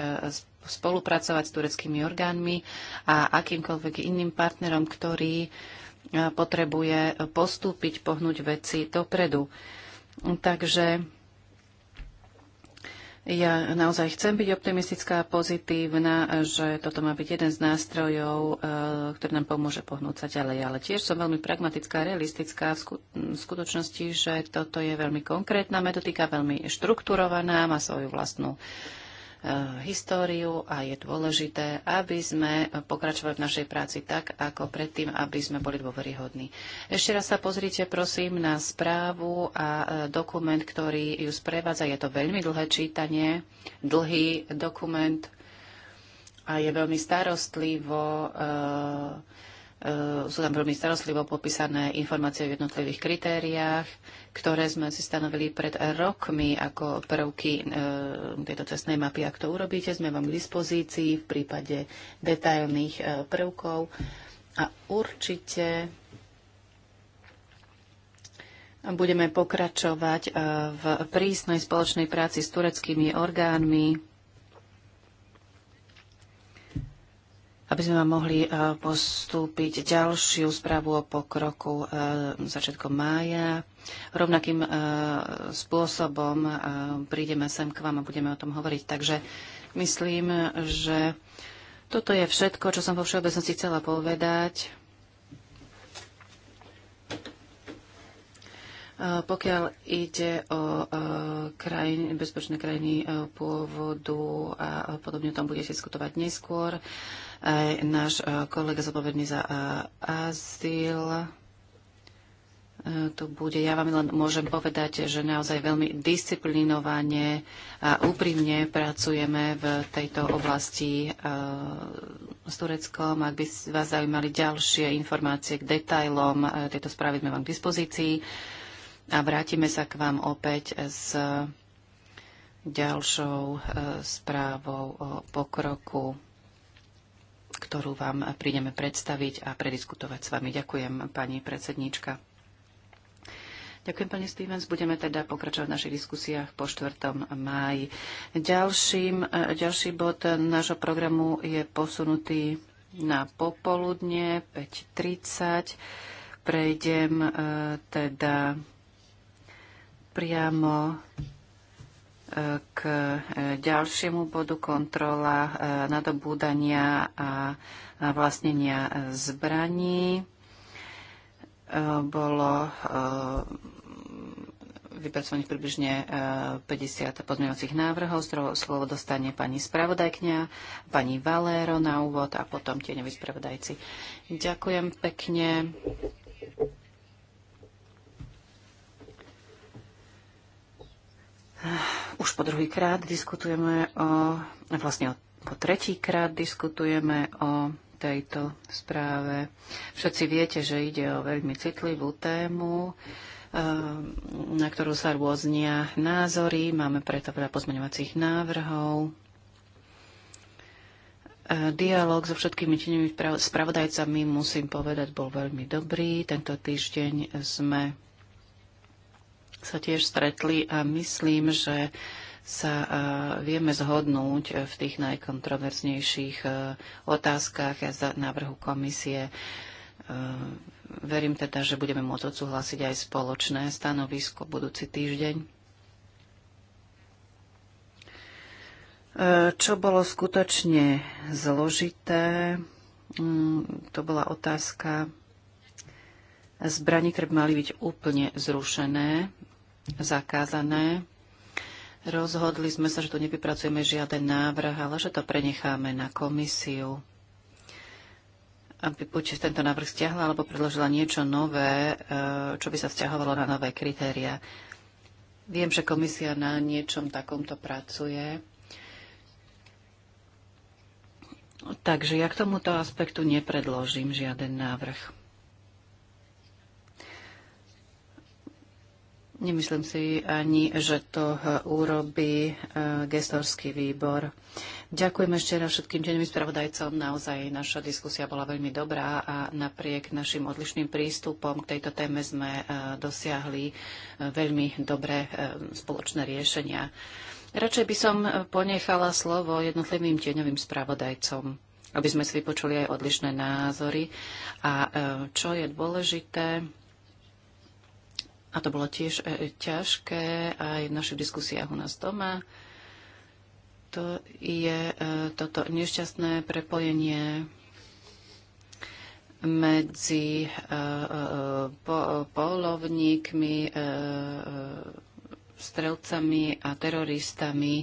spolupracovať s tureckými orgánmi a akýmkoľvek iným partnerom, ktorý e, potrebuje postúpiť, pohnúť veci dopredu. Takže ja naozaj chcem byť optimistická a pozitívna, že toto má byť jeden z nástrojov, e, ktorý nám pomôže pohnúť sa ďalej. Ale tiež som veľmi pragmatická a realistická v skutočnosti, že toto je veľmi konkrétna metodika, veľmi štrukturovaná, má svoju vlastnú Eh, históriu a je dôležité, aby sme pokračovali v našej práci tak, ako predtým, aby sme boli dôveryhodní. Ešte raz sa pozrite, prosím, na správu a eh, dokument, ktorý ju sprevádza. Je to veľmi dlhé čítanie, dlhý dokument a je veľmi starostlivo eh, Ehm, sú tam veľmi starostlivo popísané informácie o jednotlivých kritériách, ktoré sme si stanovili pred rokmi ako prvky ehm, tejto cestnej mapy. Ak to urobíte, sme vám k dispozícii v prípade detailných ehm, prvkov a určite budeme pokračovať v prísnej spoločnej práci s tureckými orgánmi aby sme vám mohli e, postúpiť ďalšiu správu o pokroku e, začiatkom mája. Rovnakým e, spôsobom prídeme sem k vám a budeme o tom hovoriť. Takže myslím, že toto je všetko, čo som vo všeobecnosti chcela povedať. Pokiaľ ide o krajiny, bezpečné krajiny pôvodu a podobne o tom budete diskutovať neskôr aj náš e, kolega zodpovedný za e, azyl e, tu bude. Ja vám len môžem povedať, že naozaj veľmi disciplinovane a úprimne pracujeme v tejto oblasti s Tureckom. Ak by vás zaujímali ďalšie informácie k detailom tejto správy, sme vám k dispozícii a vrátime sa k vám opäť s ďalšou správou o pokroku ktorú vám prídeme predstaviť a prediskutovať s vami. Ďakujem, pani predsedníčka. Ďakujem, pani Stevens. Budeme teda pokračovať v našich diskusiách po 4. máji. Ďalším, ďalší bod nášho programu je posunutý na popoludne 5.30. Prejdem eh, teda priamo k e, ďalšiemu bodu kontrola e, nadobúdania a vlastnenia zbraní. E, bolo vypracovaných približne 50 pozmeňovacích návrhov. Slovo dostane pani spravodajkňa, pani Valero na úvod a potom tieňoví spravodajci. Ďakujem pekne. Už po druhýkrát diskutujeme o, vlastne po tretíkrát diskutujeme o tejto správe. Všetci viete, že ide o veľmi citlivú tému eh, na ktorú sa rôznia názory. Máme preto veľa pozmeňovacích návrhov. Eh, Dialóg so všetkými tenými spravodajcami, musím povedať, bol veľmi dobrý. Tento týždeň sme sa tiež stretli a myslím, že sa e, vieme zhodnúť e, v tých najkontroverznejších e, otázkach a za návrhu komisie. Verím teda, že budeme môcť odsúhlasiť aj spoločné stanovisko budúci týždeň. Čo bolo skutočne zložité, mm, to bola otázka zbraní, ktoré by mali byť úplne zrušené zakázané. Rozhodli sme sa, že tu nevypracujeme žiaden návrh, ale že to prenecháme na komisiu, aby buď tento návrh stiahla, alebo predložila niečo nové, e, čo by sa stiahovalo na nové kritéria. Viem, že komisia na niečom takomto pracuje. Takže ja k tomuto aspektu nepredložím žiaden návrh. Nemyslím si ani, že to eh, urobí eh, gestorský výbor. Ďakujem ešte raz všetkým deňovým spravodajcom. Naozaj naša diskusia bola veľmi dobrá a napriek našim odlišným prístupom k tejto téme sme eh, dosiahli veľmi dobré spoločné riešenia. Radšej by som ponechala slovo jednotlivým tieňovým spravodajcom, aby sme si vypočuli aj odlišné názory. A čo je dôležité, a to bolo tiež e, e, ťažké aj v našich diskusiách u nás doma, to je e, toto nešťastné prepojenie medzi polovníkmi, strelcami a teroristami.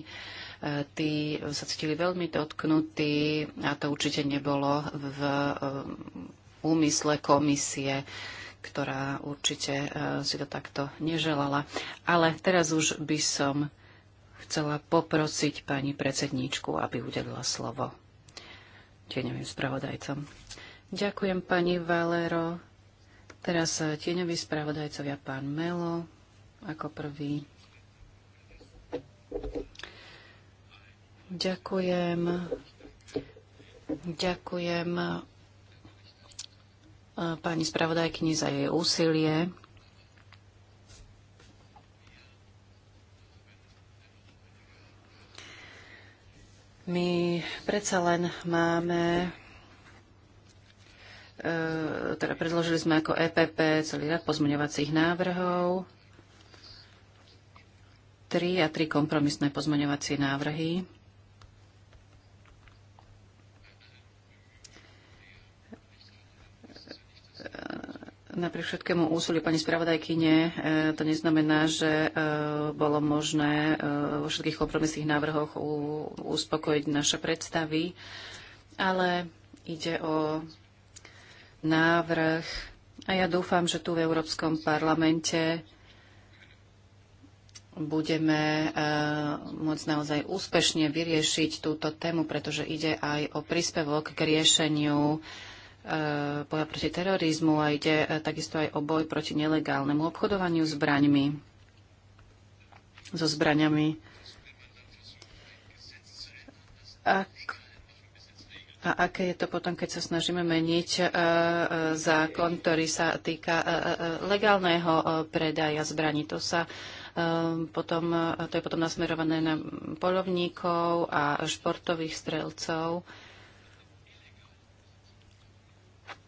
Tí sa cítili veľmi dotknutí a to určite nebolo v úmysle komisie ktorá určite e, si to takto neželala. Ale teraz už by som chcela poprosiť pani predsedníčku, aby udelila slovo tieňovým spravodajcom. Ďakujem pani Valero. Teraz e, tieňoví spravodajcovia pán Melo ako prvý. Ďakujem. Ďakujem pani spravodajkyni za jej úsilie. My predsa len máme e, teda predložili sme ako EPP celý rad pozmeňovacích návrhov, tri a tri kompromisné pozmeňovacie návrhy. Napriek všetkému úsiliu pani spravodajkyne e, to neznamená, že e, bolo možné e, vo všetkých kompromisných návrhoch uspokojiť naše predstavy, ale ide o návrh a ja dúfam, že tu v Európskom parlamente budeme môcť naozaj úspešne vyriešiť túto tému, pretože ide aj o príspevok k riešeniu Eh, boja proti terorizmu a ide eh, takisto aj o boj proti nelegálnemu obchodovaniu zbraňmi, so zbraňami. Ak, a aké je to potom, keď sa snažíme meniť eh, zákon, ktorý sa týka legálneho predaja zbraní? To sa potom, to je potom nasmerované na polovníkov a športových strelcov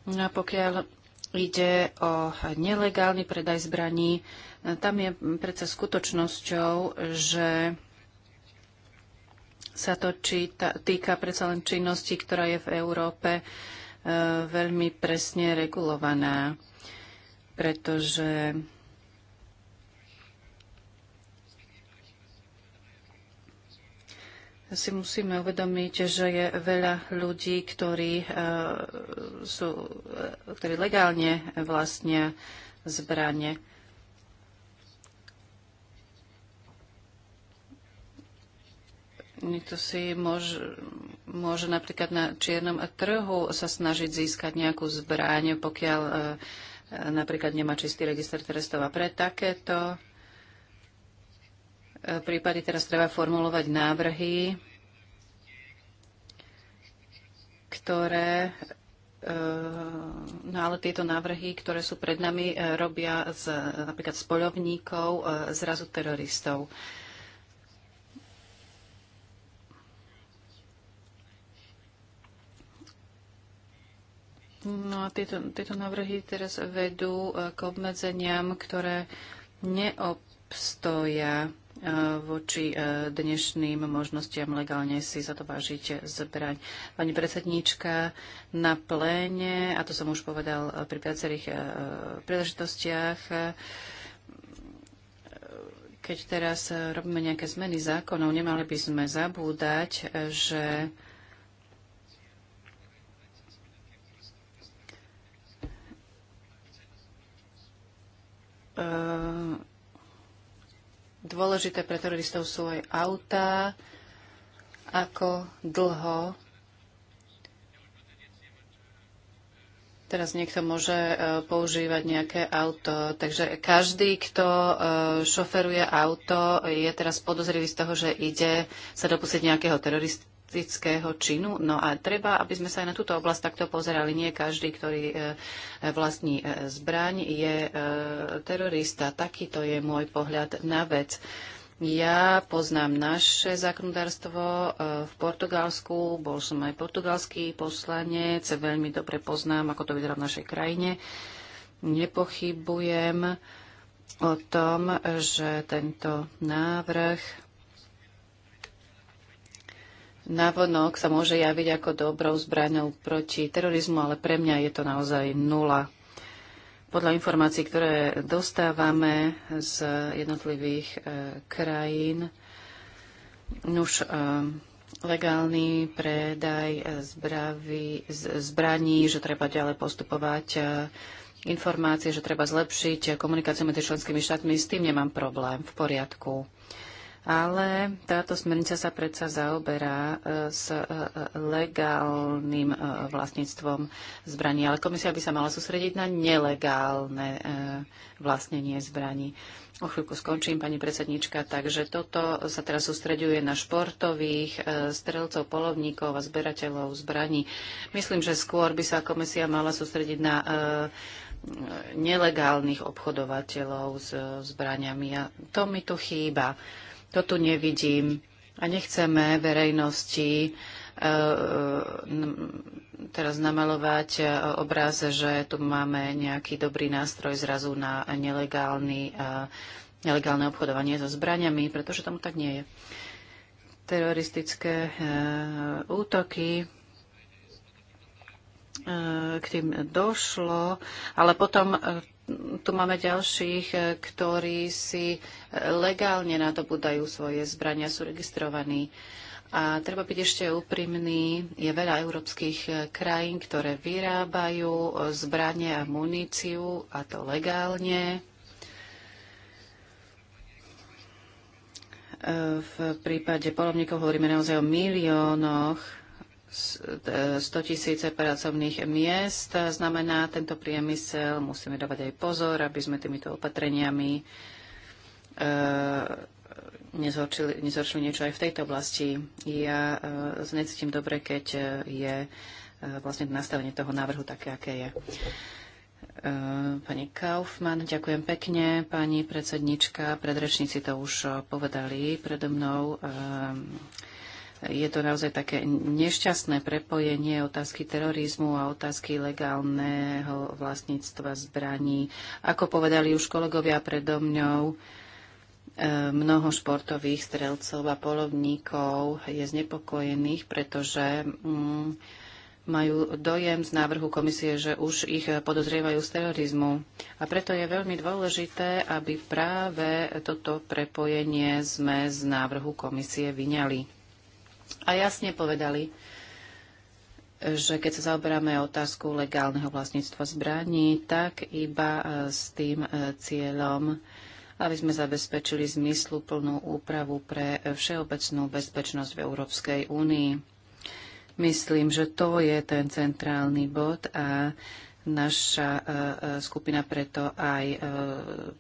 No a pokiaľ ide o nelegálny predaj zbraní, tam je predsa skutočnosťou, že sa to číta, týka predsa len činnosti, ktorá je v Európe e, veľmi presne regulovaná, pretože si musíme uvedomiť, že je veľa ľudí, ktorí, e, sú, e, ktorí legálne vlastnia zbranie. Niekto si môže, môže napríklad na čiernom trhu sa snažiť získať nejakú zbraň, pokiaľ uh, napríklad nemá čistý register trestov. A pre takéto prípady teraz treba formulovať návrhy, ktoré e, No ale tieto návrhy, ktoré sú pred nami, e, robia z, napríklad z poľovníkov e, zrazu teroristov. No a tieto, tieto návrhy teraz vedú k obmedzeniam, ktoré neobstoja voči e, dnešným možnostiam legálne si vážiť zbraň. Pani predsedníčka, na pléne, a to som už povedal e, pri viacerých e, príležitostiach, keď teraz robíme nejaké zmeny zákonov, nemali by sme zabúdať, že uh, Dôležité pre teroristov sú aj autá, ako dlho Teraz niekto môže e, používať nejaké auto. Takže každý, kto e, šoferuje auto, je teraz podozrivý z toho, že ide sa dopustiť nejakého terorista teroristického činu. No a treba, aby sme sa aj na túto oblasť takto pozerali. Nie každý, ktorý e, e, vlastní e, zbraň, je terorista. Takýto je môj pohľad na vec. Ja poznám naše zákonodárstvo v Portugalsku, bol som aj portugalský poslanec, veľmi dobre poznám, ako to vyzerá v našej krajine. Nepochybujem o tom, že tento návrh navonok sa môže javiť ako dobrou zbraňou proti terorizmu, ale pre mňa je to naozaj nula. Podľa informácií, ktoré dostávame z jednotlivých e, krajín, už e, legálny predaj zbraví, z, zbraní, že treba ďalej postupovať e, informácie, že treba zlepšiť komunikáciu medzi členskými štátmi, s tým nemám problém, v poriadku ale táto smernica sa predsa zaoberá e, s e, e, legálnym vlastníctvom zbraní. Ale komisia by sa mala sústrediť na nelegálne vlastnenie zbraní. O chvíľku skončím, pani predsednička. Takže toto sa teraz sústreďuje na športových strelcov, polovníkov a zberateľov zbraní. Myslím, že skôr by sa komisia mala sústrediť na nelegálnych obchodovateľov s zbraniami. A to mi tu chýba. To tu nevidím. A nechceme verejnosti e, e, teraz namalovať e, obraz, že tu máme nejaký dobrý nástroj zrazu na nelegálny, nelegálne obchodovanie so zbraniami, pretože tomu tak nie je. Teroristické útoky k tým došlo, ale potom tu máme ďalších, e, ktorí si e, legálne nadobúdajú svoje zbrania, sú registrovaní. A treba byť ešte úprimný, je veľa európskych e, krajín, ktoré vyrábajú zbranie a muníciu, a to legálne. V prípade polovníkov hovoríme naozaj o miliónoch 100 tisíce pracovných miest. Znamená, tento priemysel musíme dávať aj pozor, aby sme týmito opatreniami e, nezhoršili niečo aj v tejto oblasti. Ja e, necítim dobre, keď e, je vlastne nastavenie toho návrhu také, aké je. pani Kaufmann, ďakujem pekne. Pani predsednička, predrečníci to už povedali predo mnou je to naozaj také nešťastné prepojenie otázky terorizmu a otázky legálneho vlastníctva zbraní. Ako povedali už kolegovia predo mňou, e, mnoho športových strelcov a polovníkov je znepokojených, pretože mm, majú dojem z návrhu komisie, že už ich podozrievajú z terorizmu. A preto je veľmi dôležité, aby práve toto prepojenie sme z návrhu komisie vyňali a jasne povedali, že keď sa zaoberáme otázku legálneho vlastníctva zbraní, tak iba e, s tým e, cieľom, aby sme zabezpečili zmysluplnú úpravu pre všeobecnú bezpečnosť v Európskej únii. Myslím, že to je ten centrálny bod a Naša e, e, skupina preto aj e,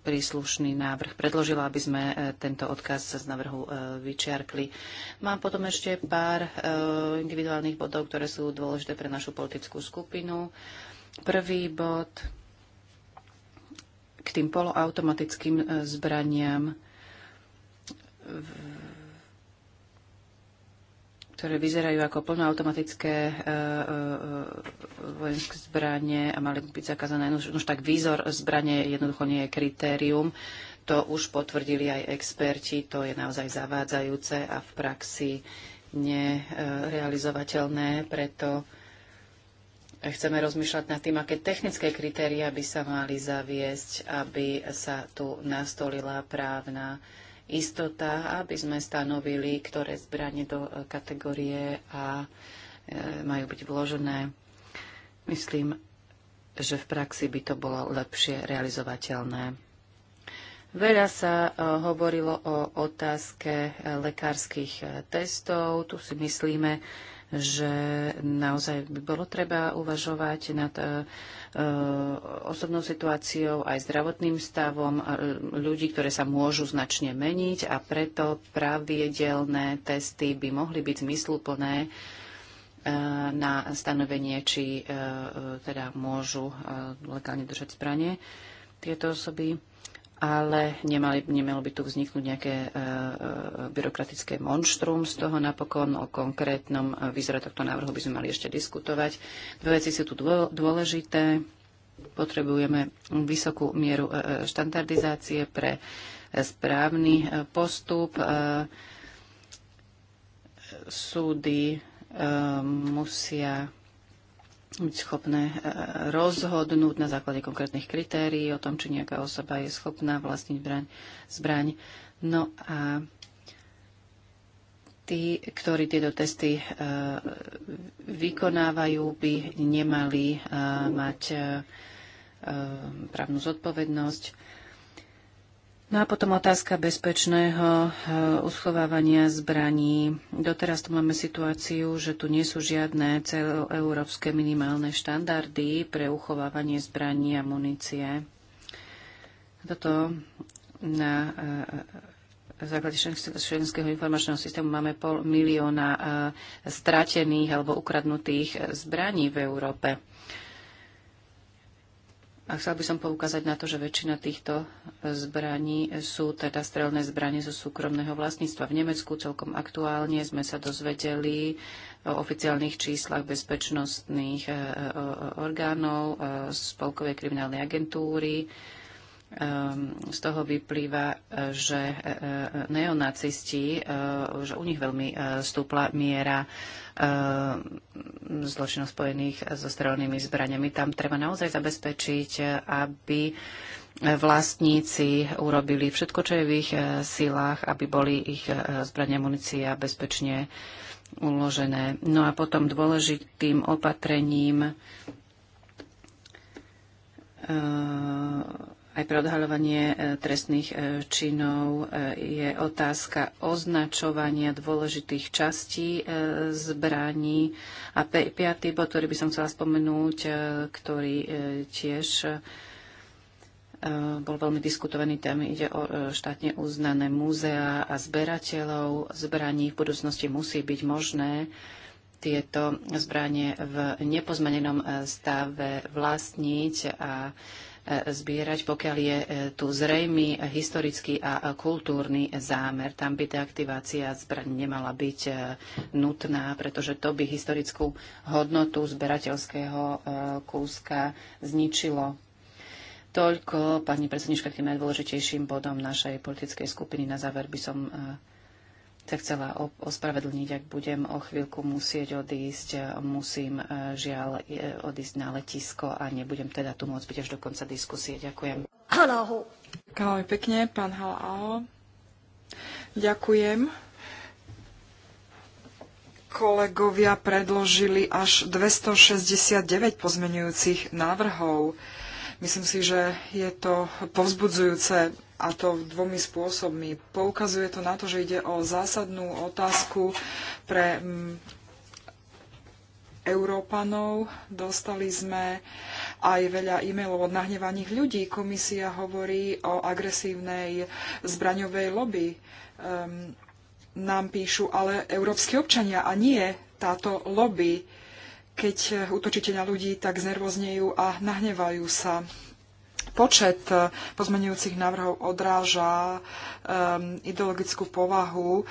príslušný návrh predložila, aby sme tento odkaz z návrhu vyčiarkli. Mám potom ešte pár individuálnych bodov, ktoré sú dôležité pre našu politickú skupinu. Prvý bod k tým poloautomatickým zbraniam ktoré vyzerajú ako plnoautomatické e, e, e, vojenské zbranie a mali byť zakázané. Už, už tak výzor zbranie jednoducho nie je kritérium. To už potvrdili aj experti, to je naozaj zavádzajúce a v praxi nerealizovateľné, preto chceme rozmýšľať nad tým, aké technické kritéria by sa mali zaviesť, aby sa tu nastolila právna istota, aby sme stanovili, ktoré zbranie do e, kategórie A e, majú byť vložené. Myslím, že v praxi by to bolo lepšie realizovateľné. Veľa sa e, hovorilo o otázke lekárskych testov. Tu si myslíme, že naozaj by bolo treba uvažovať nad Eh, osobnou situáciou, aj zdravotným stavom eh, ľudí, ktoré sa môžu značne meniť a preto pravidelné testy by mohli byť zmysluplné eh, na stanovenie, či teda môžu legálne držať zbranie tieto osoby ale nemali, nemalo by tu vzniknúť nejaké e, e byrokratické monštrum z toho napokon. O konkrétnom e, výzore tohto návrhu by sme mali ešte diskutovať. Dve veci sú tu dôležité. Potrebujeme vysokú mieru e, e štandardizácie pre správny postup. E, súdy musia byť schopné e, rozhodnúť na základe konkrétnych kritérií o tom, či nejaká osoba je schopná vlastniť braň, zbraň. No a tí, ktorí tieto testy e, vykonávajú, by nemali e, mať právnu zodpovednosť. No a potom otázka bezpečného eh, uschovávania zbraní. Doteraz tu máme situáciu, že tu nie sú žiadne celoeurópske minimálne štandardy pre uchovávanie zbraní a munície. Toto na eh, základe Šenského informačného systému máme pol milióna eh, stratených alebo ukradnutých zbraní v Európe. A chcel by som poukázať na to, že väčšina týchto zbraní sú teda strelné zbranie zo súkromného vlastníctva. V Nemecku celkom aktuálne sme sa dozvedeli o oficiálnych číslach bezpečnostných e, e, orgánov, e, spolkovej kriminálnej agentúry, Ehm, z toho vyplýva, e, že e, e, neonacisti, že u nich veľmi stúpla miera zločinov spojených so strelnými zbraniami. Tam treba naozaj zabezpečiť, aby vlastníci urobili všetko, čo je v ich silách, aby boli ich zbrania munícia bezpečne uložené. No a potom dôležitým opatrením aj pre odhaľovanie e, trestných e, činov e, je otázka označovania dôležitých častí zbraní. A piatý bod, ktorý by som chcela spomenúť, ktorý tiež bol veľmi diskutovaný, tam ide o štátne uznané múzea a zberateľov zbraní. V budúcnosti musí byť možné tieto zbranie v nepozmenenom stave vlastniť a zbierať, pokiaľ je e, tu zrejmý historický a kultúrny zámer. Tam by deaktivácia zbraň nemala byť e, nutná, pretože to by historickú hodnotu zberateľského e, kúska zničilo. Toľko, pani predsednička, k tým najdôležitejším bodom našej politickej skupiny. Na záver by som sa chcela ospravedlniť, ak budem o chvíľku musieť odísť. Musím e, žiaľ e, odísť na letisko a nebudem teda tu môcť byť až do konca diskusie. Ďakujem. Halao. pekne, pán Halao. Ďakujem. Kolegovia predložili až 269 pozmenujúcich návrhov. Myslím si, že je to povzbudzujúce a to dvomi spôsobmi. Poukazuje to na to, že ide o zásadnú otázku pre mm, Európanov. Dostali sme aj veľa e-mailov od nahnevaných ľudí. Komisia hovorí o agresívnej zbraňovej lobby. Um, nám píšu ale európsky občania a nie táto lobby. Keď útočíte na ľudí, tak znervoznejú a nahnevajú sa počet eh, pozmenujúcich návrhov odráža um, ideologickú povahu um,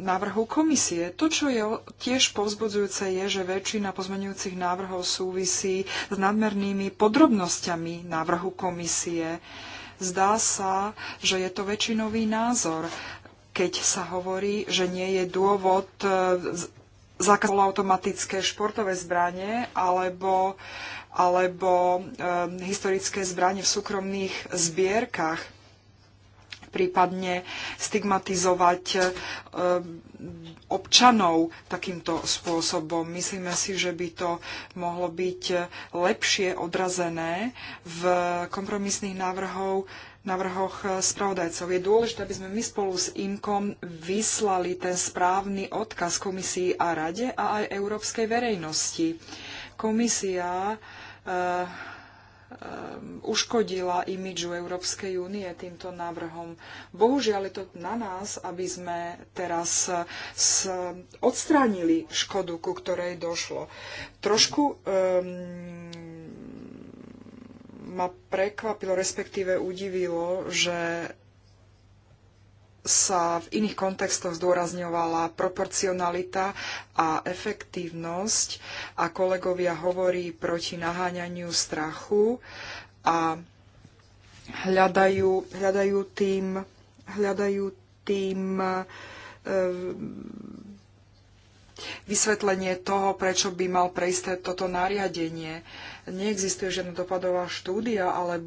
návrhu komisie. To, čo je tiež povzbudzujúce, je, že väčšina pozmenujúcich návrhov súvisí s nadmernými podrobnosťami návrhu komisie. Zdá sa, že je to väčšinový názor, keď sa hovorí, že nie je dôvod eh, zákaz automatické športové zbranie alebo uh, alebo ehm, historické zbranie v súkromných zbierkach prípadne stigmatizovať ehm, občanov takýmto spôsobom. Myslíme si, že by to mohlo byť lepšie odrazené v kompromisných návrhov návrhoch spravodajcov. Je dôležité, aby sme my spolu s INKom vyslali ten správny odkaz komisii a rade a aj európskej verejnosti komisia eh, eh, uškodila imidžu Európskej únie týmto návrhom. Bohužiaľ je to na nás, aby sme teraz eh, odstránili škodu, ku ktorej došlo. Trošku ehm, ma prekvapilo, respektíve udivilo, že sa v iných kontextoch zdôrazňovala proporcionalita a efektívnosť a kolegovia hovorí proti naháňaniu strachu a hľadajú, hľadajú tým, hľadajú tým e, vysvetlenie toho, prečo by mal prejsť toto nariadenie. Neexistuje žiadna dopadová štúdia, ale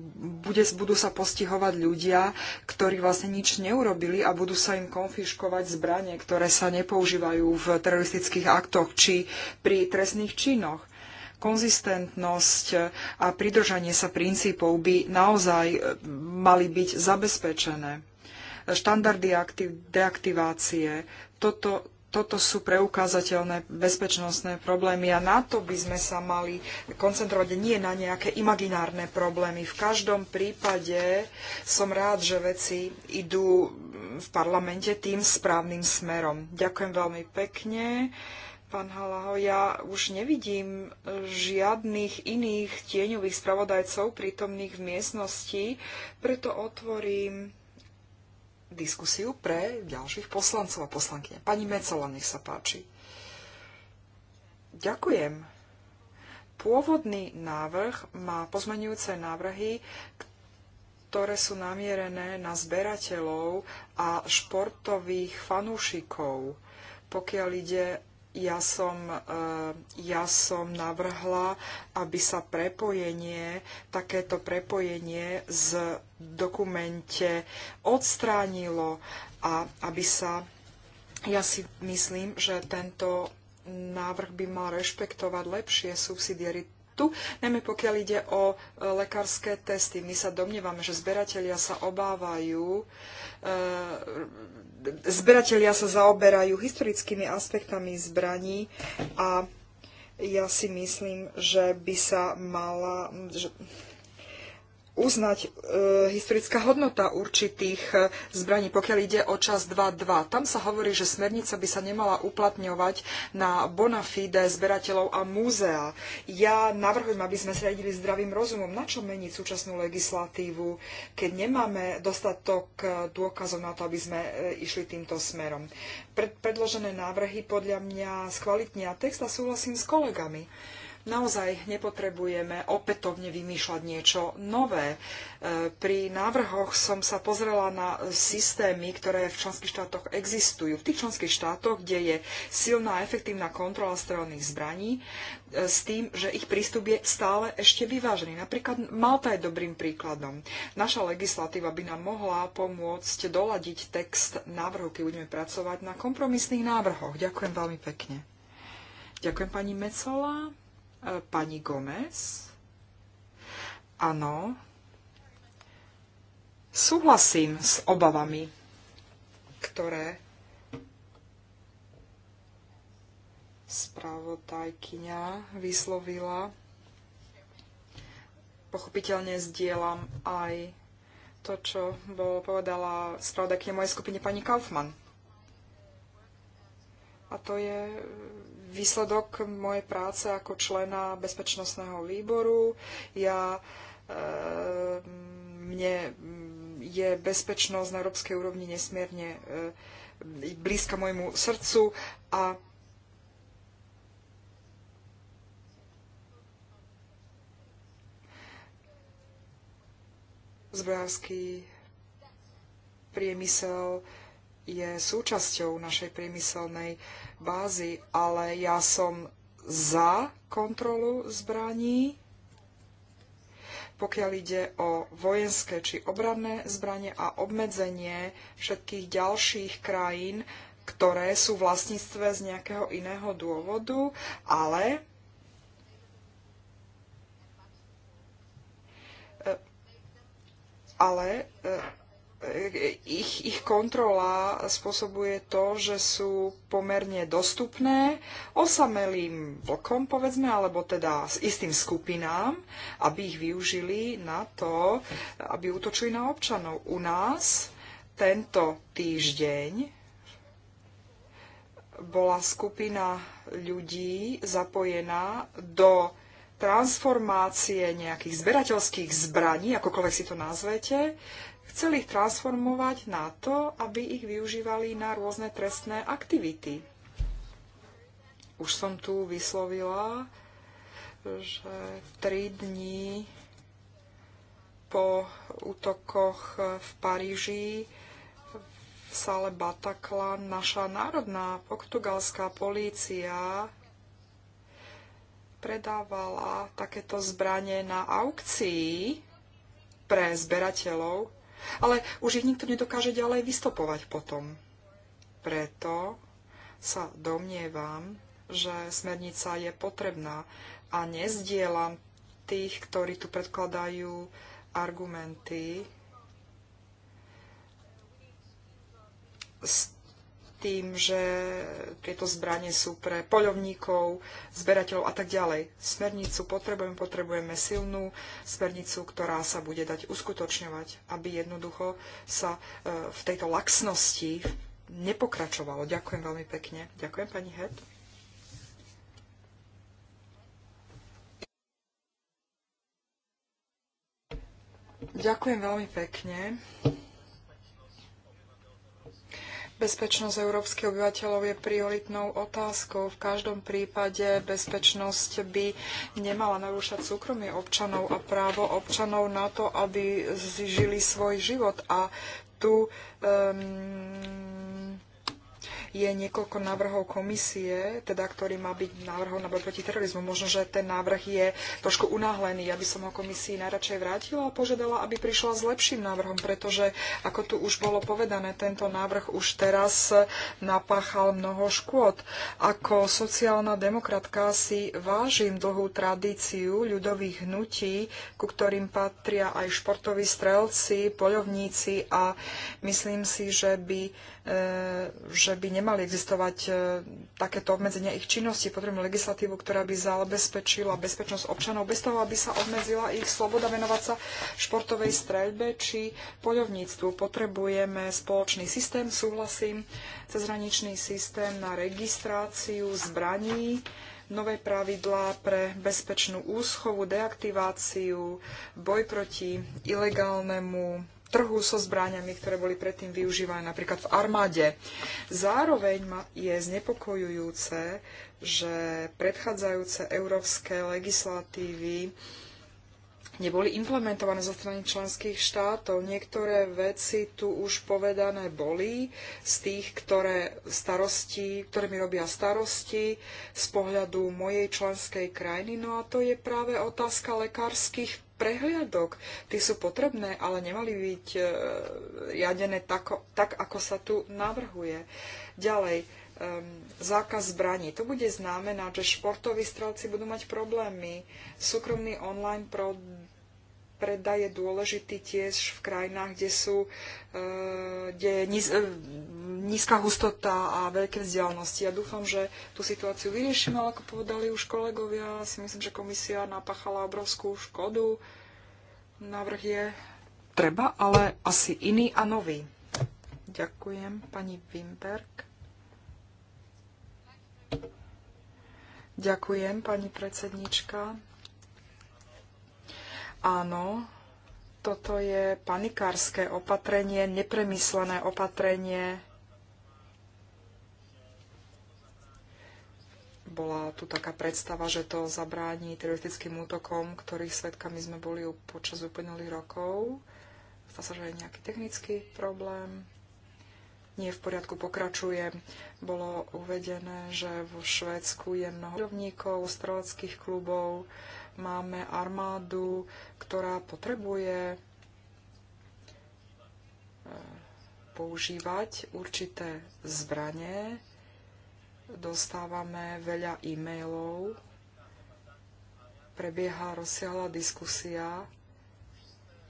bude, budú sa postihovať ľudia, ktorí vlastne nič neurobili a budú sa im konfiškovať zbranie, ktoré sa nepoužívajú v teroristických aktoch či pri trestných činoch konzistentnosť a pridržanie sa princípov by naozaj e, mali byť zabezpečené. Štandardy deaktivácie, toto, toto sú preukázateľné bezpečnostné problémy a na to by sme sa mali koncentrovať nie na nejaké imaginárne problémy. V každom prípade som rád, že veci idú v parlamente tým správnym smerom. Ďakujem veľmi pekne. Pán Halaho, ja už nevidím žiadnych iných tieňových spravodajcov prítomných v miestnosti, preto otvorím diskusiu pre ďalších poslancov a poslankyne. Pani Mecola, nech sa páči. Ďakujem. Pôvodný návrh má pozmenujúce návrhy, ktoré sú namierené na zberateľov a športových fanúšikov, pokiaľ ide ja som, eh, ja som navrhla, aby sa prepojenie, takéto prepojenie z dokumente odstránilo a aby sa, ja si myslím, že tento návrh by mal rešpektovať lepšie subsidiaritu tu, najmä pokiaľ ide o eh, lekárske testy. My sa domnievame, že zberatelia sa obávajú e, zberatelia sa zaoberajú historickými aspektami zbraní a ja si myslím, že by sa mala, že, uznať e, historická hodnota určitých e, zbraní, pokiaľ ide o čas 2.2. Tam sa hovorí, že smernica by sa nemala uplatňovať na bona fide zberateľov a múzea. Ja navrhujem, aby sme sredili zdravým rozumom. Na čo meniť súčasnú legislatívu, keď nemáme dostatok e, dôkazov na to, aby sme e, išli týmto smerom? Pred, predložené návrhy podľa mňa skvalitnia text a súhlasím s kolegami Naozaj nepotrebujeme opätovne vymýšľať niečo nové. E, pri návrhoch som sa pozrela na systémy, ktoré v členských štátoch existujú. V tých členských štátoch, kde je silná a efektívna kontrola strelných zbraní, e, s tým, že ich prístup je stále ešte vyvážený. Napríklad Malta je dobrým príkladom. Naša legislatíva by nám mohla pomôcť doladiť text návrhu, keď budeme pracovať na kompromisných návrhoch. Ďakujem veľmi pekne. Ďakujem pani Mecola pani Gomez. Áno, súhlasím s obavami, ktoré spravodajkyňa vyslovila. Pochopiteľne zdieľam aj to, čo bolo povedala spravodajkyňa mojej skupine pani Kaufmann. A to je výsledok mojej práce ako člena bezpečnostného výboru. Ja, e, mne je bezpečnosť na európskej úrovni nesmierne e, blízka môjmu srdcu a zbrojársky priemysel je súčasťou našej priemyselnej bázy, ale ja som za kontrolu zbraní, pokiaľ ide o vojenské či obranné zbranie a obmedzenie všetkých ďalších krajín, ktoré sú vlastníctve z nejakého iného dôvodu, ale e, ale e, ich, ich kontrola spôsobuje to, že sú pomerne dostupné osamelým vlkom, povedzme, alebo teda s istým skupinám, aby ich využili na to, aby útočili na občanov. U nás tento týždeň bola skupina ľudí zapojená do transformácie nejakých zberateľských zbraní, akokoľvek si to nazvete, Chcel ich transformovať na to, aby ich využívali na rôzne trestné aktivity. Už som tu vyslovila, že tri dní po útokoch v Paríži v sále Bataclan naša národná portugalská polícia predávala takéto zbranie na aukcii pre zberateľov ale už ich nikto nedokáže ďalej vystopovať potom. Preto sa domnievam, že smernica je potrebná a nezdielam tých, ktorí tu predkladajú argumenty s tým, že tieto zbranie sú pre poľovníkov, zberateľov a tak ďalej. Smernicu potrebujeme, potrebujeme silnú smernicu, ktorá sa bude dať uskutočňovať, aby jednoducho sa e, v tejto laxnosti nepokračovalo. Ďakujem veľmi pekne. Ďakujem, pani Het. Ďakujem veľmi pekne. Bezpečnosť európskych obyvateľov je prioritnou otázkou. V každom prípade bezpečnosť by nemala narúšať súkromie občanov a právo občanov na to, aby žili svoj život. A tu um, je niekoľko návrhov komisie, teda ktorý má byť návrhom na boj proti terorizmu. Možno, že ten návrh je trošku unáhlený. Ja by som ho komisii najradšej vrátila a požiadala, aby prišla s lepším návrhom, pretože, ako tu už bolo povedané, tento návrh už teraz napáchal mnoho škôd. Ako sociálna demokratka si vážim dlhú tradíciu ľudových hnutí, ku ktorým patria aj športoví strelci, poľovníci a myslím si, že by, e, že že by nemali existovať e, takéto obmedzenia ich činnosti. Potrebujeme legislatívu, ktorá by zabezpečila bezpečnosť občanov bez toho, aby sa obmedzila ich sloboda venovať sa športovej streľbe či poľovníctvu. Potrebujeme spoločný systém, súhlasím, cezhraničný systém na registráciu zbraní, nové pravidlá pre bezpečnú úschovu, deaktiváciu, boj proti ilegálnemu trhu so zbraniami, ktoré boli predtým využívané napríklad v armáde. Zároveň je znepokojujúce, že predchádzajúce európske legislatívy neboli implementované zo strany členských štátov. Niektoré veci tu už povedané boli z tých, ktoré, starosti, ktoré mi robia starosti z pohľadu mojej členskej krajiny. No a to je práve otázka lekárskych prehliadok. Tí sú potrebné, ale nemali byť e, riadené tako, tak, ako sa tu navrhuje. Ďalej, um, zákaz zbraní. To bude znamenať, že športoví strelci budú mať problémy. Súkromný online pro predaj je dôležitý tiež v krajinách, kde sú, e, kde je niz, e, nízka hustota a veľké vzdialenosti. Ja dúfam, že tú situáciu vyriešime, ale ako povedali už kolegovia, si myslím, že komisia napáchala obrovskú škodu. Návrh je treba, ale asi iný a nový. Ďakujem, pani Wimberg. Ďakujem, pani predsednička. Áno, toto je panikárske opatrenie, nepremyslené opatrenie, bola tu taká predstava, že to zabráni teroristickým útokom, ktorých svetkami sme boli počas uplynulých rokov. Zdá sa, že je nejaký technický problém. Nie v poriadku, pokračuje. Bolo uvedené, že vo Švédsku je mnoho ľovníkov, streleckých klubov. Máme armádu, ktorá potrebuje eh, používať určité zbranie, dostávame veľa e-mailov, prebieha rozsiahla diskusia.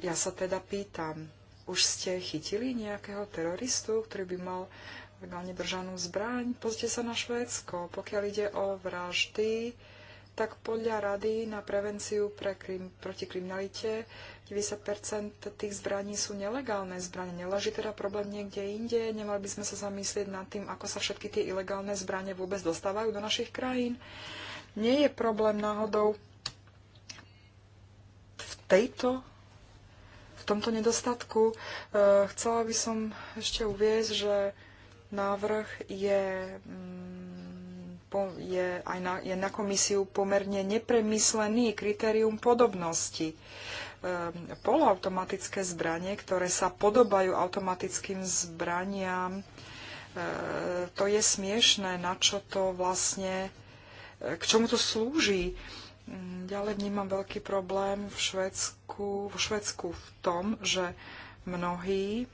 Ja sa teda pýtam, už ste chytili nejakého teroristu, ktorý by mal legálne držanú zbraň? Pozrite sa na Švédsko. Pokiaľ ide o vraždy, tak podľa Rady na prevenciu pre krim, proti kriminalite 90% tých zbraní sú nelegálne zbranie. Neleží teda problém niekde inde? Nemali by sme sa zamyslieť nad tým, ako sa všetky tie ilegálne zbranie vôbec dostávajú do našich krajín? Nie je problém náhodou v tejto v tomto nedostatku. E, chcela by som ešte uvieť, že návrh je mm, je, aj na, je na komisiu pomerne nepremyslený kritérium podobnosti. Ehm, poloautomatické zbranie, ktoré sa podobajú automatickým zbraniam, e, to je smiešné, na čo to vlastne, e, k čomu to slúži. Mm, ďalej vnímam veľký problém v Švedsku, v Švedsku v tom, že mnohí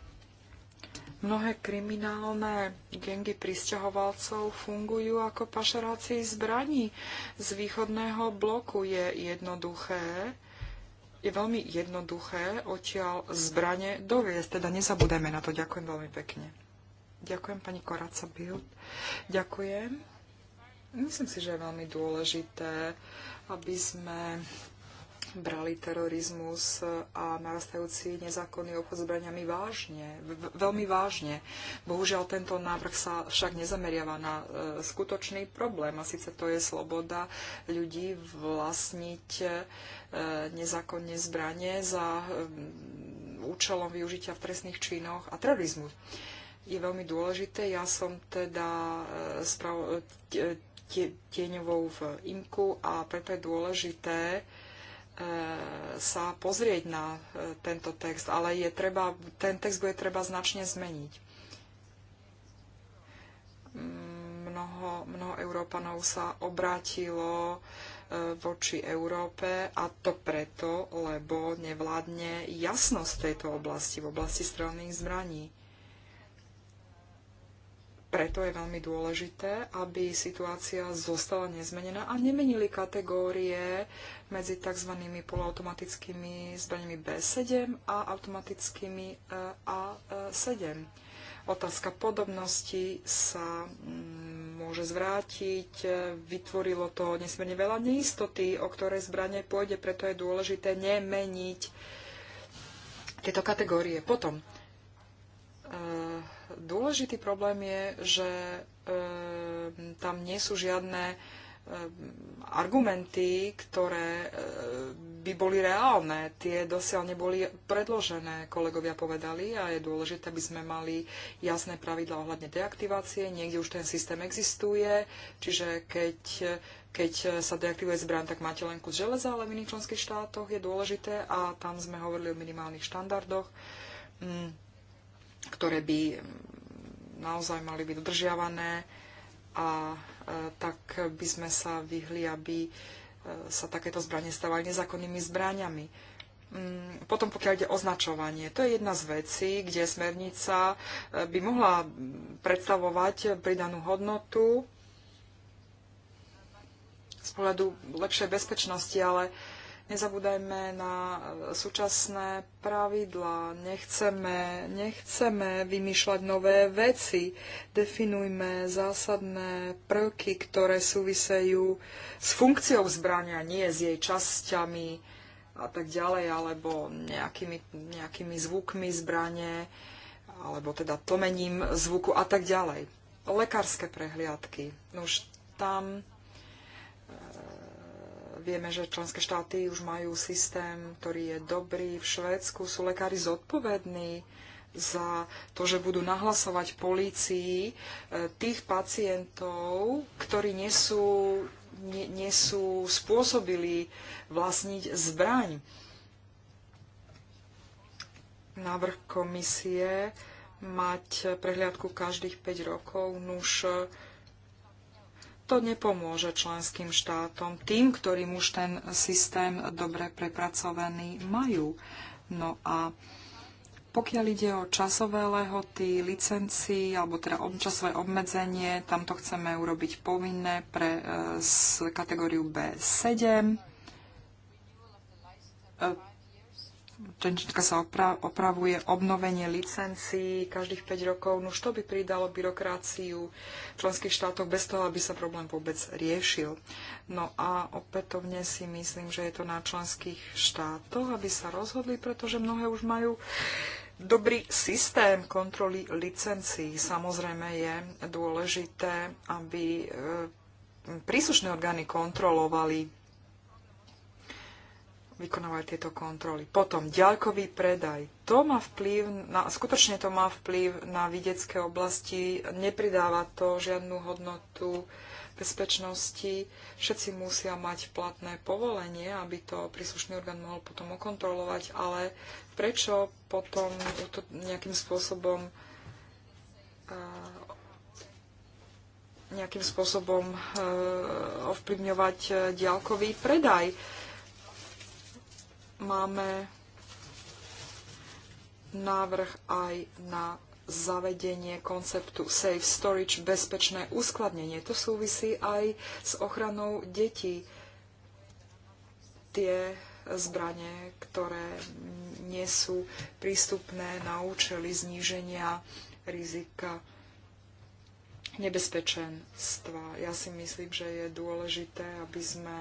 Mnohé kriminálne gengy pristahovalcov fungujú ako pašeráci zbraní z východného bloku. Je jednoduché, je veľmi jednoduché odtiaľ zbranie doviesť. Teda nezabudeme na to. Ďakujem veľmi pekne. Ďakujem pani Koraca Bild. Ďakujem. Myslím si, že je veľmi dôležité, aby sme brali terorizmus a narastajúci nezákonný obchod zbraniami vážne, veľmi vážne. Bohužiaľ tento návrh sa však nezameriava na e, skutočný problém a síce to je sloboda ľudí vlastniť e, nezákonne zbranie za e, účelom využitia v trestných činoch a terorizmu. Je veľmi dôležité. Ja som teda e, sprav, e, e, tieňovou v IMKU a preto je dôležité, E, sa pozrieť na e, tento text, ale je treba, ten text bude treba značne zmeniť. Mnoho, mnoho Európanov sa obrátilo e, voči Európe a to preto, lebo nevládne jasnosť tejto oblasti, v oblasti strelných zbraní. Preto je veľmi dôležité, aby situácia zostala nezmenená a nemenili kategórie medzi tzv. poloautomatickými zbraniami B7 a automatickými eh, A7. Otázka podobnosti sa mm, môže zvrátiť. Vytvorilo to nesmierne veľa neistoty, o ktoré zbranie pôjde, preto je dôležité nemeniť tieto kategórie. Potom, E, dôležitý problém je, že e, tam nie sú žiadne e, argumenty, ktoré by boli reálne. Tie dosiaľ neboli predložené, kolegovia povedali, a je dôležité, aby sme mali jasné pravidla ohľadne deaktivácie. Niekde už ten systém existuje, čiže keď, keď sa deaktivuje zbraň, tak máte len kus železa, ale v iných členských štátoch je dôležité a tam sme hovorili o minimálnych štandardoch. Mm ktoré by mm, naozaj mali byť dodržiavané a e, tak by sme sa vyhli, aby e, sa takéto zbranie stávali nezákonnými zbraniami. Mm, potom pokiaľ ide označovanie, to je jedna z vecí, kde smernica e, by mohla mm, predstavovať pridanú hodnotu z pohľadu lepšej bezpečnosti, ale uh, Nezabúdajme na e, súčasné pravidlá. Nechceme, nechceme vymýšľať nové veci. Definujme zásadné prvky, ktoré súvisejú s funkciou zbrania, nie s jej časťami a tak ďalej, alebo nejakými, nejakými zvukmi zbranie, alebo teda tlmením zvuku a tak ďalej. Lekárske prehliadky. No už tam Vieme, že členské štáty už majú systém, ktorý je dobrý. V Švédsku sú lekári zodpovední za to, že budú nahlasovať polícii e, tých pacientov, ktorí nie sú, nie, nie sú spôsobili vlastniť zbraň. Návrh komisie mať prehliadku každých 5 rokov, nuž to nepomôže členským štátom, tým, ktorým už ten systém dobre prepracovaný majú. No a pokiaľ ide o časové lehoty, licencii alebo teda časové obmedzenie, tam to chceme urobiť povinné pre e, kategóriu B7. E, členčinka sa opra- opravuje, obnovenie licencií každých 5 rokov, no to by pridalo byrokraciu v členských štátoch bez toho, aby sa problém vôbec riešil. No a opätovne si myslím, že je to na členských štátoch, aby sa rozhodli, pretože mnohé už majú dobrý systém kontroly licencií. Samozrejme je dôležité, aby e, príslušné orgány kontrolovali vykonávať tieto kontroly. Potom ďalkový predaj. To má vplyv, na, skutočne to má vplyv na vidiecké oblasti, nepridáva to žiadnu hodnotu bezpečnosti. Všetci musia mať platné povolenie, aby to príslušný orgán mohol potom okontrolovať, ale prečo potom to nejakým spôsobom eh, nejakým spôsobom eh, ovplyvňovať diálkový eh, predaj máme návrh aj na zavedenie konceptu safe storage, bezpečné uskladnenie. To súvisí aj s ochranou detí. Tie zbranie, ktoré nie sú prístupné na účely zníženia rizika nebezpečenstva. Ja si myslím, že je dôležité, aby sme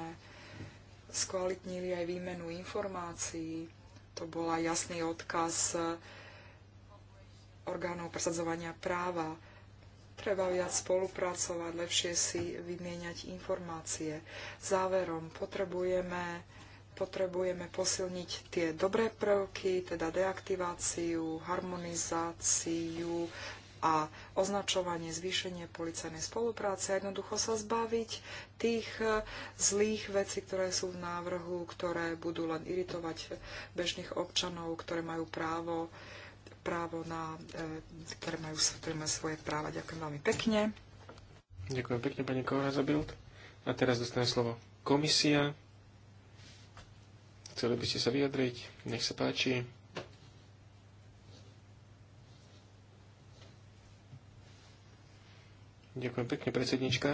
skvalitnili aj výmenu informácií. To bola jasný odkaz orgánov presadzovania práva. Treba viac spolupracovať, lepšie si vymieňať informácie. Záverom potrebujeme, potrebujeme posilniť tie dobré prvky, teda deaktiváciu, harmonizáciu, a označovanie, zvýšenie policajnej spolupráce, jednoducho sa zbaviť tých e, zlých vecí, ktoré sú v návrhu, ktoré budú len iritovať bežných občanov, ktoré majú právo, právo na, e, ktoré majú, ktoré majú svoje práva. Ďakujem veľmi pekne. Ďakujem pekne, pani Korazabild. A teraz dostane slovo komisia. Chceli by ste sa vyjadriť? Nech sa páči. Ďakujem pekne, predsednička.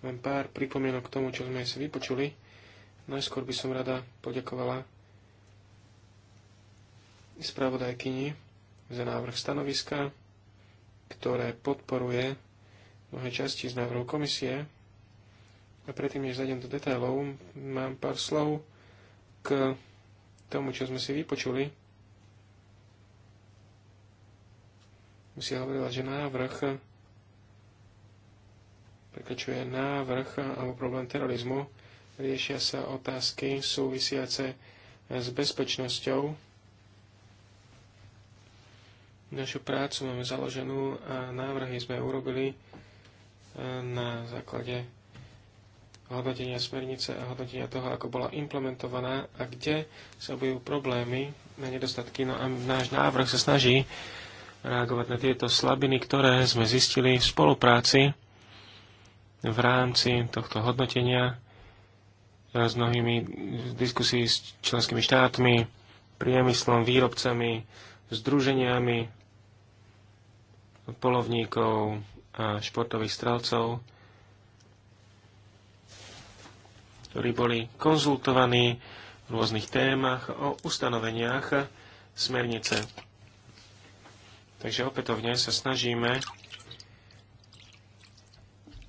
Len pár pripomienok k tomu, čo sme si vypočuli. Najskôr by som rada poďakovala spravodajkyni za návrh stanoviska, ktoré podporuje mnohé časti z návrhu komisie. A predtým, než zajdem do detailov, mám pár slov k tomu, čo sme si vypočuli. Musia hovorila, že návrh prekračuje návrh alebo problém terorizmu, riešia sa otázky súvisiace s bezpečnosťou. Našu prácu máme založenú a návrhy sme urobili e, na základe hodnotenia smernice a hodnotenia toho, ako bola implementovaná a kde sa objavujú problémy na nedostatky. No a náš návrh sa snaží reagovať na tieto slabiny, ktoré sme zistili v spolupráci v rámci tohto hodnotenia e, s mnohými diskusí s členskými štátmi, priemyslom, výrobcami, združeniami polovníkov a športových strelcov, ktorí boli konzultovaní v rôznych témach o ustanoveniach smernice. Takže opätovne sa snažíme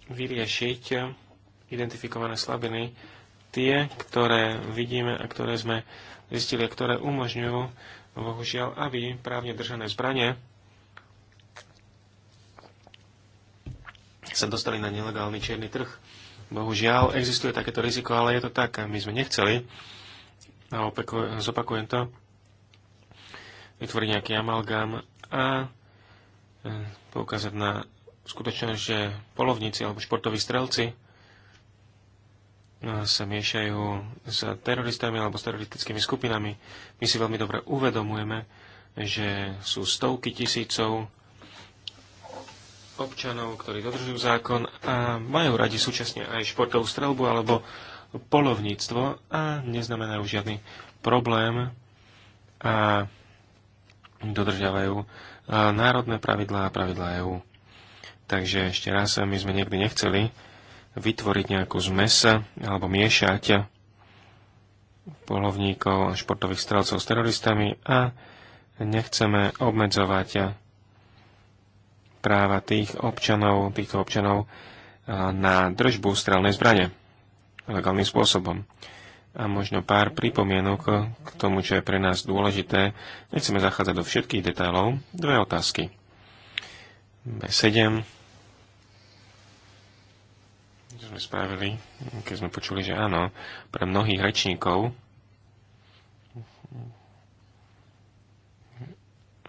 vyriešiť identifikované slabiny, tie, ktoré vidíme a ktoré sme zistili a ktoré umožňujú, bohužiaľ, aby právne držané zbranie sa dostali na nelegálny čierny trh. Bohužiaľ, existuje takéto riziko, ale je to tak. My sme nechceli, a zopakujem to, vytvoriť nejaký amalgam a e, poukázať na skutočnosť, že polovníci alebo športoví strelci e, sa miešajú s teroristami alebo s teroristickými skupinami. My si veľmi dobre uvedomujeme, že sú stovky tisícov občanov, ktorí dodržujú zákon a majú radi súčasne aj športovú strelbu alebo polovníctvo a neznamenajú žiadny problém a dodržiavajú e, národné pravidlá a pravidlá EÚ. Takže ešte raz, eh, my sme niekdy nechceli vytvoriť nejakú zmes alebo miešať polovníkov a športových strelcov s teroristami a nechceme obmedzovať eh, práva tých občanov, týchto občanov eh, na držbu strelnej zbrane legálnym spôsobom. A možno pár pripomienok k tomu, čo je pre nás dôležité. Nechceme zachádzať do všetkých detailov. Dve otázky. B7 sme spravili, keď sme počuli, že áno, pre mnohých rečníkov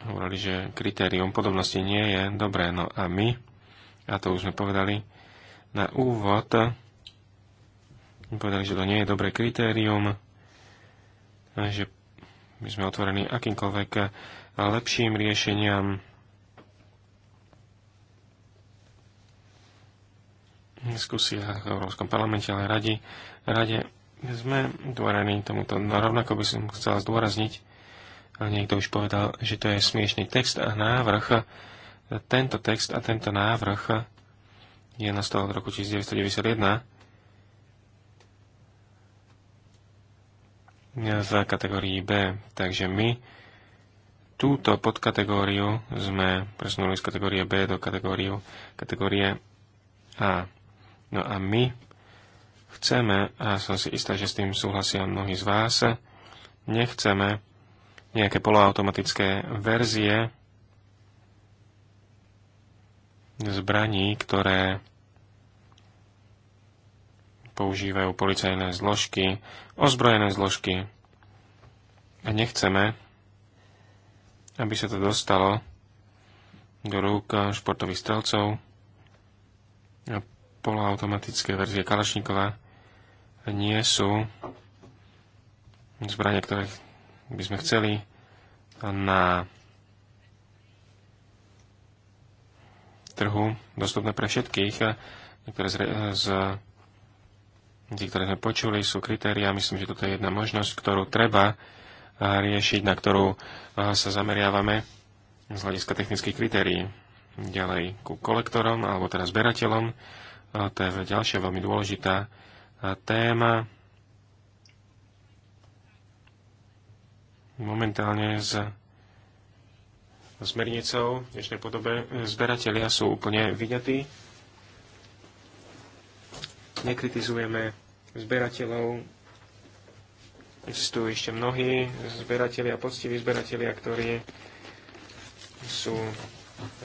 hovorili, že kritérium podobnosti nie je dobré. No a my, a to už sme povedali na úvod, povedali, že to nie je dobré kritérium, že my sme otvorení akýmkoľvek lepším riešeniam diskusiách v Európskom parlamente, ale radi, rade sme dôrení tomuto. No rovnako by som chcela zdôrazniť, ale niekto už povedal, že to je smiešný text a návrh. Tento text a tento návrh je na stole od roku 1991 v kategórii B. Takže my túto podkategóriu sme presunuli z kategórie B do kategóriu, kategórie A. No a my chceme, a som si istá, že s tým súhlasia mnohí z vás, nechceme nejaké poloautomatické verzie zbraní, ktoré používajú policajné zložky, ozbrojené zložky. A nechceme, aby sa to dostalo do rúk športových strelcov a poloautomatické verzie Kalašníkova nie sú zbranie, ktoré by sme chceli na trhu dostupné pre všetkých. Niektoré z, z, ktoré sme počuli, sú kritéria. Myslím, že toto je jedna možnosť, ktorú treba eh, riešiť, na ktorú eh, sa zameriavame z hľadiska technických kritérií. Ďalej ku kolektorom, alebo teraz berateľom to je ďalšia veľmi dôležitá téma. Momentálne s smernicou v dnešnej podobe zberatelia sú úplne vyňatí. Nekritizujeme zberateľov. Existujú ešte mnohí zberatelia, poctiví zberatelia, ktorí sú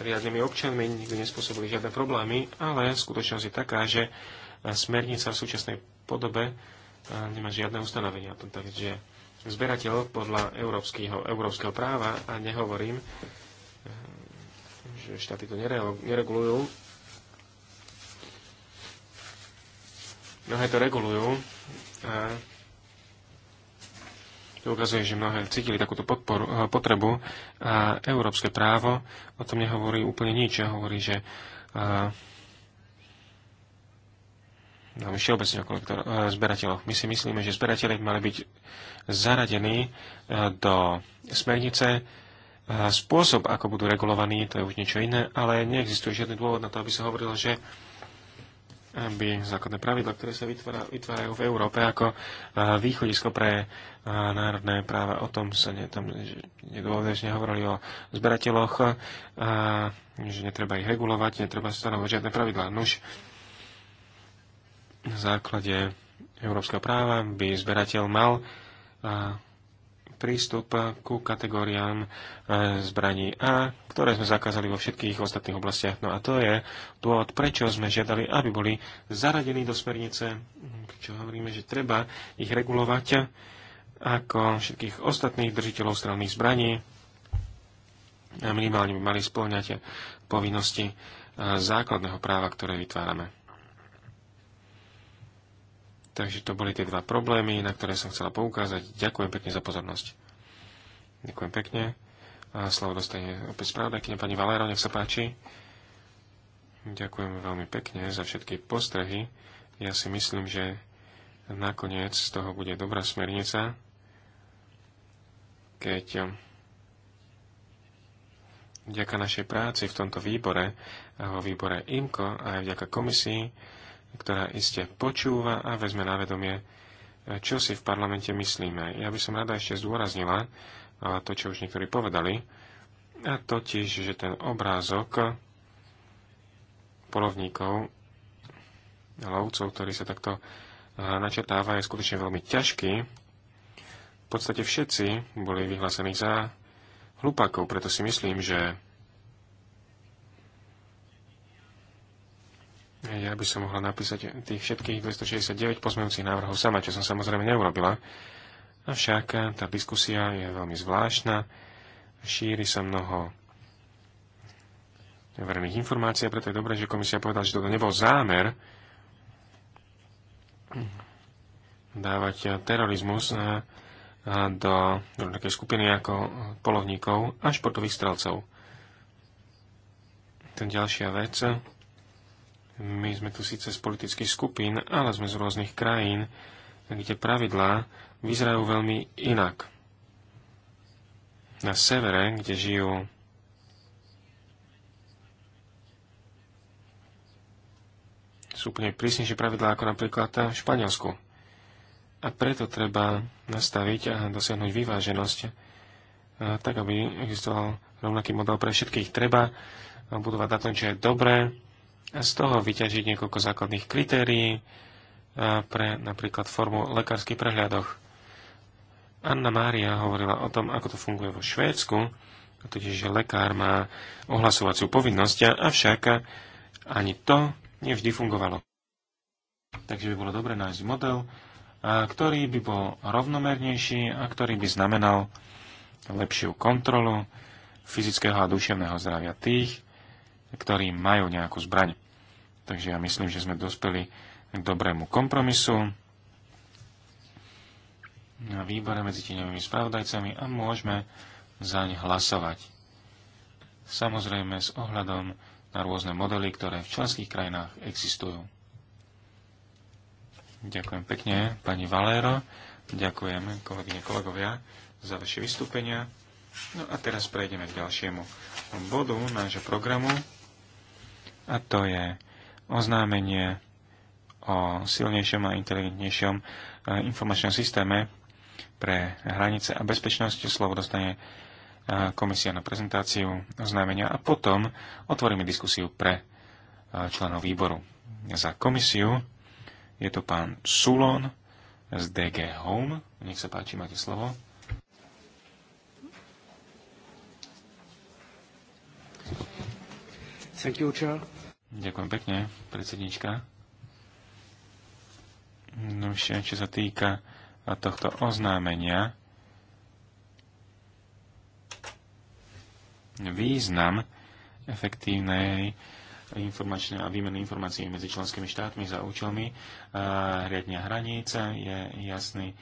riadnymi občanmi nikdy nespôsobili žiadne problémy, ale skutočnosť je taká, že smernica v súčasnej podobe e, nemá žiadne ustanovenia. Takže zberateľ podľa európskeho, európskeho práva, a nehovorím, e, že štáty to neregulujú, mnohé to regulujú, a to ukazuje, že mnohé cítili takúto podporu, eh, potrebu a európske právo o tom nehovorí úplne nič. Hovorí, že a, eh, no, všeobecne okolo eh, zberateľov. My si myslíme, že zberatelia mali byť zaradení do smernice. Spôsob, ako budú regulovaní, to je už niečo iné, ale neexistuje žiadny dôvod na to, aby sa hovorilo, že aby základné pravidla, ktoré sa vytvára, vytvárajú v Európe ako eh, východisko pre eh, národné práva, o tom sa ne, tam nedôvodne hovorili o zberateľoch, a, eh, že netreba ich regulovať, netreba stanovať žiadne pravidlá. Nuž, na základe európskeho práva by zberateľ mal a, prístup ku kategóriám e, zbraní A, ktoré sme zakázali vo všetkých ostatných oblastiach. No a to je dôvod, prečo sme žiadali, aby boli zaradení do smernice, čo hovoríme, že treba ich regulovať ako všetkých ostatných držiteľov strelných zbraní. minimálne by mali spĺňať povinnosti e, základného práva, ktoré vytvárame. Takže to boli tie dva problémy, na ktoré som chcela poukázať. Ďakujem pekne za pozornosť. Ďakujem pekne. A slovo dostane opäť správdajkyňa pani Valero, nech sa páči. Ďakujem veľmi pekne za všetky postrehy. Ja si myslím, že nakoniec z toho bude dobrá smernica, keď um, vďaka našej práci v tomto výbore, a vo výbore IMCO a aj vďaka komisii, ktorá iste počúva a vezme na vedomie, e, čo si v parlamente myslíme. Ja by som rada ešte zdôraznila to, čo už niektorí povedali, a totiž, že ten obrázok polovníkov lovcov, ktorí sa takto e, načetáva, je skutočne veľmi ťažký. V podstate všetci boli vyhlásení za hlupákov, preto si myslím, že Ja by som mohla napísať tých všetkých 269 pozmeňujúcich návrhov sama, čo som samozrejme neurobila. Avšak eh, tá diskusia je veľmi zvláštna, šíri sa mnoho verejných informácií, preto je dobré, že komisia povedala, že toto nebol zámer dávať eh, terorizmus eh, do takej skupiny ako polovníkov a športových strelcov. Ten ďalšia vec, my sme tu síce z politických skupín, ale sme z rôznych krajín, kde pravidlá vyzerajú veľmi inak. Na severe, kde žijú sú úplne prísnejšie pravidlá ako napríklad tá v Španielsku. A preto treba nastaviť a dosiahnuť vyváženosť tak, aby existoval rovnaký model pre všetkých. Treba budovať na tom, čo je dobré, a z toho vyťažiť niekoľko základných kritérií e, pre napríklad formu lekárskych prehľadoch. Anna Mária hovorila o tom, ako to funguje vo Švédsku, totiž že lekár má ohlasovaciu povinnosť, avšak ani to nevždy fungovalo. Takže by bolo dobré nájsť model, e, ktorý by bol rovnomernejší a ktorý by znamenal lepšiu kontrolu fyzického a duševného zdravia tých, ktorí majú nejakú zbraň. Takže ja myslím, že sme dospeli k dobrému kompromisu na výbore medzi tieňovými spravodajcami a môžeme zaň hlasovať. Samozrejme s ohľadom na rôzne modely, ktoré v členských krajinách existujú. Ďakujem pekne, pani Valero. Ďakujem, kolegyne, kolegovia, za vaše vystúpenia. No a teraz prejdeme k ďalšiemu bodu nášho programu. A to je oznámenie o silnejšom a inteligentnejšom eh, informačnom systéme pre hranice a bezpečnosť. Slovo dostane eh, komisia na prezentáciu oznámenia a potom otvoríme diskusiu pre eh, členov výboru. Za komisiu je to pán Sulon z DG Home. Nech sa páči, máte slovo. Thank you, Charles. Ďakujem pekne, predsednička. No ešte, čo sa týka tohto oznámenia, význam efektívnej informačné a výmeny informácií medzi členskými štátmi za účelmi riadenia hranice je jasný.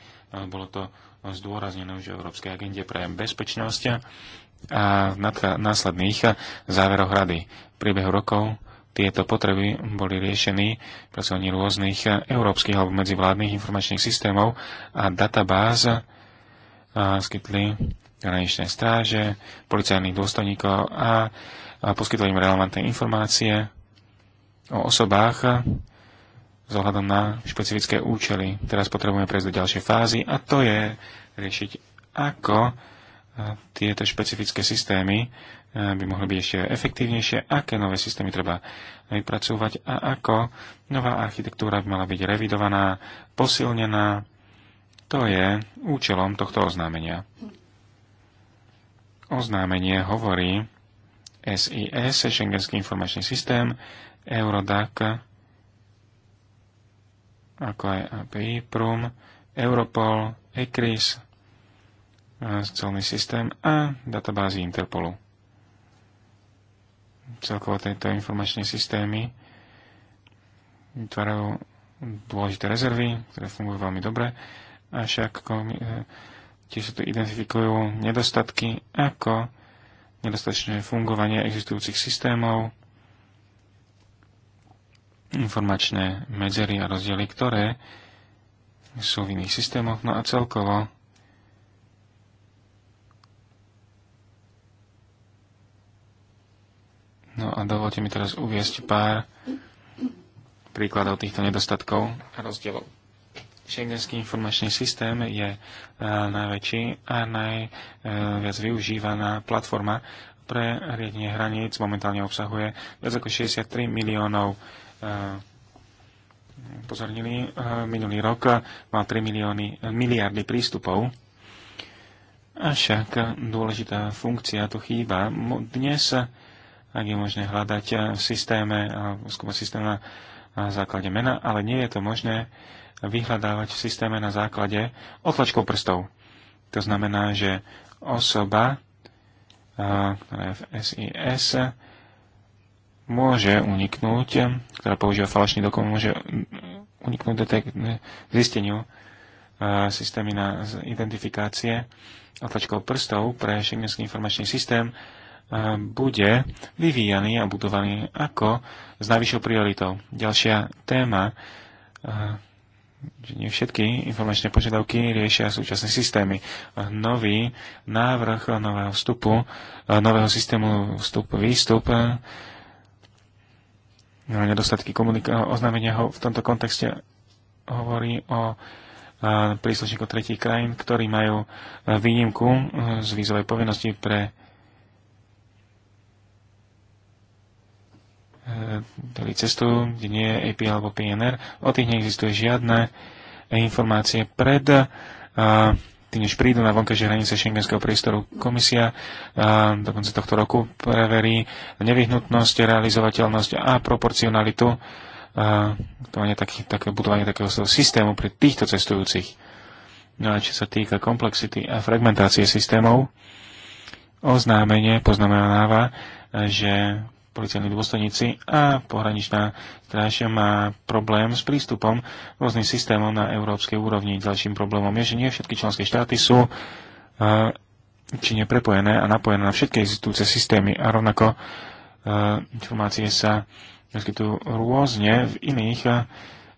Bolo to zdôraznené už v Európskej agende pre bezpečnosť a v následných záveroch rady. V priebehu rokov tieto potreby boli riešený pracovní rôznych európskych alebo medzivládnych informačných systémov a databáz skytli hraničné stráže, policajných dôstojníkov a, a poskytli im relevantné informácie o osobách s ohľadom na špecifické účely. Teraz potrebujeme prejsť do ďalšej fázy a to je riešiť, ako tieto špecifické systémy by mohli byť ešte efektívnejšie, aké nové systémy treba vypracovať a ako nová architektúra by mala byť revidovaná, posilnená. To je účelom tohto oznámenia. Oznámenie hovorí SIS, Schengenský informačný systém, Eurodac, ako aj API, PRUM, Europol, ECRIS, e, celný systém a databázy Interpolu celkovo tieto informačné systémy vytvárajú dôležité rezervy, ktoré fungujú veľmi dobre, avšak e, tiež sa tu identifikujú nedostatky ako nedostatočné fungovanie existujúcich systémov, informačné medzery a rozdiely, ktoré sú v iných systémoch, no a celkovo No a dovolte mi teraz uviesť pár príkladov týchto nedostatkov a rozdielov. Schengenský informačný systém je e, najväčší a najviac e, využívaná platforma pre riadenie hraníc. Momentálne obsahuje viac ako 63 miliónov e, pozornili minulý rok, má 3 milióny, miliardy prístupov. Avšak dôležitá funkcia tu chýba. Dnes ak je možné hľadať eh, v systéme, eh, skúmať systém na, na základe mena, ale nie je to možné vyhľadávať v systéme na základe otlačkov prstov. To znamená, že osoba, ktorá eh, je v SIS, môže uniknúť, ktorá používa falošný dokument, môže uniknúť detek- zisteniu systémy na identifikácie otlačkov prstov pre šengenský informačný systém bude vyvíjaný a budovaný ako s najvyššou prioritou. Ďalšia téma, že nie všetky informačné požiadavky riešia súčasné systémy. Nový návrh nového vstupu, nového systému vstup-výstup, nedostatky komunika- oznámenia ho v tomto kontexte hovorí o príslušníkov tretich krajín, ktorí majú výnimku z vízovej povinnosti pre ktorí e, cestujú, kde nie je AP alebo PNR. O tých neexistuje žiadne informácie pred tým, než prídu na vonkajšie hranice šengenského priestoru. Komisia do konca tohto roku preverí nevyhnutnosť, realizovateľnosť a proporcionalitu budovanie taký, také, budovanie takého systému pre týchto cestujúcich. No a čo sa týka komplexity a fragmentácie systémov, oznámenie poznamenáva, že policajní dôstojníci a pohraničná stráž má problém s prístupom rôznym systémom na európskej úrovni. Ďalším problémom je, že nie všetky členské štáty sú e, či neprepojené a napojené na všetky existujúce systémy a rovnako e, informácie sa vyskytujú rôzne v iných e,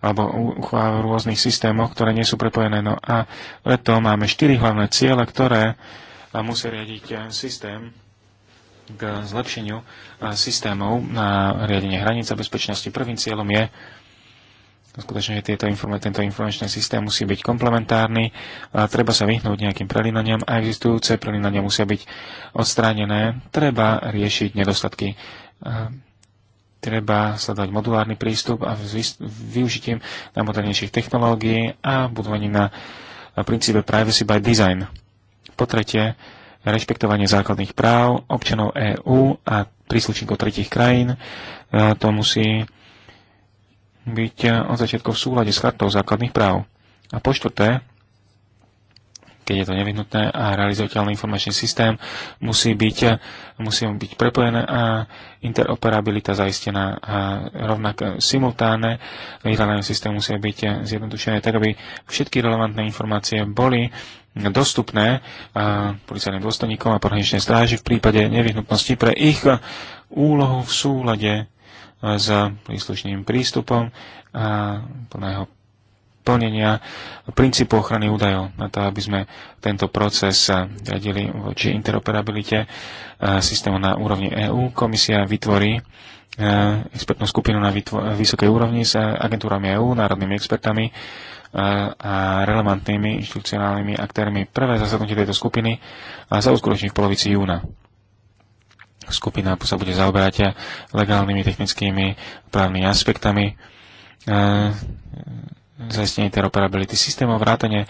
alebo v rôznych systémoch, ktoré nie sú prepojené. No a preto máme štyri hlavné ciele, ktoré musí riadiť systém k zlepšeniu e, systémov na riadenie hraníc a bezpečnosti. Prvým cieľom je skutočne, že tieto informa- tento informačný systém musí byť komplementárny a treba sa vyhnúť nejakým prelinaniam a existujúce prelinania musia byť odstránené. Treba riešiť nedostatky e, treba sledovať modulárny prístup a využitím najmodernejších technológií a budovaním na princípe privacy by design. Po tretie, rešpektovanie základných práv občanov EÚ a príslušníkov tretich krajín. E, to musí byť e, od začiatku v súlade s chartou základných práv. A po štvrté, keď je to nevyhnutné a realizovateľný informačný systém musí byť, e, musí byť prepojené a interoperabilita zaistená a rovnak simultáne vyhľadanie systém musia byť zjednodušené tak, aby všetky relevantné informácie boli dostupné policajným dôstojníkom a pohraničnej stráži v prípade nevyhnutnosti pre ich úlohu v súlade s príslušným prístupom a plného plnenia princípu ochrany údajov na to, aby sme tento proces riadili voči interoperabilite systému na úrovni EÚ. Komisia vytvorí expertnú skupinu na vysokej úrovni s agentúrami EÚ, národnými expertami a relevantnými inštitucionálnymi aktérmi. Prvé zasadnutie tejto skupiny sa uskutoční v polovici júna. Skupina sa bude zaoberať legálnymi, technickými, právnymi aspektami zaistenie interoperability systémov, vrátanie eh,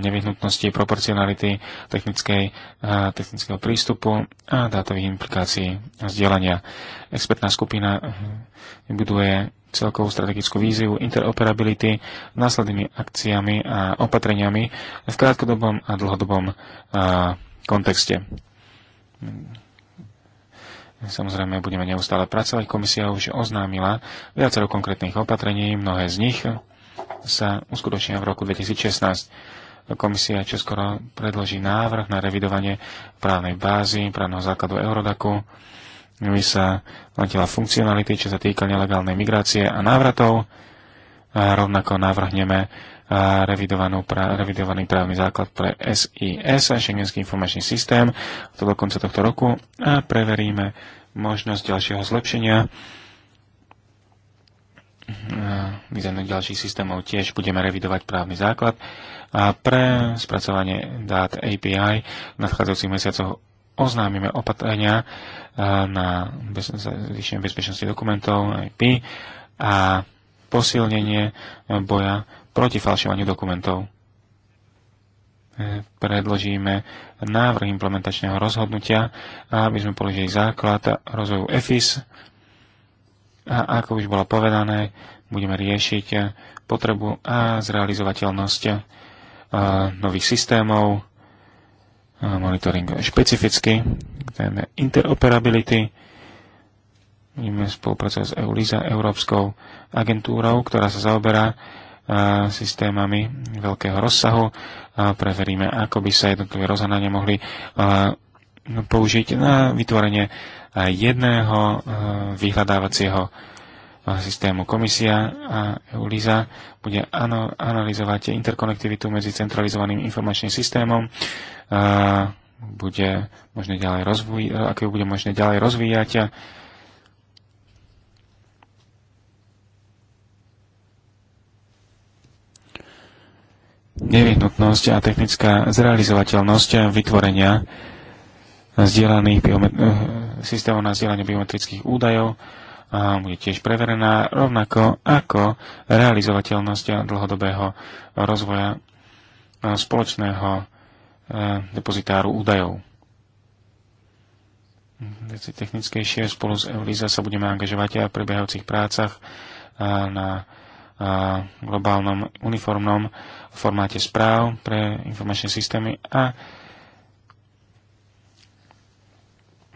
nevyhnutnosti, proporcionality, technickej, eh, technického prístupu a dátových implikácií a vzdielania. Expertná skupina eh, buduje celkovú strategickú víziu interoperability následnými akciami a opatreniami v krátkodobom a dlhodobom kontexte. Samozrejme, budeme neustále pracovať. Komisia už oznámila viacero konkrétnych opatrení, mnohé z nich sa uskutočnia v roku 2016. Komisia čoskoro predloží návrh na revidovanie právnej bázy, právneho základu Eurodaku, aby sa platila funkcionality, čo sa týka nelegálnej migrácie a návratov. A rovnako navrhneme revidovanú, pra, revidovaný právny základ pre SIS, a Schengenský informačný systém, to do konca tohto roku a preveríme možnosť ďalšieho zlepšenia dizajnu uh, ďalších systémov tiež budeme revidovať právny základ a pre spracovanie dát API v nadchádzajúcich mesiacoch oznámime opatrenia uh, na zvýšenie bezpečnosti dokumentov IP a posilnenie uh, boja proti falšovaniu dokumentov. Predložíme návrh implementačného rozhodnutia, aby sme položili základ rozvoju EFIS a ako už bolo povedané, budeme riešiť potrebu a zrealizovateľnosť nových systémov, monitoring špecificky, téme interoperability, budeme spolupracovať s EULISA, Európskou agentúrou, ktorá sa zaoberá systémami veľkého rozsahu. Preveríme, ako by sa jednotlivé rozhanania mohli použiť na vytvorenie jedného eh, vyhľadávacieho eh, systému. Komisia a EULISA bude analyzovať interkonektivitu medzi centralizovaným informačným systémom, eh, bude možné ďalej rozvíjať, aké bude možné ďalej rozvíjať. Nevyhnutnosť a technická zrealizovateľnosť vytvorenia zdieľaných biometrických systémov na zdieľanie biometrických údajov bude tiež preverená, rovnako ako realizovateľnosť dlhodobého rozvoja e, spoločného e, depozitáru údajov. Veci technickejšie spolu s Eulisa sa budeme angažovať aj v prebiehajúcich prácach e, na globálnom uniformnom formáte správ pre informačné systémy a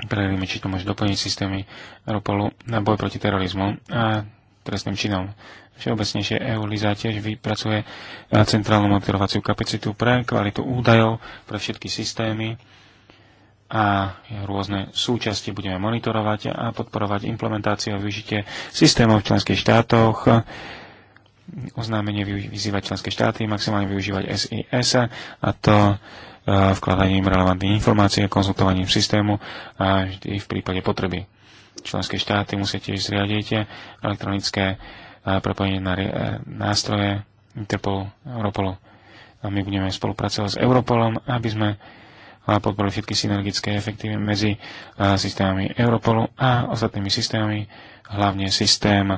prejavíme, či to môže doplniť systémy Europolu na boj proti terorizmu a trestným činom. Všeobecnejšie EULIZA tiež vypracuje eh, centrálnu monitorovaciu kapacitu pre kvalitu údajov pre všetky systémy a rôzne súčasti budeme monitorovať a podporovať implementáciu a využitie systémov v členských štátoch, oznámenie vyzývať členské štáty, maximálne využívať SIS a to vkladaním relevantných informácií a konzultovaním systému a vždy v prípade potreby. Členské štáty musia tiež zriadiť elektronické prepojenie na e, nástroje Interpolu, Europolu. A my budeme spolupracovať s Europolom, aby sme podporili všetky synergické efekty medzi systémami Europolu a ostatnými systémami, hlavne systém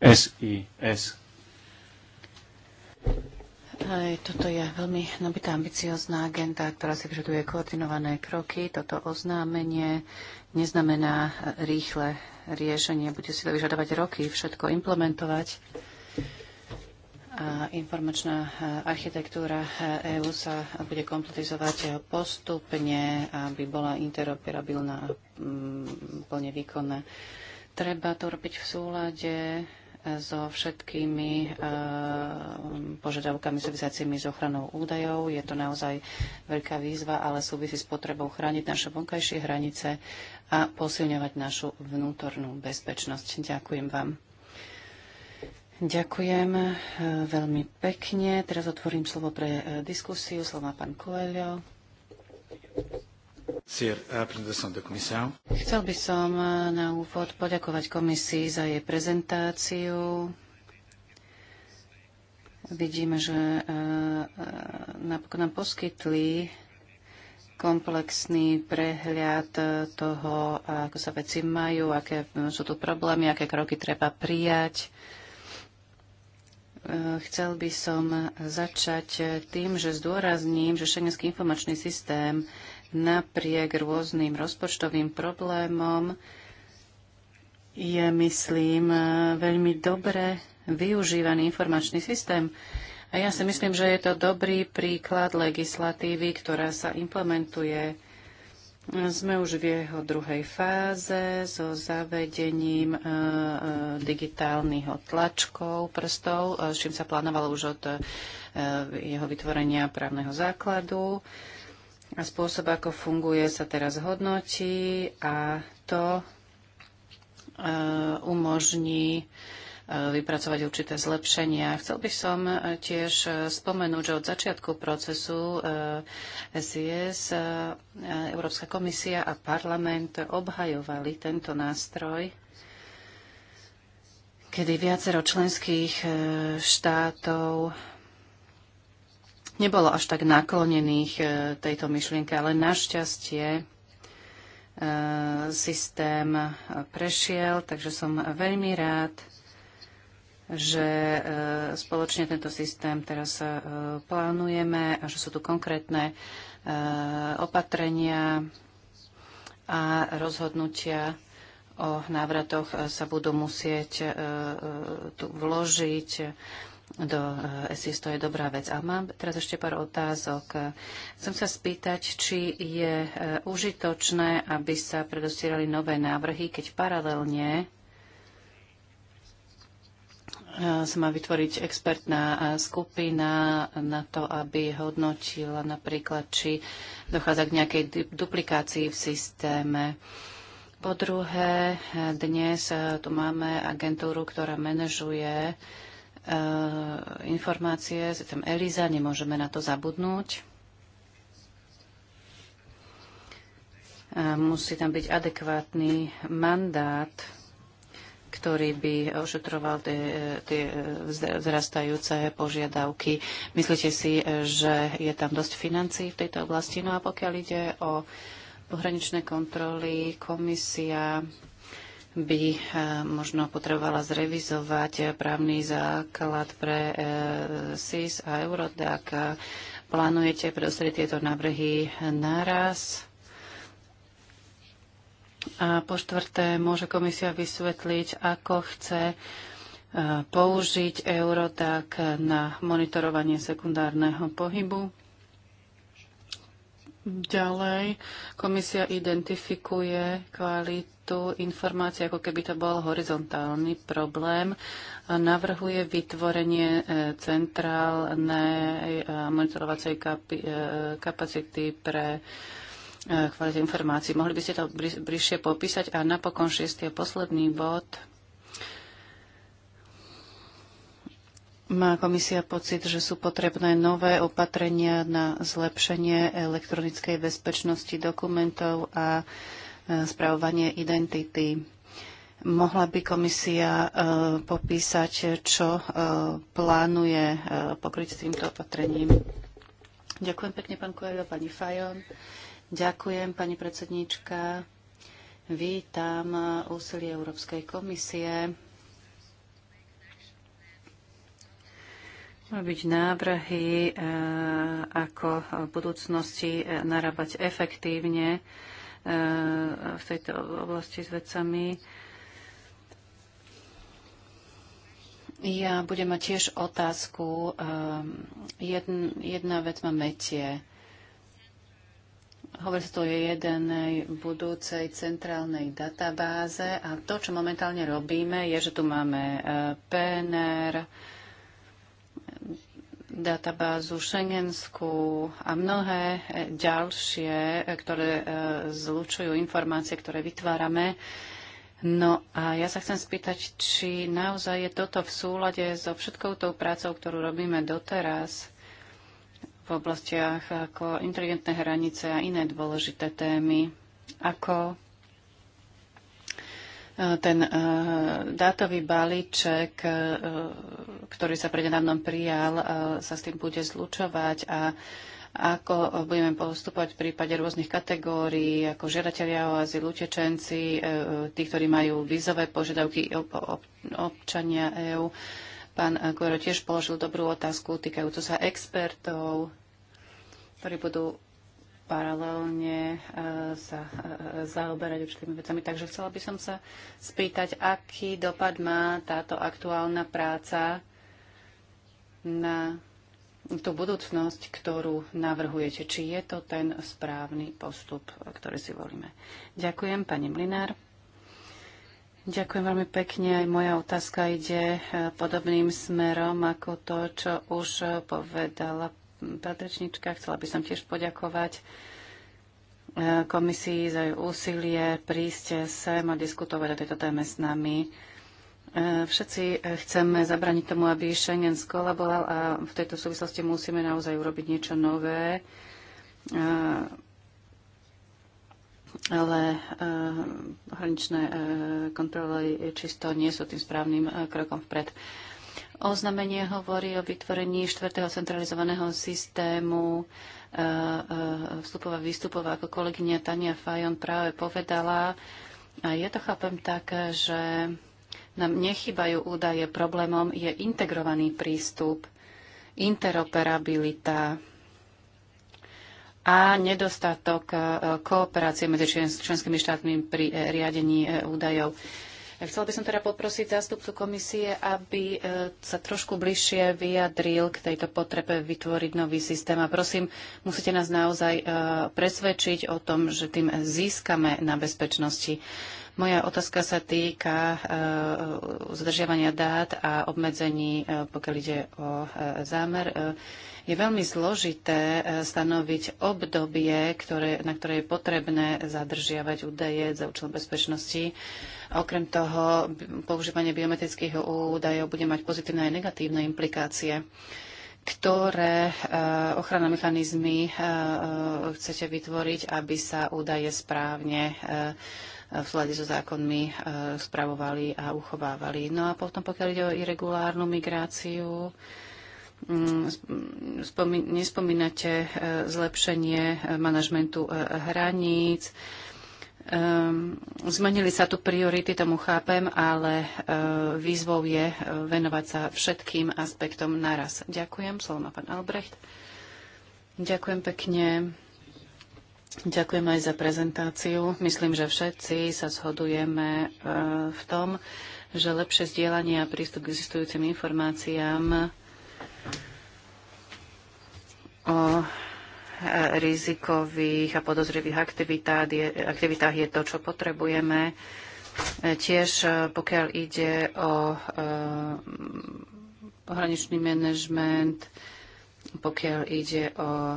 SIS toto je veľmi nabitá ambiciozná agenda, ktorá si vyžaduje koordinované kroky. Toto oznámenie neznamená rýchle riešenie. Bude si to vyžadovať roky, všetko implementovať. A informačná architektúra EÚ sa bude kompletizovať postupne, aby bola interoperabilná a mm, plne výkonná. Treba to robiť v súlade so všetkými eh, požiadavkami súvisiacimi s ochranou údajov. Je to naozaj veľká výzva, ale súvisí s potrebou chrániť naše vonkajšie hranice a posilňovať našu vnútornú bezpečnosť. Ďakujem vám. Ďakujem eh, veľmi pekne. Teraz otvorím slovo pre eh, diskusiu. Slova pán Koelio. Uh, chcel by som uh, na úvod poďakovať komisii za jej prezentáciu. Vidíme, že uh, napokon nám poskytli komplexný prehľad toho, ako sa veci majú, aké sú tu problémy, aké kroky treba prijať. Chcel by som začať tým, že zdôrazním, že šengenský informačný systém napriek rôznym rozpočtovým problémom je, myslím, veľmi dobre využívaný informačný systém. A ja si myslím, že je to dobrý príklad legislatívy, ktorá sa implementuje. Sme už v jeho druhej fáze so zavedením e, e, digitálnych tlačkov prstov, e, s čím sa plánovalo už od jeho vytvorenia právneho základu a spôsob, ako funguje, sa teraz hodnotí a to e, umožní e, vypracovať určité zlepšenia. Chcel by som e, tiež spomenúť, že od začiatku procesu SIS Európska komisia a parlament obhajovali tento nástroj, kedy viacero členských štátov nebolo až tak naklonených e, tejto myšlienke, ale našťastie e, systém prešiel, takže som veľmi rád, že e, spoločne tento systém teraz plánujeme a že sú tu konkrétne opatrenia a rozhodnutia o návratoch sa budú musieť tu vložiť do eh, SIS, to je dobrá vec. A mám teraz ešte pár otázok. Chcem sa spýtať, či je eh, užitočné, aby sa predostierali nové návrhy, keď paralelne eh, sa má vytvoriť expertná skupina na to, aby hodnotila napríklad, či dochádza k nejakej duplikácii v systéme. Po druhé, dnes tu máme agentúru, ktorá manažuje Eh, informácie, je tam Eliza, nemôžeme na to zabudnúť. Musí tam byť adekvátny mandát, ktorý by ošetroval tie, tie vzrastajúce požiadavky. Myslíte si, že je tam dosť financí v tejto oblasti? No a pokiaľ ide o pohraničné kontroly, komisia by eh, možno potrebovala zrevizovať eh, právny základ pre eh, SIS a Eurodac. Plánujete predostrieť tieto návrhy naraz? A po štvrté, môže komisia vysvetliť, ako chce použiť Eurodac na monitorovanie sekundárneho pohybu? Ďalej, komisia identifikuje kvalitu informácií, ako keby to bol horizontálny problém. Navrhuje vytvorenie e, centrálnej e, monitorovacej e, kapacity pre kvalitu informácií. Mohli by ste to bližšie popísať? A napokon šiestý a posledný bod – Má komisia pocit, že sú potrebné nové opatrenia na zlepšenie elektronickej bezpečnosti dokumentov a e, spravovanie identity. Mohla by komisia e, popísať, čo e, plánuje pokryť s týmto opatrením? Ďakujem pekne, pán Koelho, pani Fajon. Ďakujem, pani predsedníčka. Vítam úsilie Európskej komisie robiť návrhy, eh, ako v budúcnosti eh, narábať efektívne eh, v tejto oblasti s vecami. Ja budem mať tiež otázku. Jedna vec ma metie. Hovorí sa tu o jednej budúcej centrálnej databáze a to, čo momentálne robíme, je, že tu máme PNR, databázu Schengensku a mnohé ďalšie, ktoré e, zlučujú informácie, ktoré vytvárame. No a ja sa chcem spýtať, či naozaj je toto v súlade so všetkou tou prácou, ktorú robíme doteraz v oblastiach ako inteligentné hranice a iné dôležité témy, ako ten eh, dátový balíček, eh, ktorý sa prednedávnom prijal, eh, sa s tým bude zlučovať a ako budeme postupovať v prípade rôznych kategórií, ako žiadatelia o azyl, utečenci, tí, ktorí majú vízové požiadavky občania EÚ. Pán Guero tiež položil dobrú otázku týkajúcu sa expertov, ktorí budú paralelne e, sa e, zaoberať určitými vecami. Takže chcela by som sa spýtať, aký dopad má táto aktuálna práca na tú budúcnosť, ktorú navrhujete. Či je to ten správny postup, ktorý si volíme. Ďakujem, pani Mlinár. Ďakujem veľmi pekne. Aj moja otázka ide e, podobným smerom ako to, čo už povedala Patrečnička. Chcela by som tiež poďakovať e, komisii za jej úsilie prísť sem a diskutovať o tejto téme s nami. E, všetci chceme zabraniť tomu, aby Schengen skolaboval a v tejto súvislosti musíme naozaj urobiť niečo nové. E, ale hraničné kontroly čisto nie sú tým správnym krokom vpred. Oznámenie hovorí o vytvorení štvrtého centralizovaného systému e, e, vstupov a výstupov, ako kolegyňa Tania Fajon práve povedala. A ja to chápem tak, že nám nechybajú údaje. Problémom je integrovaný prístup, interoperabilita a nedostatok e, kooperácie medzi členskými štátmi pri riadení údajov. Chcela by som teda poprosiť zástupcu komisie, aby e, sa trošku bližšie vyjadril k tejto potrebe vytvoriť nový systém. A prosím, musíte nás naozaj e, presvedčiť o tom, že tým získame na bezpečnosti. Moja otázka sa týka zdržiavania eh, dát a obmedzení, eh, pokiaľ ide o eh, zámer. Je veľmi zložité stanoviť obdobie, ktoré, na ktoré je potrebné zadržiavať údaje za účelom bezpečnosti. Okrem toho, používanie biometrických údajov bude mať pozitívne aj negatívne implikácie ktoré ochranné mechanizmy chcete vytvoriť, aby sa údaje správne v slade so zákonmi e, spravovali a uchovávali. No a potom, pokiaľ ide o irregulárnu migráciu, mm, nespomínate e, zlepšenie e, manažmentu hraníc, ehm, zmenili sa tu priority, tomu chápem, ale výzvou je venovať sa všetkým aspektom naraz. Ďakujem. Slovo má pán Albrecht. Ďakujem pekne. Ďakujem aj za prezentáciu. Myslím, že všetci sa zhodujeme e, v tom, že lepšie zdieľanie a prístup k existujúcim informáciám o e, rizikových a podozrivých aktivitách je, aktivitách je to, čo potrebujeme. E, tiež pokiaľ ide o pohraničný manažment, pokiaľ ide o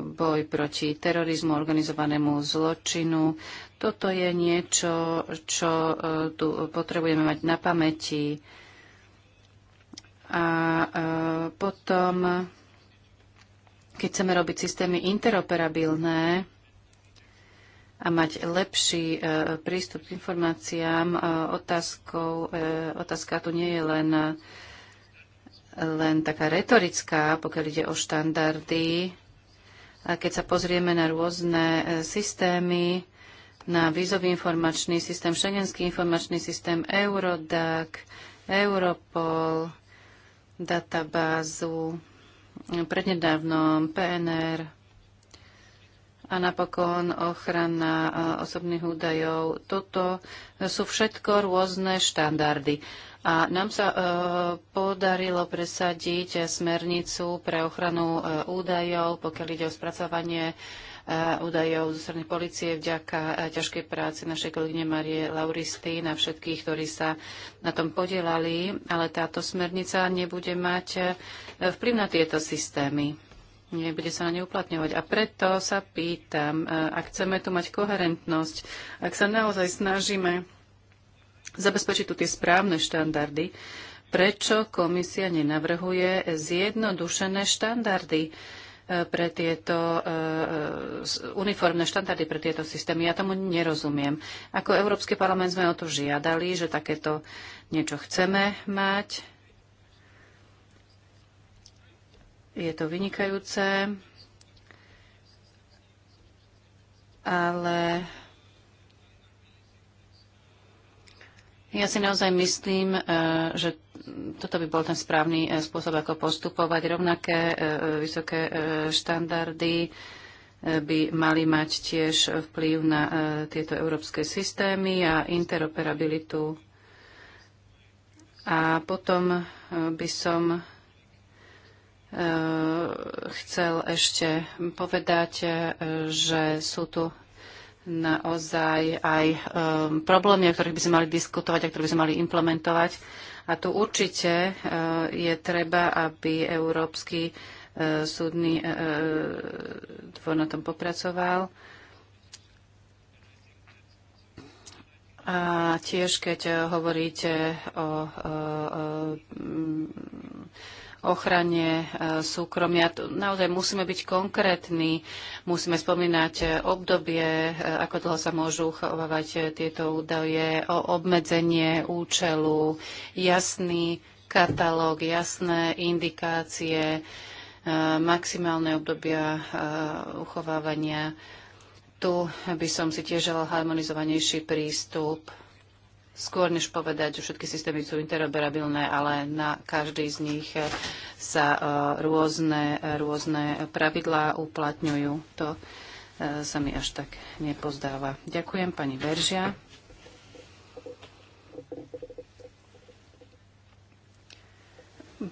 boj proti terorizmu, organizovanému zločinu. Toto je niečo, čo e, tu potrebujeme mať na pamäti. A e, potom, keď chceme robiť systémy interoperabilné a mať lepší e, prístup k informáciám, otázkou, otázka tu nie je len len taká retorická, pokiaľ ide o štandardy, keď sa pozrieme na rôzne e, systémy, na vízový informačný systém, šengenský informačný systém, Eurodac, Europol, databázu, e, prednedávnom PNR a napokon ochrana e, osobných údajov. Toto sú všetko rôzne štandardy. A nám sa e, podarilo presadiť smernicu pre ochranu e, údajov, pokiaľ ide o spracovanie e, údajov zo strany policie vďaka ťažkej práci našej kolegyne Marie Lauristy na všetkých, ktorí sa na tom podielali, ale táto smernica nebude mať vplyv na tieto systémy. Nebude sa na ne uplatňovať. A preto sa pýtam, ak chceme tu mať koherentnosť, ak sa naozaj snažíme zabezpečiť tu tie správne štandardy. Prečo komisia nenavrhuje zjednodušené štandardy e, pre tieto e, uniformné štandardy pre tieto systémy? Ja tomu nerozumiem. Ako Európsky parlament sme o to žiadali, že takéto niečo chceme mať. Je to vynikajúce, ale Ja si naozaj myslím, e, že toto by bol ten správny e, spôsob, ako postupovať. Rovnaké e, vysoké štandardy by mali mať tiež vplyv na tieto európske systémy a interoperabilitu. A potom by som chcel ešte povedať, že sú tu naozaj aj um, problémy, o ktorých by sme mali diskutovať a ktoré by sme mali implementovať. A tu určite uh, je treba, aby Európsky uh, súdny uh, uh dvor na tom popracoval. A tiež, keď uh, hovoríte o, uh, o, o mm, ochrane e, súkromia. Naozaj musíme byť konkrétni, musíme spomínať e, obdobie, e, ako dlho sa môžu uchovávať tieto údaje, o obmedzenie účelu, jasný katalóg, jasné indikácie, maximálne obdobia uchovávania. Tu by som si tiež želal harmonizovanejší prístup skôr než povedať, že všetky systémy sú interoperabilné, ale na každý z nich sa e, rôzne, e, rôzne pravidlá uplatňujú. To e, sa mi až tak nepozdáva. Ďakujem pani Veržia.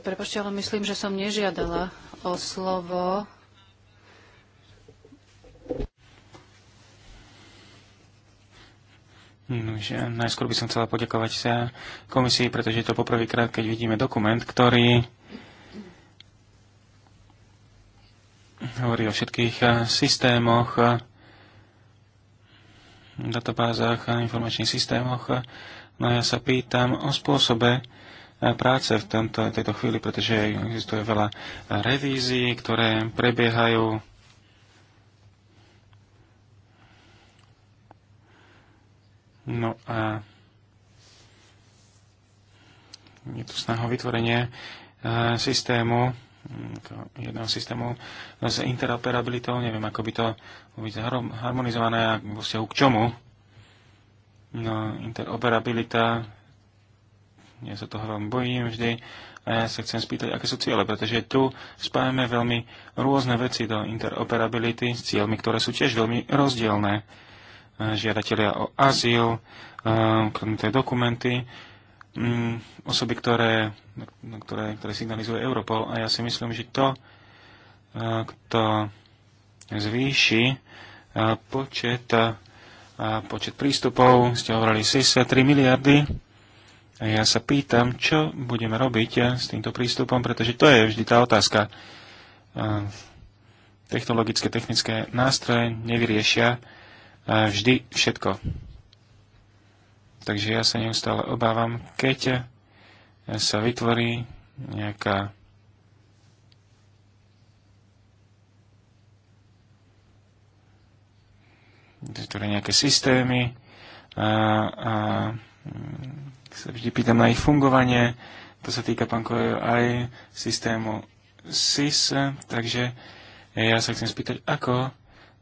Prepočte, ale myslím, že som nežiadala o slovo Hm, najskôr by som chcela poďakovať sa komisii, pretože je to poprvýkrát, keď vidíme dokument, ktorý hovorí o všetkých eh, systémoch, eh, databázach a informačných systémoch. No ja sa pýtam o spôsobe eh, práce v tomto, tejto chvíli, pretože existuje veľa revízií, ktoré prebiehajú No a je tu snaha o vytvorenie e, systému, mm, jedného systému s interoperabilitou, neviem, ako by to byť harmonizované a vo vzťahu k čomu. No, interoperabilita, ja sa toho veľmi bojím vždy, a ja sa chcem spýtať, aké sú ciele, pretože tu spájame veľmi rôzne veci do interoperability s cieľmi, ktoré sú tiež veľmi rozdielne žiadatelia o azyl, eh, kromité dokumenty, mm, osoby, ktoré, ktoré, ktoré signalizuje Europol. A ja si myslím, že to, eh, kto zvýši eh, počet, počet prístupov, ste hovorili SIS 3 miliardy. A ja sa pýtam, čo budeme robiť s týmto prístupom, pretože to je vždy tá otázka. Technologické, technické nástroje nevyriešia vždy všetko. Takže ja sa neustále obávam, keď sa vytvorí nejaká ktoré nejaké systémy a, a mm, sa vždy pýtam na ich fungovanie. To sa týka, pán Kojo, aj systému SIS, takže ja sa chcem spýtať, ako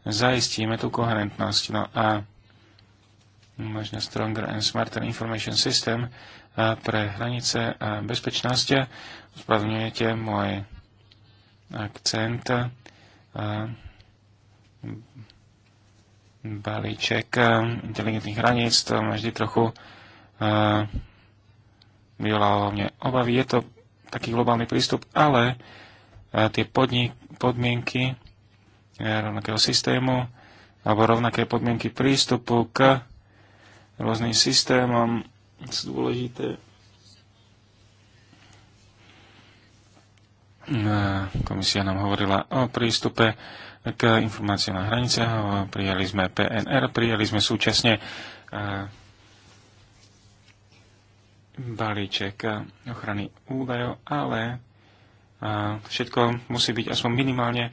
zaistíme tú koherentnosť. No a možno Stronger and Smarter Information System pre hranice a bezpečnosť. Uspravňujete môj akcent. Balíček inteligentných hraníc, to ma vždy trochu vyvolalo mne obavy. Je to taký globálny prístup, ale tie podnik, podmienky rovnakého systému alebo rovnaké podmienky prístupu k rôznym systémom sú dôležité. Komisia nám hovorila o prístupe k informáciám na hraniciach. Prijali sme PNR, prijali sme súčasne balíček ochrany údajov, ale všetko musí byť aspoň minimálne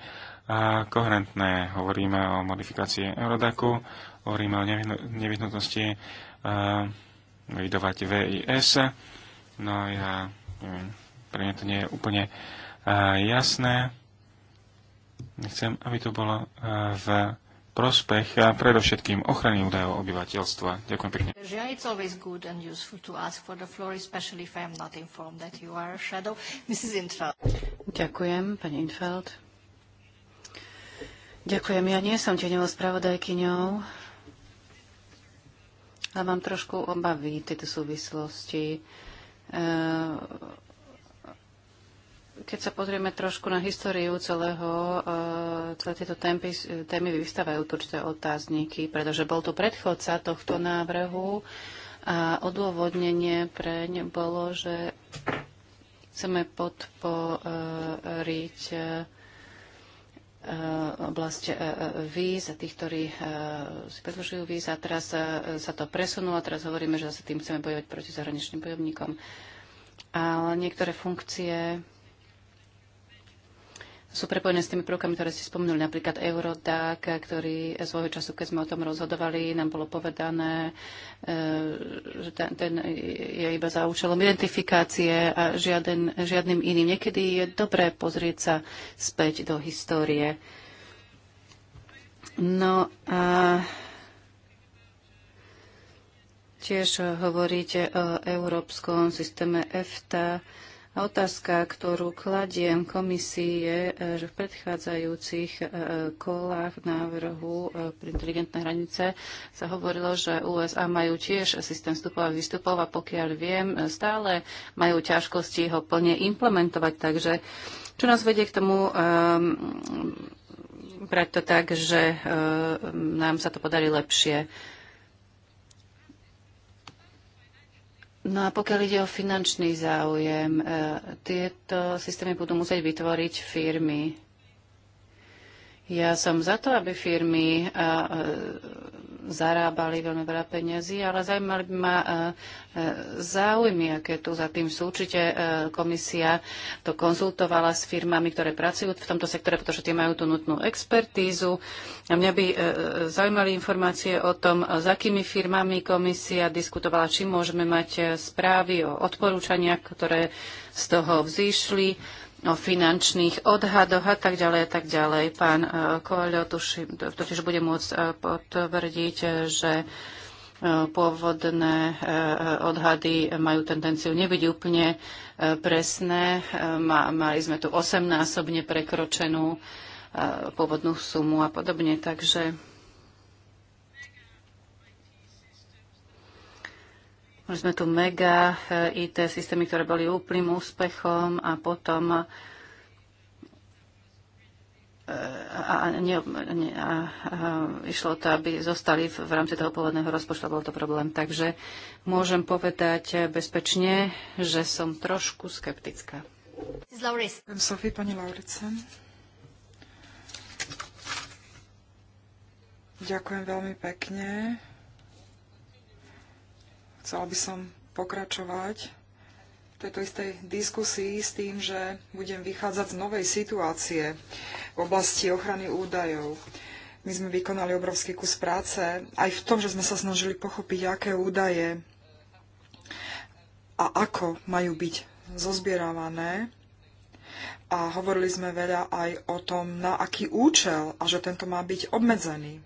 a koherentné. Hovoríme o modifikácii Eurodaku, hovoríme o nevyhnutnosti eh, vydovať VIS. No ja neviem, pre mňa to nie je úplne eh, jasné. Chcem, aby to bolo eh, v prospech a predovšetkým ochrany údajov obyvateľstva. Ďakujem pekne. It's always good and useful to ask for the floor, especially if I am not informed that you are a shadow. Mrs. Infeld. Ďakujem, pani Infeld. Ďakujem. Ja nie som tieňovou spravodajkyňou a mám trošku obavy tejto súvislosti. E, keď sa pozrieme trošku na históriu celého, e, celé tieto témy, témy vystávajú určité otázniky, pretože bol tu predchodca tohto návrhu a odôvodnenie preň bolo, že chceme podporiť e, Eh, oblasť eh, eh, víz a tých, ktorí si predlžujú víz a teraz sa to presunulo a teraz hovoríme, že zase tým chceme bojovať proti zahraničným bojovníkom. Ale niektoré funkcie sú prepojené s tými prvkami, ktoré ste spomenuli, napríklad Eurodac, ktorý svojho času, keď sme o tom rozhodovali, nám bolo povedané, e, že ten, ten je iba za účelom identifikácie a žiaden, žiadnym iným. Niekedy je dobré pozrieť sa späť do histórie. No a tiež hovoríte o európskom systéme EFTA Otázka, ktorú kladiem komisii je, e, že v predchádzajúcich e, kolách návrhu e, pre inteligentné hranice sa hovorilo, že USA majú tiež systém vstupov a výstupov a pokiaľ viem, stále majú ťažkosti ho plne implementovať. Takže čo nás vedie k tomu um, brať to tak, že um, nám sa to podarí lepšie No a pokiaľ ide o finančný záujem, e, tieto systémy budú musieť vytvoriť firmy. Ja som za to, aby firmy e, zarábali veľmi veľa peniazy, ale zaujímali by ma e, e, záujmy, aké tu za tým sú. Určite e, komisia to konzultovala s firmami, ktoré pracujú v tomto sektore, pretože tie majú tú nutnú expertízu. A mňa by zaujímali informácie o tom, s akými firmami komisia diskutovala, či môžeme mať správy o odporúčaniach, ktoré z toho vzýšli o finančných odhadoch a tak ďalej a tak ďalej. Pán e, Koľo totiž bude môcť e, potvrdiť, e, že pôvodné odhady majú tendenciu nebyť úplne presné. Mali sme tu osemnásobne prekročenú pôvodnú sumu a podobne, takže Mali sme tu mega eh, IT systémy, ktoré boli úplným úspechom a potom eh, a, a, ne, a, a išlo to, aby zostali v, v rámci toho pôvodného rozpočtu, bol to problém. Takže môžem povedať bezpečne, že som trošku skeptická. Sofie, pani Lauricen. Ďakujem veľmi pekne. Chcela by som pokračovať v tejto istej diskusii s tým, že budem vychádzať z novej situácie v oblasti ochrany údajov. My sme vykonali obrovský kus práce aj v tom, že sme sa snažili pochopiť, aké údaje a ako majú byť zozbieravané. A hovorili sme veľa aj o tom, na aký účel a že tento má byť obmedzený.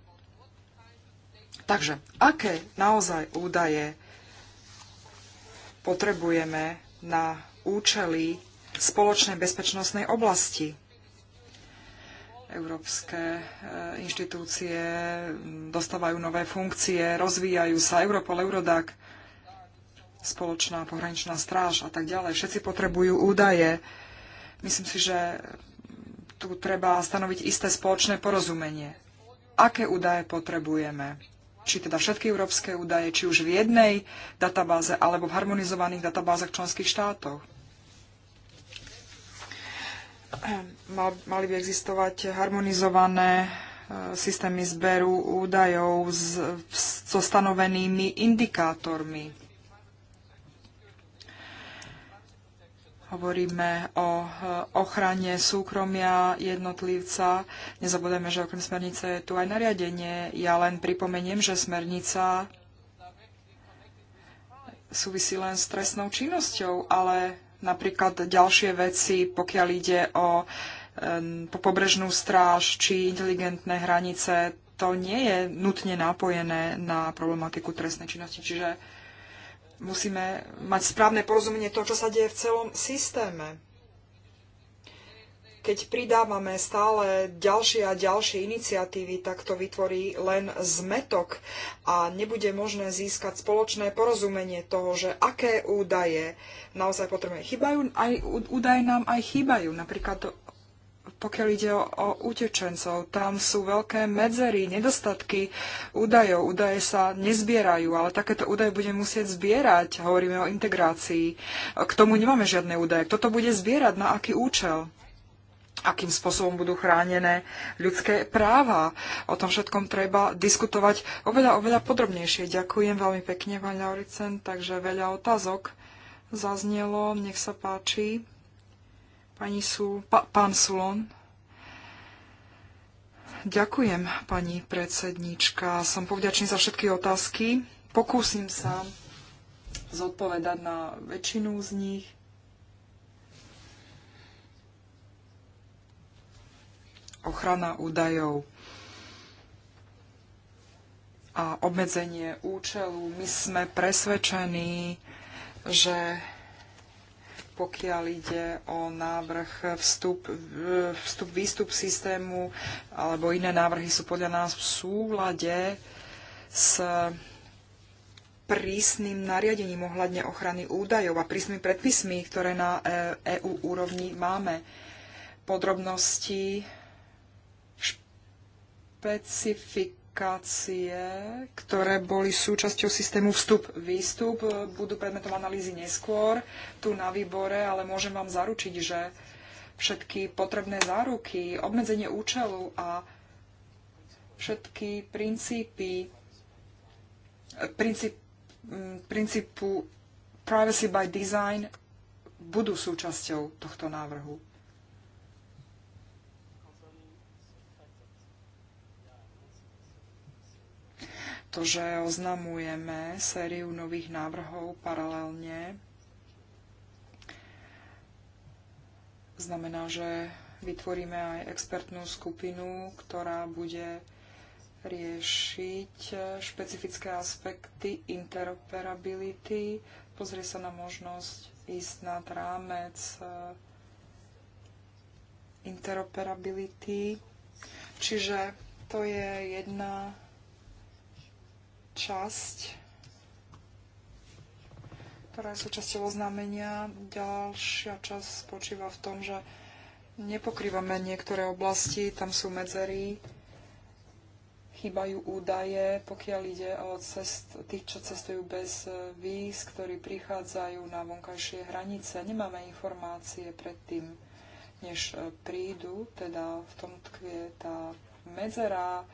Takže, aké naozaj údaje potrebujeme na účely spoločnej bezpečnostnej oblasti. Európske e, inštitúcie dostávajú nové funkcie, rozvíjajú sa Europol, Eurodac, spoločná pohraničná stráž a tak ďalej. Všetci potrebujú údaje. Myslím si, že tu treba stanoviť isté spoločné porozumenie. Aké údaje potrebujeme? či teda všetky európske údaje, či už v jednej databáze alebo v harmonizovaných databázach členských štátov. Mal, mali by existovať harmonizované e, systémy zberu údajov s, so stanovenými indikátormi hovoríme o e, ochrane súkromia jednotlivca. Nezabudeme, že okrem smernice je tu aj nariadenie. Ja len pripomeniem, že smernica súvisí len s trestnou činnosťou, ale napríklad ďalšie veci, pokiaľ ide o po pobrežnú stráž či inteligentné hranice, to nie je nutne napojené na problematiku trestnej činnosti. Čiže Musíme mať správne porozumenie toho, čo sa deje v celom systéme. Keď pridávame stále ďalšie a ďalšie iniciatívy, tak to vytvorí len zmetok a nebude možné získať spoločné porozumenie toho, že aké údaje naozaj potrebujeme. Chýbajú aj, údaje nám aj chýbajú. Napríklad pokiaľ ide o, o utečencov, tam sú veľké medzery, nedostatky údajov. Údaje sa nezbierajú, ale takéto údaje budeme musieť zbierať. Hovoríme o integrácii. K tomu nemáme žiadne údaje. Kto to bude zbierať? Na aký účel? akým spôsobom budú chránené ľudské práva. O tom všetkom treba diskutovať oveľa, oveľa podrobnejšie. Ďakujem veľmi pekne, pani Lauricen, takže veľa otázok zaznelo. Nech sa páči. Pani Sul, pa, pán Sulon. Ďakujem, pani predsednička. Som povďačný za všetky otázky. Pokúsim sa zodpovedať na väčšinu z nich. Ochrana údajov a obmedzenie účelu. My sme presvedčení, že pokiaľ ide o návrh vstup, vstup, výstup systému alebo iné návrhy sú podľa nás v súlade s prísnym nariadením ohľadne ochrany údajov a prísnymi predpismi, ktoré na EU e úrovni máme. Podrobnosti špecifik aplikácie, ktoré boli súčasťou systému vstup-výstup, budú predmetom analýzy neskôr tu na výbore, ale môžem vám zaručiť, že všetky potrebné záruky, obmedzenie účelu a všetky princípy princíp, mm, princípu privacy by design budú súčasťou tohto návrhu. pretože oznamujeme sériu nových návrhov paralelne. Znamená, že vytvoríme aj expertnú skupinu, ktorá bude riešiť špecifické aspekty interoperability, pozrie sa na možnosť ísť nad rámec eh, interoperability. Čiže to je jedna časť, ktorá je súčasťou oznámenia. Ďalšia časť spočíva v tom, že nepokrývame niektoré oblasti, tam sú medzery, chýbajú údaje, pokiaľ ide o cest, tých, čo cestujú bez e, víz, ktorí prichádzajú na vonkajšie hranice. Nemáme informácie predtým, než e, prídu, teda v tom tkvie tá medzera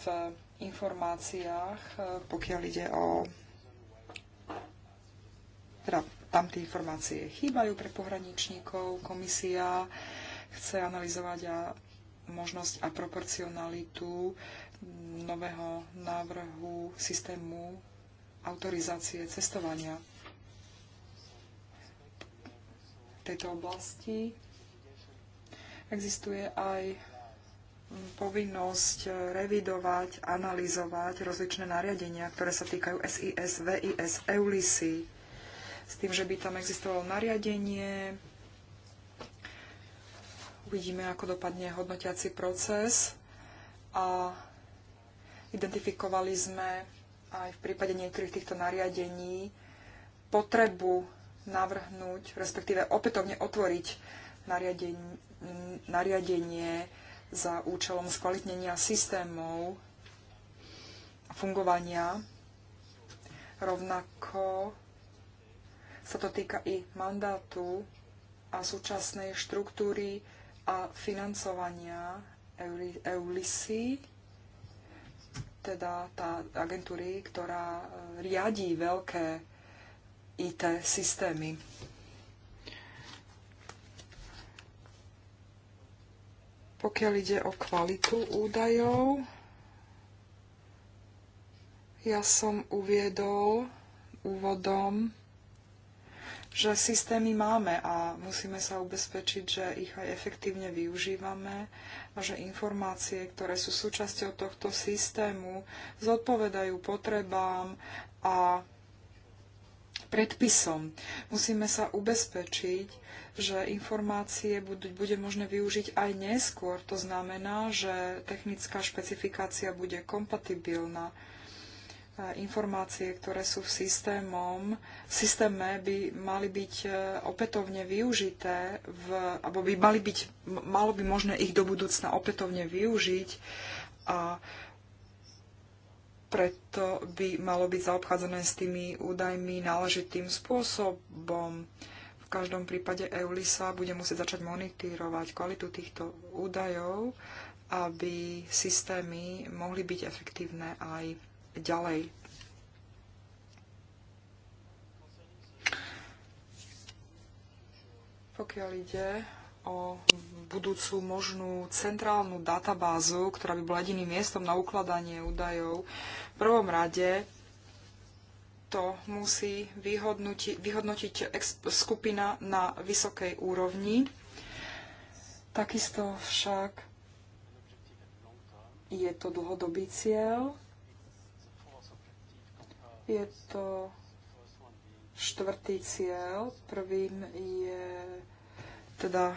v informáciách, e, pokiaľ ide o... Teda tam tie informácie chýbajú pre pohraničníkov. Komisia chce analyzovať a možnosť a proporcionalitu nového návrhu systému autorizácie cestovania v tejto oblasti. Existuje aj povinnosť revidovať, analyzovať rozličné nariadenia, ktoré sa týkajú SIS, VIS, EULISI, s tým, že by tam existovalo nariadenie. Uvidíme, ako dopadne hodnotiaci proces. A identifikovali sme aj v prípade niektorých týchto nariadení potrebu navrhnúť, respektíve opätovne otvoriť nariadenie, nariadenie za účelom skvalitnenia systémov fungovania. Rovnako sa to týka i mandátu a súčasnej štruktúry a financovania EULISY, teda tá agentúry, ktorá riadí veľké IT systémy. Pokiaľ ide o kvalitu údajov, ja som uviedol úvodom, že systémy máme a musíme sa ubezpečiť, že ich aj efektívne využívame a že informácie, ktoré sú súčasťou tohto systému, zodpovedajú potrebám a predpisom. Musíme sa ubezpečiť, že informácie budú, bude možné využiť aj neskôr. To znamená, že technická špecifikácia bude kompatibilná. Informácie, ktoré sú v systémom, v systéme by mali byť e, opätovne využité, v, alebo by mali byť, malo by možné ich do budúcna opätovne využiť a preto by malo byť zaobchádzané s tými údajmi náležitým spôsobom. V každom prípade EULISA bude musieť začať monitorovať kvalitu týchto údajov, aby systémy mohli byť efektívne aj ďalej. Pokiaľ ide o budúcu možnú centrálnu databázu, ktorá by bola jediným miestom na ukladanie údajov. V prvom rade to musí vyhodnotiť, skupina na vysokej úrovni. Takisto však je to dlhodobý cieľ. Je to štvrtý cieľ. Prvým je teda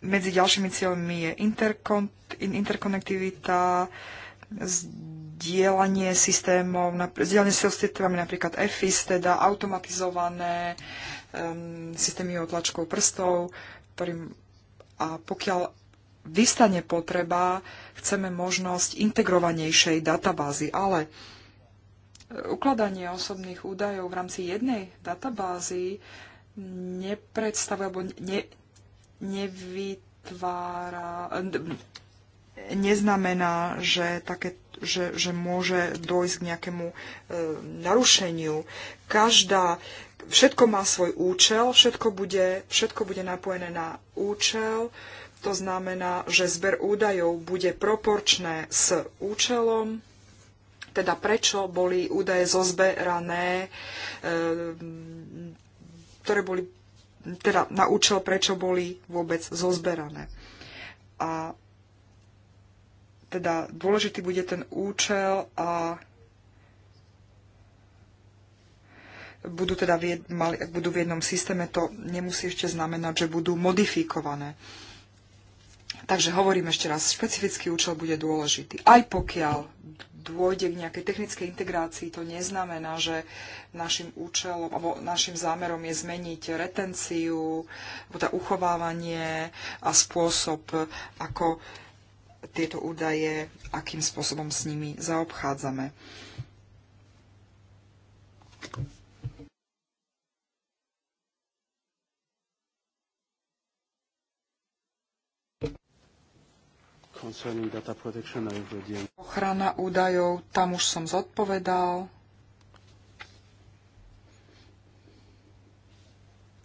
medzi ďalšími cieľmi je interkon, interkonektivita, zdieľanie systémov, zdieľanie systémami napríklad EFIS, teda automatizované um, systémy otlačkov prstov, ktorým, a pokiaľ vystane potreba, chceme možnosť integrovanejšej databázy, ale e, ukladanie osobných údajov v rámci jednej databázy nepredstavuje alebo ne, nevytvára, neznamená, že, také, že, že môže dojsť k nejakému e, narušeniu. Každá, všetko má svoj účel, všetko bude, všetko bude napojené na účel, to znamená, že zber údajov bude proporčné s účelom, teda prečo boli údaje zozberané, e, ktoré boli teda na účel, prečo boli vôbec zozberané. A teda dôležitý bude ten účel a budú teda v, jed, mali, budú v jednom systéme, to nemusí ešte znamenať, že budú modifikované. Takže hovorím ešte raz, špecifický účel bude dôležitý, aj pokiaľ dôjde k nejakej technickej integrácii, to neznamená, že našim účelom alebo našim zámerom je zmeniť retenciu, teda uchovávanie a spôsob, ako tieto údaje, akým spôsobom s nimi zaobchádzame. Ochrana údajov, tam už som zodpovedal.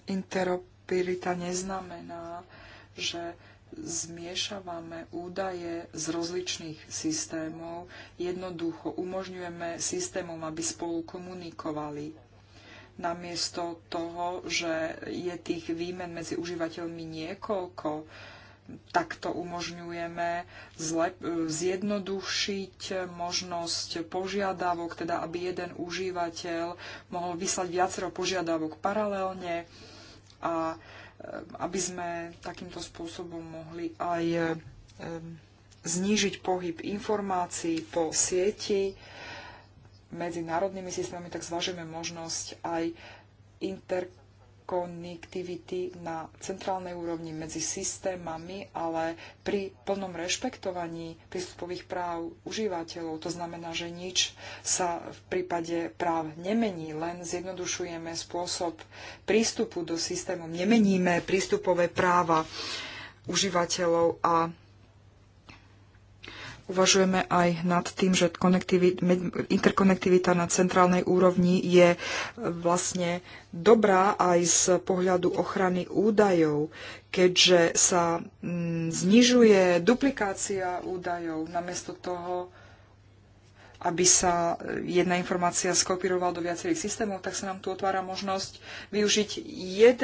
Interoperita neznamená, že zmiešavame údaje z rozličných systémov, jednoducho umožňujeme systémom, aby spolu komunikovali. Namiesto toho, že je tých výmen medzi užívateľmi niekoľko, takto umožňujeme zlep, zjednodušiť možnosť požiadavok, teda aby jeden užívateľ mohol vyslať viacero požiadavok paralelne a eh, aby sme takýmto spôsobom mohli aj eh, znížiť pohyb informácií po sieti medzi národnými systémami, tak zvažujeme možnosť aj inter interkonektivity na centrálnej úrovni medzi systémami, ale pri plnom rešpektovaní prístupových práv užívateľov. To znamená, že nič sa v prípade práv nemení, len zjednodušujeme spôsob prístupu do systému. Nemeníme prístupové práva užívateľov a uvažujeme aj nad tým, že interkonektivita na centrálnej úrovni je e, vlastne dobrá aj z pohľadu ochrany údajov, keďže sa mm, znižuje duplikácia údajov namiesto toho, aby sa e, jedna informácia skopírovala do viacerých systémov, tak sa nám tu otvára možnosť využiť jed,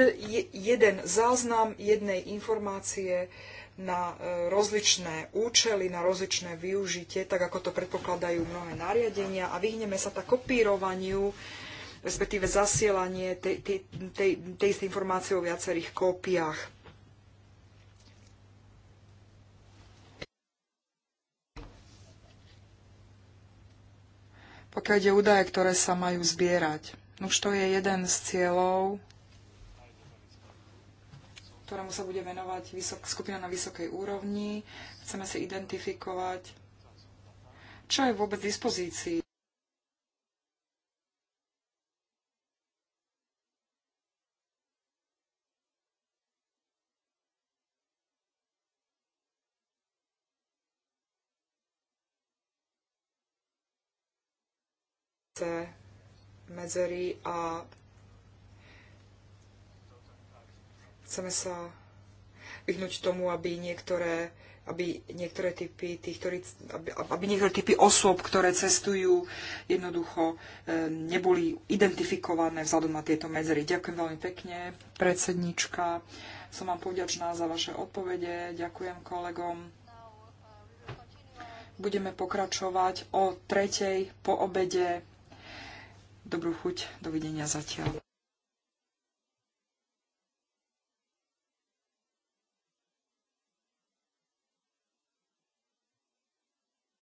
jeden záznam jednej informácie na e, rozličné účely, na rozličné využitie, tak ako to predpokladajú mnohé nariadenia a vyhneme sa tak kopírovaniu, respektíve zasielanie tej, tej, tej, tej istej informácie o viacerých kópiách. Pokiaľ ide údaje, ktoré sa majú zbierať. Už to je jeden z cieľov ktorému sa bude venovať vysok, skupina na vysokej úrovni. Chceme si identifikovať, čo je vôbec v dispozícii. medzery a Chceme sa vyhnúť tomu, aby niektoré aby niektoré typy, tých, ktorí, aby, aby niektoré typy osôb, ktoré cestujú, jednoducho e, neboli identifikované vzhľadom na tieto medzery. Ďakujem veľmi pekne, predsednička. Som vám povďačná za vaše odpovede. Ďakujem kolegom. Budeme pokračovať o tretej po obede. Dobrú chuť, dovidenia zatiaľ.